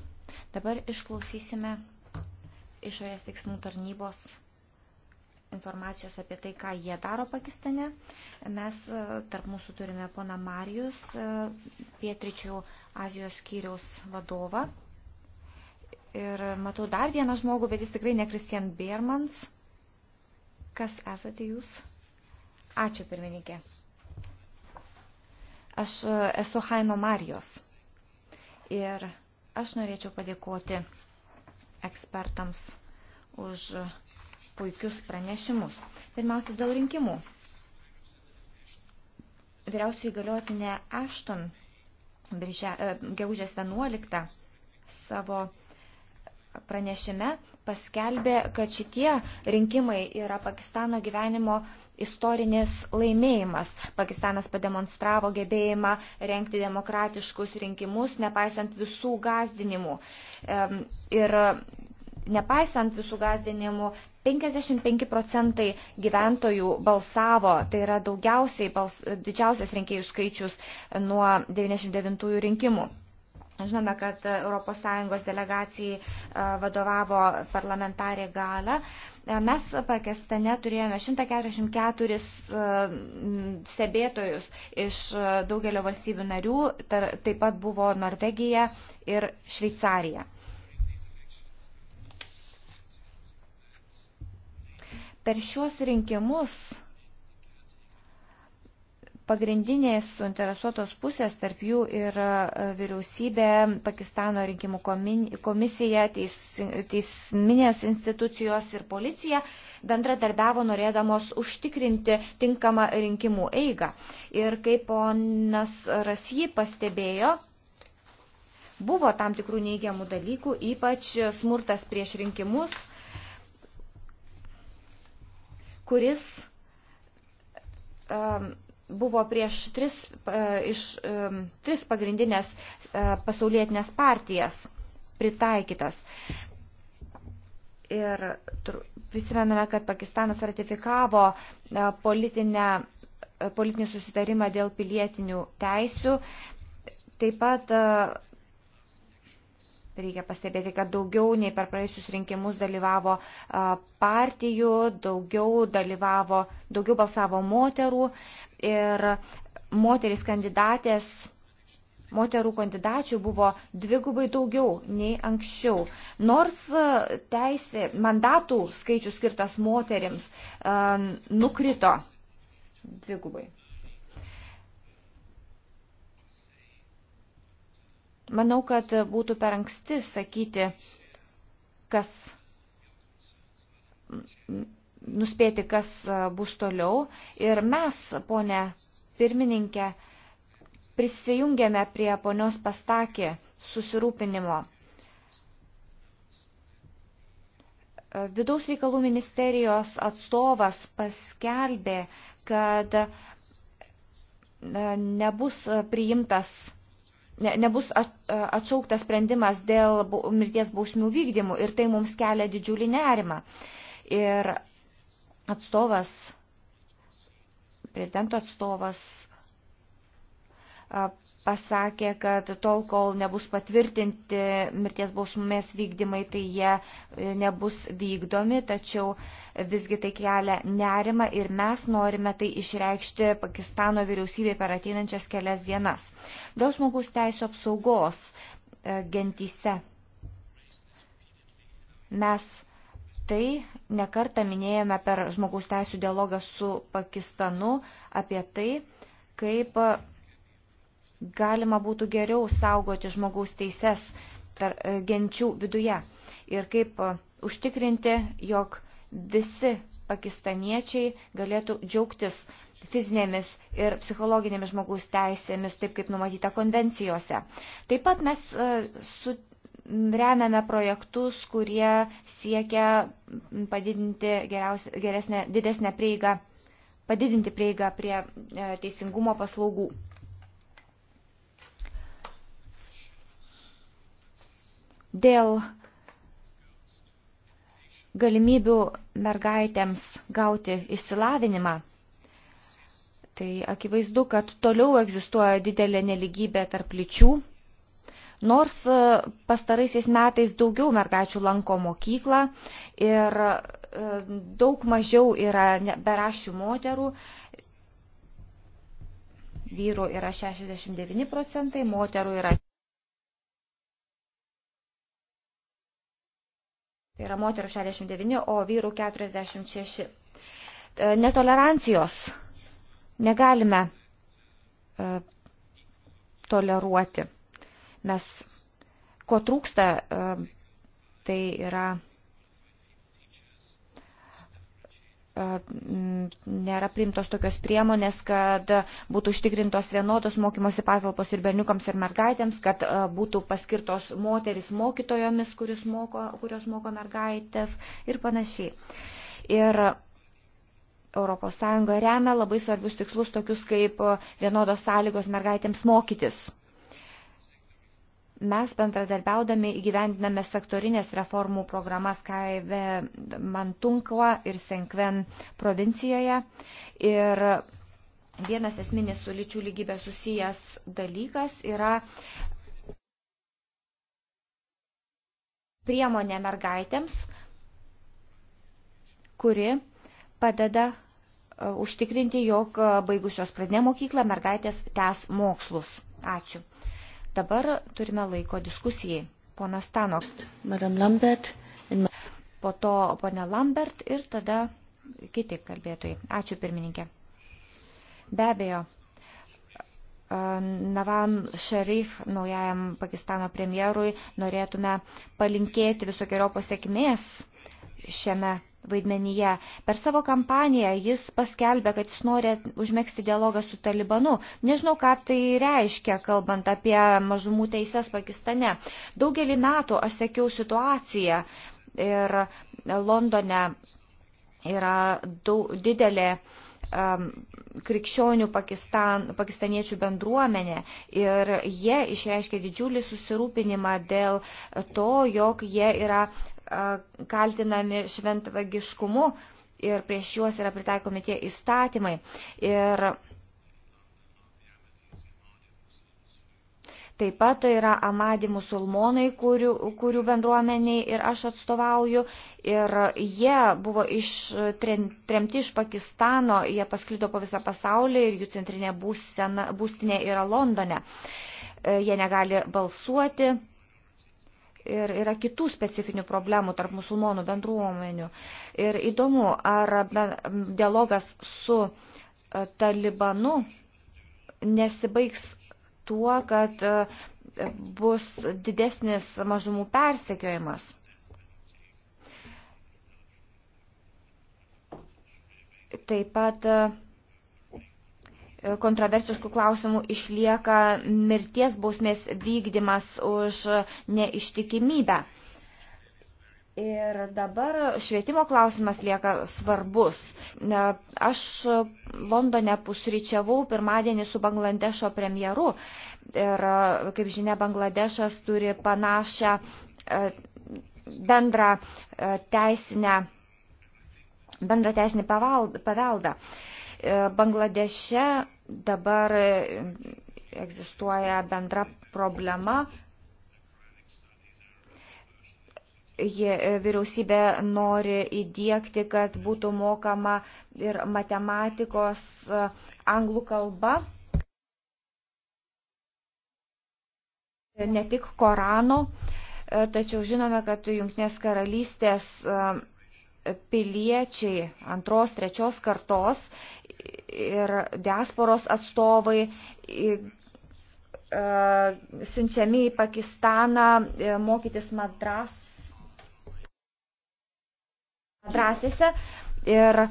Dabar išklausysime išorės tiksmų tarnybos informacijos apie tai, ką jie daro Pakistane. Mes e, tarp mūsų turime pona Marijus, e, pietričių Azijos skyriaus vadovą. Ir matau dar vieną žmogų, bet jis tikrai ne Kristian Bermans. Kas esate jūs? Ačiū, pirmininkė. Aš e, esu Haimo Marijos. Ir aš norėčiau padėkoti ekspertams už puikius pranešimus. Pirmiausia, dėl rinkimų. Vyriausiai galiotinė Ashton e, gegužės 11 savo pranešime paskelbė, kad šitie rinkimai yra Pakistano gyvenimo istorinis laimėjimas. Pakistanas pademonstravo gebėjimą renkti demokratiškus rinkimus, nepaisant visų gazdinimų. Ir nepaisant visų gazdinimų, 55 procentai gyventojų balsavo, tai yra daugiausiai bals, didžiausias rinkėjų skaičius nuo 99 rinkimų. Žinome, kad ES delegacijai vadovavo parlamentarė Gala. Mes Pakistane turėjome 144 stebėtojus iš daugelio valstybių narių, taip pat buvo Norvegija ir Šveicarija. Per šiuos rinkimus pagrindinės suinteresuotos pusės, tarp jų ir e, vyriausybė, Pakistano rinkimų komisija, teis, teisminės institucijos ir policija bendradarbiavo norėdamos užtikrinti tinkamą rinkimų eigą. Ir kaip ponas Rasy pastebėjo, buvo tam tikrų neigiamų dalykų, ypač smurtas prieš rinkimus kuris um, buvo prieš tris, uh, iš, um, tris pagrindinės uh, pasaulietinės partijas pritaikytas. Ir prisimename, kad Pakistanas ratifikavo uh, politinę, politinį susitarimą dėl pilietinių teisių. Taip pat Reikia pastebėti, kad daugiau nei per praėjusius rinkimus dalyvavo partijų, daugiau, dalyvavo, daugiau balsavo moterų ir moteris kandidatės, moterų kandidačių buvo dvigubai daugiau nei anksčiau. Nors teisė, mandatų skaičius skirtas moterims nukrito dvigubai. Manau, kad būtų per anksti sakyti, kas nuspėti, kas bus toliau. Ir mes, ponė pirmininkė, prisijungėme prie ponios pastakė susirūpinimo. Vidaus reikalų ministerijos atstovas paskelbė, kad nebus priimtas ne, nebus atšauktas sprendimas dėl mirties bausmių vykdymų ir tai mums kelia didžiulį nerimą. Ir atstovas, prezidento atstovas pasakė, kad tol, kol nebus patvirtinti mirties bausmės vykdymai, tai jie e, nebus vykdomi, tačiau visgi tai kelia nerima ir mes norime tai išreikšti Pakistano vyriausybei per ateinančias kelias dienas. Dėl žmogus teisų apsaugos e, gentyse mes tai nekartą minėjome per žmogaus teisų dialogą su Pakistanu apie tai, kaip galima būtų geriau saugoti žmogaus teises tar, e, genčių viduje ir kaip e, užtikrinti, jog visi pakistaniečiai galėtų džiaugtis fizinėmis ir psichologinėmis žmogaus teisėmis, taip kaip numatyta konvencijose. Taip pat mes e, su, remiame projektus, kurie siekia padidinti geresnę, didesnę prieigą, padidinti prieigą prie teisingumo paslaugų. dėl galimybių mergaitėms gauti išsilavinimą. Tai akivaizdu, kad toliau egzistuoja didelė neligybė tarp lyčių. Nors e, pastaraisiais metais daugiau mergaičių lanko mokyklą ir e, daug mažiau yra berašių moterų, vyrų yra 69 procentai, moterų yra Tai yra moterų 69, o vyrų 46. E, netolerancijos negalime e, toleruoti. Mes ko trūksta, e, tai yra E, nėra primtos tokios priemonės, kad būtų užtikrintos vienodos mokymosi patalpos ir berniukams ir mergaitėms, kad e, būtų paskirtos moteris mokytojomis, kurios moko, kurios moko mergaitės ir panašiai. Ir ES remia labai svarbius tikslus, tokius kaip e, vienodos sąlygos mergaitėms mokytis. Mes bendradarbiaudami įgyvendiname sektorinės reformų programas Kaive Mantunkla ir Senkven provincijoje. Ir vienas esminis su lyčių lygybė susijęs dalykas yra priemonė mergaitėms, kuri padeda e, užtikrinti, jog baigusios pradinę mokyklą mergaitės tęs mokslus. Ačiū. Dabar turime laiko diskusijai. Ponas Stanoks. Madam Lambert. Po to ponė Lambert ir tada kiti kalbėtojai. Ačiū pirmininkė. Be abejo, e, Navam Šerif, naujajam Pakistano premjerui, norėtume palinkėti visokiojo pasiekmės šiame vaidmenyje. Per savo kampaniją jis paskelbė, kad jis nori užmėgsti dialogą su Talibanu. Nežinau, ką tai reiškia, kalbant apie mažumų teises Pakistane. Daugelį metų aš sekiau situaciją ir Londone yra daug, didelė um, krikščionių Pakistan, pakistaniečių bendruomenė ir jie išreiškia didžiulį susirūpinimą dėl to, jog jie yra kaltinami šventvagiškumu ir prieš juos yra pritaikomi tie įstatymai. Ir Taip pat yra amadi musulmonai, kurių, kurių bendruomeniai ir aš atstovauju. Ir jie buvo ištremti iš Pakistano, jie pasklido po visą pasaulį ir jų centrinė būsena, būstinė yra Londone. E, jie negali balsuoti ir yra kitų specifinių problemų tarp musulmonų bendruomenių. Ir įdomu, ar dialogas su e, Talibanu nesibaigs tuo, kad e, bus didesnis mažumų persekiojimas. Taip pat e, kontroversiškų klausimų išlieka mirties bausmės vykdymas už neištikimybę. Ir dabar švietimo klausimas lieka svarbus. Aš Londone pusryčiavau pirmadienį su Bangladešo premjeru. Ir, kaip žinia, Bangladešas turi panašią e, bendrą e, teisinę bendrą teisinį paveldą. E, Bangladeše dabar egzistuoja bendra problema. E, vyriausybė nori įdėkti, kad būtų mokama ir matematikos e, anglų kalba. Ne tik Korano, tačiau žinome, kad Junktinės karalystės piliečiai antros, trečios kartos ir diasporos atstovai e, siunčiami į Pakistaną e, mokytis madras, madrasėse ir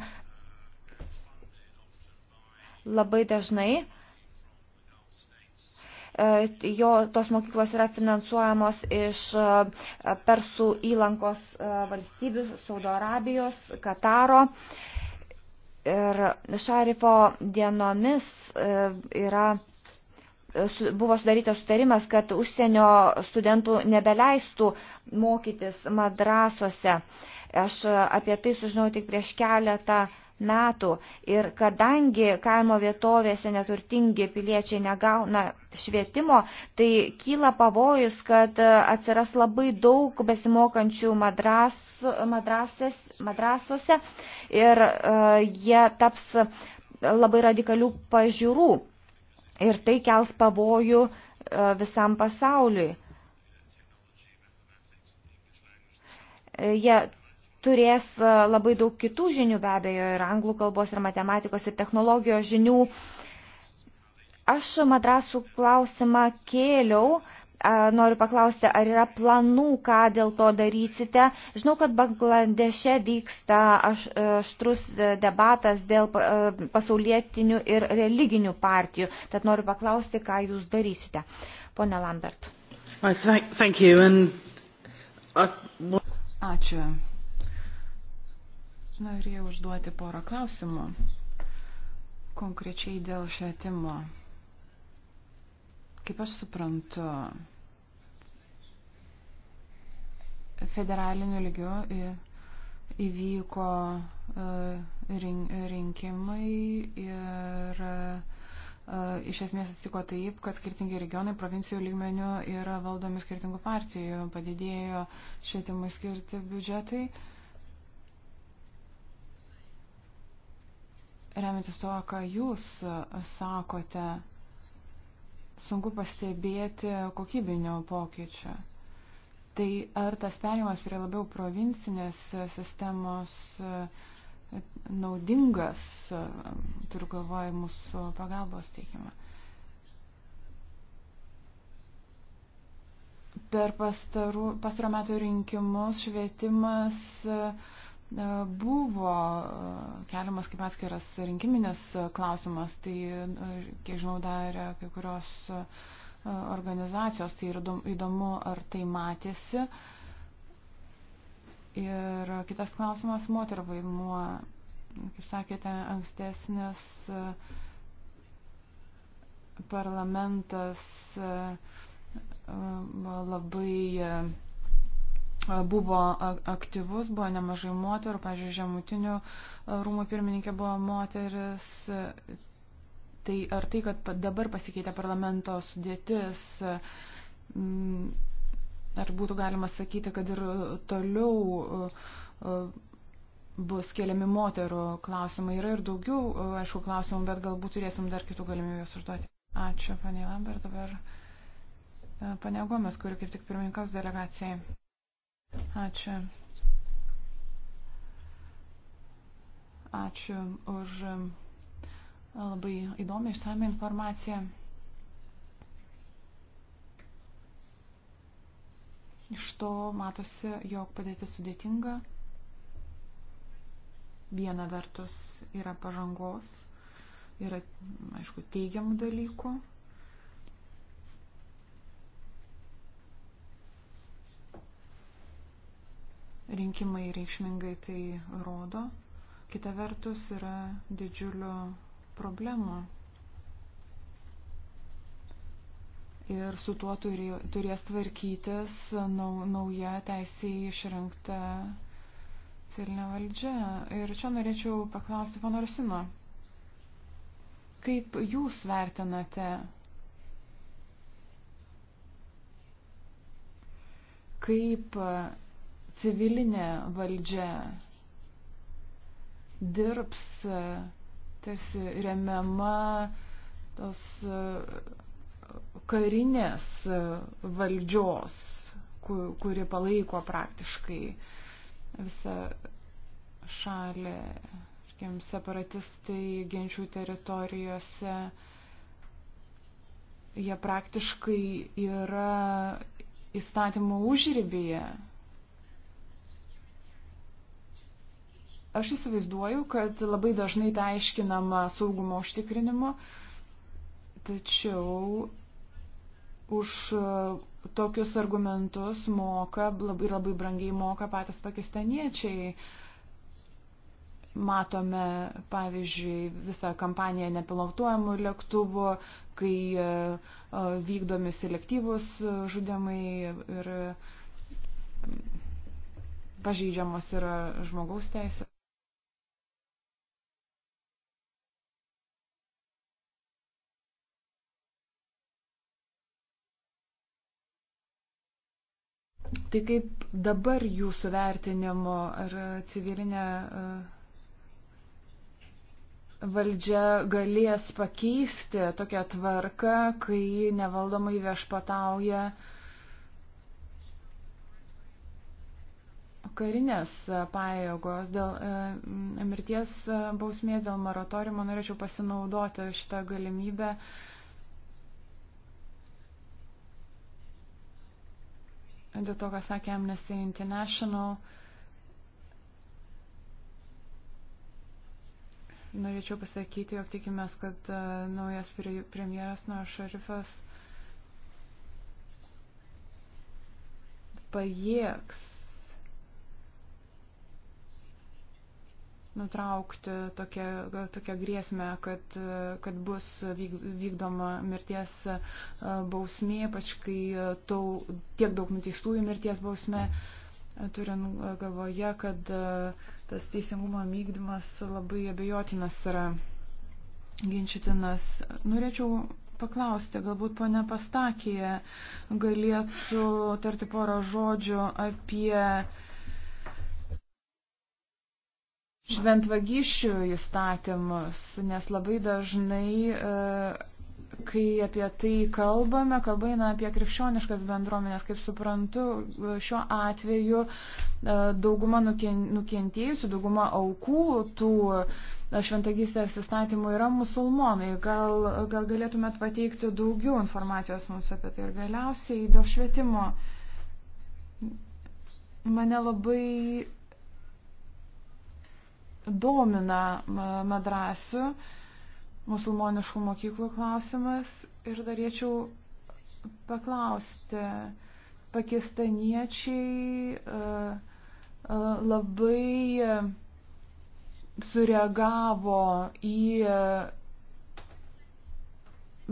labai dažnai E, jo, tos mokyklos yra finansuojamos iš e, Persų įlankos e, valstybių, Saudo Arabijos, Kataro. Ir Šarifo dienomis yra buvo sudarytas sutarimas, kad užsienio studentų nebeleistų mokytis madrasose. Aš apie tai sužinau tik prieš keletą metų. Ir kadangi kaimo vietovėse neturtingi piliečiai negauna švietimo, tai kyla pavojus, kad e, atsiras labai daug besimokančių madras, madrasės, madrasose ir uh, jie taps labai radikalių pažiūrų. Ir tai kels pavojų e, visam pasauliui. Jie turės e, labai daug kitų žinių be abejo ir anglų kalbos, ir matematikos, ir technologijos žinių. Aš madrasų klausimą kėliau. E, noriu paklausti, ar yra planų, ką dėl to darysite. Žinau, kad Bangladeše vyksta e, aštrus debatas dėl pasaulietinių ir religinių partijų. Tad noriu paklausti, ką jūs darysite. Pone Lambert. Uh, Ačiū. Norėjau užduoti porą klausimų konkrečiai dėl švietimo. Kaip aš suprantu, federaliniu lygiu įvyko e, rinkimai ir e, iš esmės atsitiko taip, kad skirtingi regionai provincijų lygmenių yra valdomi skirtingų partijų, padidėjo švietimui skirti biudžetai remiantis to, ką jūs sakote, sunku pastebėti kokybinio pokyčio. Tai ar tas perimas prie labiau provincinės sistemos naudingas, turiu galvoje, mūsų pagalbos teikimą? Per pastarų, pastarų metų rinkimus švietimas uh, E, buvo e, keliamas kaip atskiras rinkiminis e, klausimas, tai, kiek žinau, darė kai kurios organizacijos, tai yra įdomu, ar tai matėsi. Ir kitas klausimas - moterų vaidmuo. Kaip sakėte, ankstesnis parlamentas labai buvo aktyvus, buvo nemažai moterų, pažiūrėjau, žemutinių rūmų pirmininkė buvo moteris. Tai ar tai, kad dabar pasikeitė parlamento sudėtis, ar būtų galima sakyti, kad ir toliau bus keliami moterų klausimai. Yra ir daugiau, aišku, klausimų, bet galbūt turėsim dar kitų galimybių juos užduoti. Ačiū, panė Lambert, dabar panė Gomes, kuri kaip tik pirmininkas delegacijai. Ačiū. Ačiū už um, labai įdomią išsame informaciją. Iš to matosi, jog padėtis sudėtinga. Viena vertus yra pažangos, yra, aišku, teigiamų dalykų, rinkimai reikšmingai tai rodo. Kita vertus yra didžiulių problemų ir su tuo turės tvarkytis nauja teisiai išrinkta civilinė valdžia. Ir čia norėčiau paklausti pono Rusino, kaip jūs vertinate, kaip civilinė valdžia dirbs e, tarsi remiama tos e, karinės e, valdžios, kuri palaiko praktiškai visą šalį, tarkim, separatistai genčių teritorijose. Jie praktiškai yra įstatymų užrybėje Aš įsivaizduoju, kad labai dažnai tai aiškinama saugumo užtikrinimu, tačiau už e, tokius argumentus moka, labai, labai brangiai moka patys pakistaniečiai. Matome, pavyzdžiui, visą kampaniją nepilotuojamų lėktuvų, kai e, e, vykdomi selektyvus žudimai ir pažeidžiamos yra žmogaus teisės. Tai kaip dabar jūsų vertinimo ar civilinė e, valdžia galės pakeisti tokią tvarką, kai nevaldomai viešpatauja karinės pajėgos dėl e, mirties bausmės, dėl moratoriumo norėčiau pasinaudoti šitą galimybę dėl to, ką sakė Amnesty International. Norėčiau pasakyti, jog tikimės, kad e, naujas premjeras nuo šarifas pajėgs nutraukti tokią, tokią grėsmę, kad, kad bus vykdoma mirties e, bausmė, ypač kai tau, tiek daug nuteistųjų mirties bausmė, e, turint galvoje, kad e, tas teisingumo vykdymas labai abejotinas yra ginčytinas. Norėčiau paklausti, galbūt ponia Pastakė galėtų tarti porą žodžių apie šventvagyšių įstatymus, nes labai dažnai, e, kai apie tai kalbame, kalba eina apie krikščioniškas bendruomenės, kaip suprantu, šiuo atveju e, dauguma nukentėjusių, dauguma aukų tų e, šventagystės įstatymų yra musulmonai. Gal, gal galėtumėt pateikti daugiau informacijos mums apie tai ir galiausiai dėl švietimo. Mane labai domina madrasių musulmoniškų mokyklų klausimas ir darėčiau paklausti, pakistaniečiai e, e, labai sureagavo į e,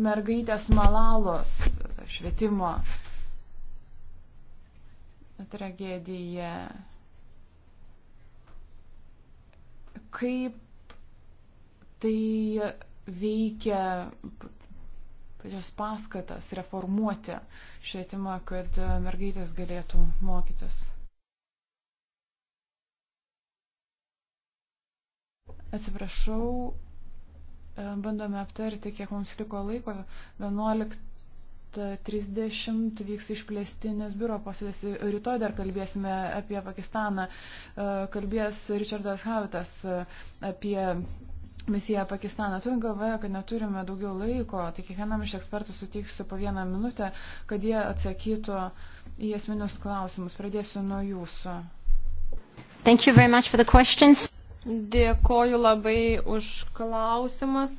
mergaitės Malalos švietimo tragediją. kaip tai veikia pačias paskatas reformuoti švietimą, kad mergaitės galėtų mokytis. Atsiprašau, bandome aptarti, kiek mums liko laiko. 11 30 vyks išplėstinis biuro posėdis. Rytoj dar kalbėsime apie Pakistaną. E, kalbės Richardas Hautas e, apie misiją Pakistaną. Turint galvoje, kad neturime daugiau laiko, tai kiekvienam iš ekspertų suteiksiu po vieną minutę, kad jie atsakytų į esminius klausimus. Pradėsiu nuo jūsų. Thank you very much for the questions. Dėkoju labai už klausimus.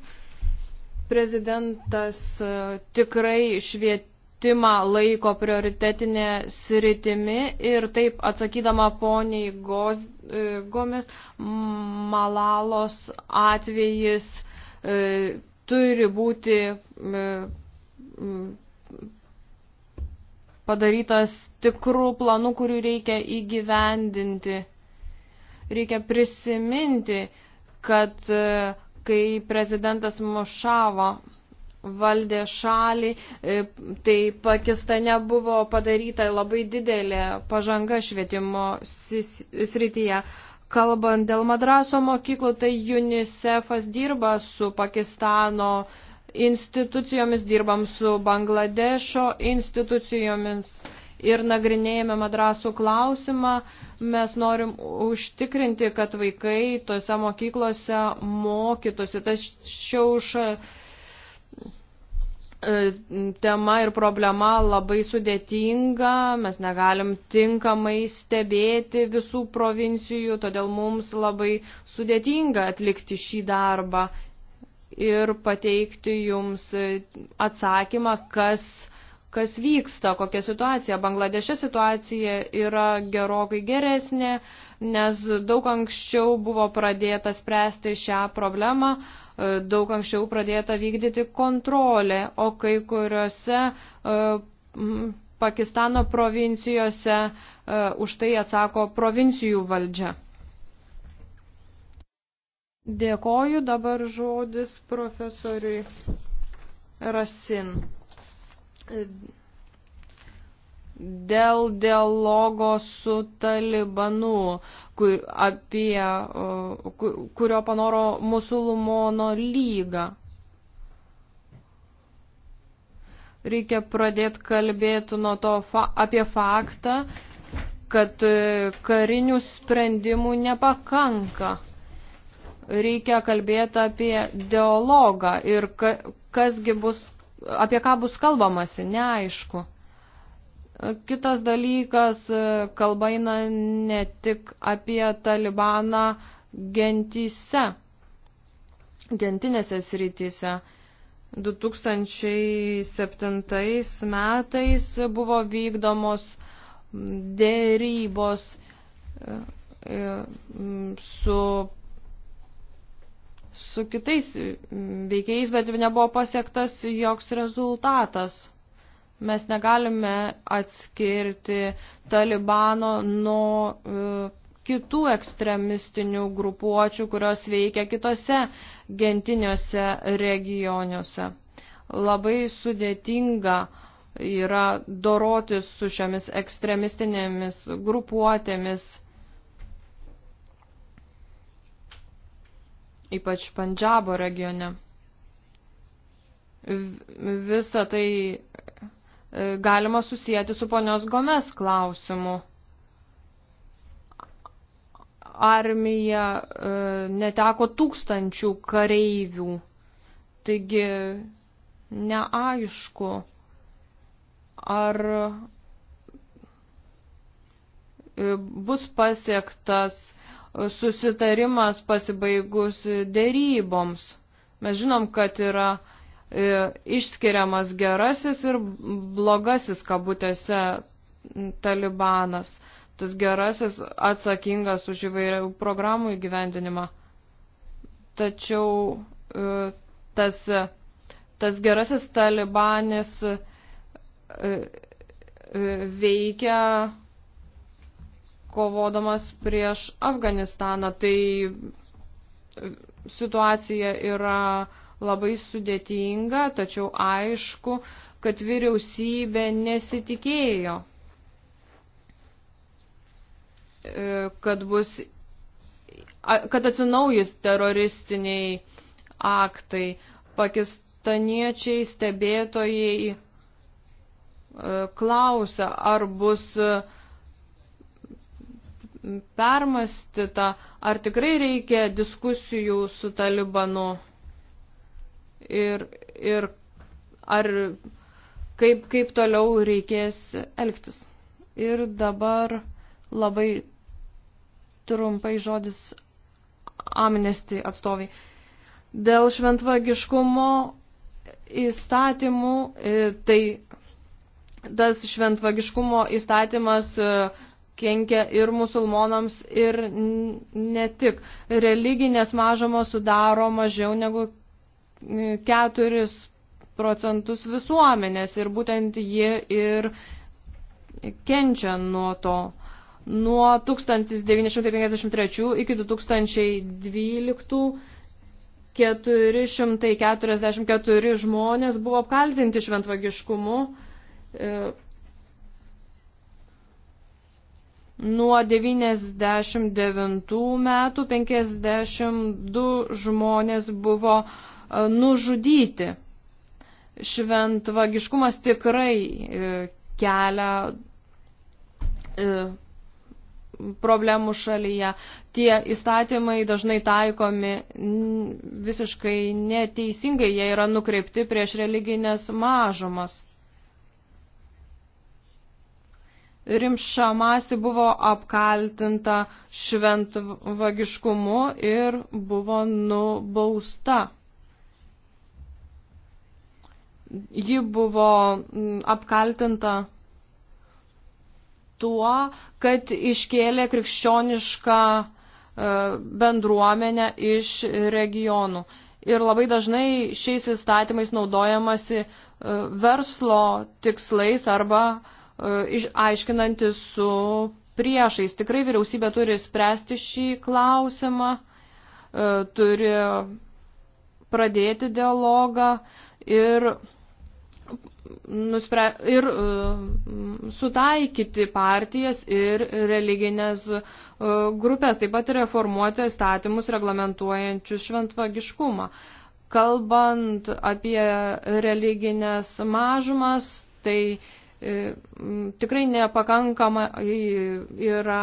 Prezidentas e, tikrai švietimą laiko prioritetinė sritimi ir taip atsakydama poniai e, Gomis, Malalos atvejis e, turi būti padarytas tikrų planų, kurių reikia įgyvendinti. Reikia prisiminti, kad kai prezidentas Mušava valdė šalį, e, tai Pakistane buvo padaryta labai didelė pažanga švietimo srityje. Kalbant dėl madraso mokyklų, tai UNICEF'as dirba su Pakistano institucijomis, dirbam su Bangladešo institucijomis ir nagrinėjame madrasų klausimą, mes norim užtikrinti, kad vaikai tose mokyklose mokytųsi. Tačiau ša, e, tema ir problema labai sudėtinga, mes negalim tinkamai stebėti visų provincijų, todėl mums labai sudėtinga atlikti šį darbą ir pateikti jums atsakymą, kas uh, kas vyksta, kokia situacija. Bangladeše situacija yra gerokai geresnė, nes daug anksčiau buvo pradėta spręsti šią problemą, e, daug anksčiau pradėta vykdyti kontrolę, o kai kuriuose e, Pakistano provincijose e, už tai atsako provincijų valdžia. Dėkoju dabar žodis profesoriui Rasin dėl dialogo su talibanu, kur, apie, kurio panoro musulmono lygą. Reikia pradėti kalbėti nuo to fa apie faktą, kad e, karinių sprendimų nepakanka. Reikia kalbėti apie dialogą ir ka kasgi bus apie ką bus kalbamasi, neaišku. Kitas dalykas, e, kalba eina ne tik apie Talibaną gentyse, gentinėse srityse. 2007 metais buvo vykdomos dėrybos e, e, su su kitais mm, veikėjais, bet nebuvo pasiektas joks rezultatas. Mes negalime atskirti talibano nuo e, kitų ekstremistinių grupuočių, kurios veikia kitose gentiniuose regioniuose. Labai sudėtinga yra dorotis su šiomis ekstremistinėmis grupuotėmis ypač Pandžabo regione. Visa tai e, galima susijęti su ponios Gomes klausimu. Armija e, neteko tūkstančių kareivių, taigi neaišku, ar e, bus pasiektas susitarimas pasibaigus dėryboms. Mes žinom, kad yra e, išskiriamas gerasis ir blogasis kabutėse talibanas. Tas gerasis atsakingas už įvairių programų įgyvendinimą. Tačiau e, tas, tas gerasis talibanis e, veikia kovodamas prieš Afganistaną. Tai e, situacija yra labai sudėtinga, tačiau aišku, kad vyriausybė nesitikėjo, e, kad bus, kad atsinaujus teroristiniai aktai. Pakistaniečiai stebėtojai e, klausia, ar bus uh, permastyta, ar tikrai reikia diskusijų su talibanu ir, ir ar kaip, kaip toliau reikės elgtis. Ir dabar labai trumpai žodis amnesti atstoviai. Dėl šventvagiškumo įstatymų, e, tai tas šventvagiškumo įstatymas e, kenkia ir musulmonams, ir ne tik. Religinės mažumos sudaro mažiau negu 4 e, procentus visuomenės ir būtent jie ir kenčia nuo to. Nuo 1953 iki 2012 444 žmonės buvo apkaltinti šventvagiškumu e, Nuo 99 metų 52 žmonės buvo e, nužudyti. Šventvagiškumas tikrai e, kelia e, problemų šalyje. Tie įstatymai dažnai taikomi visiškai neteisingai, jie yra nukreipti prieš religinės mažumas. Rimšamasi buvo apkaltinta šventvagiškumu ir buvo nubausta. Ji buvo mm, apkaltinta tuo, kad iškėlė krikščionišką e, bendruomenę iš regionų. Ir labai dažnai šiais įstatymais naudojamasi e, verslo tikslais arba uh, E, aiškinantis su priešais. Tikrai vyriausybė turi spręsti šį klausimą, e, turi pradėti dialogą ir, nuspre, ir e, sutaikyti partijas ir religinės grupės, taip pat reformuoti įstatymus reglamentuojančius šventvagiškumą. Kalbant apie religinės mažumas, tai uh, E, tikrai nepakankama e, yra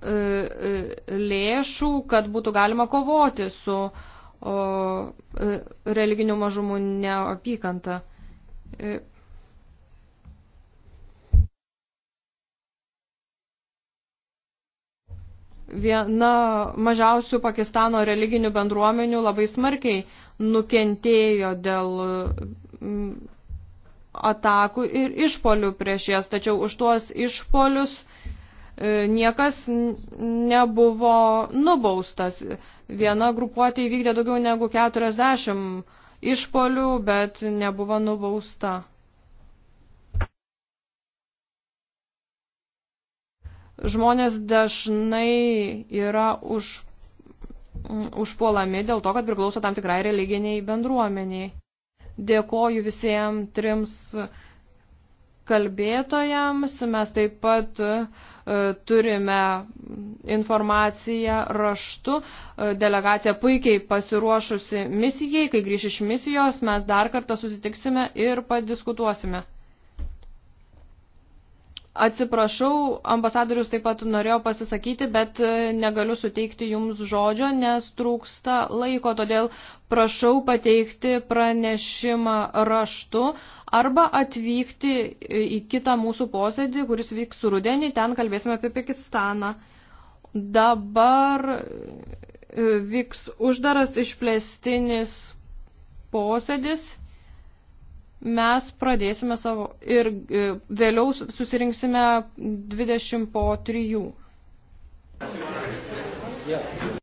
e, lėšų, kad būtų galima kovoti su religinių mažumų neapykanta. Viena mažiausių Pakistano religinių bendruomenių labai smarkiai nukentėjo dėl atakų ir išpolių prieš jas, tačiau už tuos išpolius e, niekas nebuvo nubaustas. Viena grupuotė įvykdė daugiau negu 40 išpolių, bet nebuvo nubausta. Žmonės dažnai yra už, užpuolami dėl to, kad priklauso tam tikrai religiniai bendruomeniai. Dėkoju visiems trims kalbėtojams. Mes taip pat e, turime informaciją raštu. E, delegacija puikiai pasiruošusi misijai. Kai grįš iš misijos, mes dar kartą susitiksime ir padiskutuosime. Atsiprašau, ambasadorius taip pat norėjo pasisakyti, bet e, negaliu suteikti jums žodžio, nes trūksta laiko, todėl prašau pateikti pranešimą raštu arba atvykti į kitą mūsų posėdį, kuris vyks rudenį, ten kalbėsime apie Pakistaną. Dabar e, vyks uždaras išplėstinis posėdis mes pradėsime savo ir e, vėliau susirinksime 20 po 3. Yeah.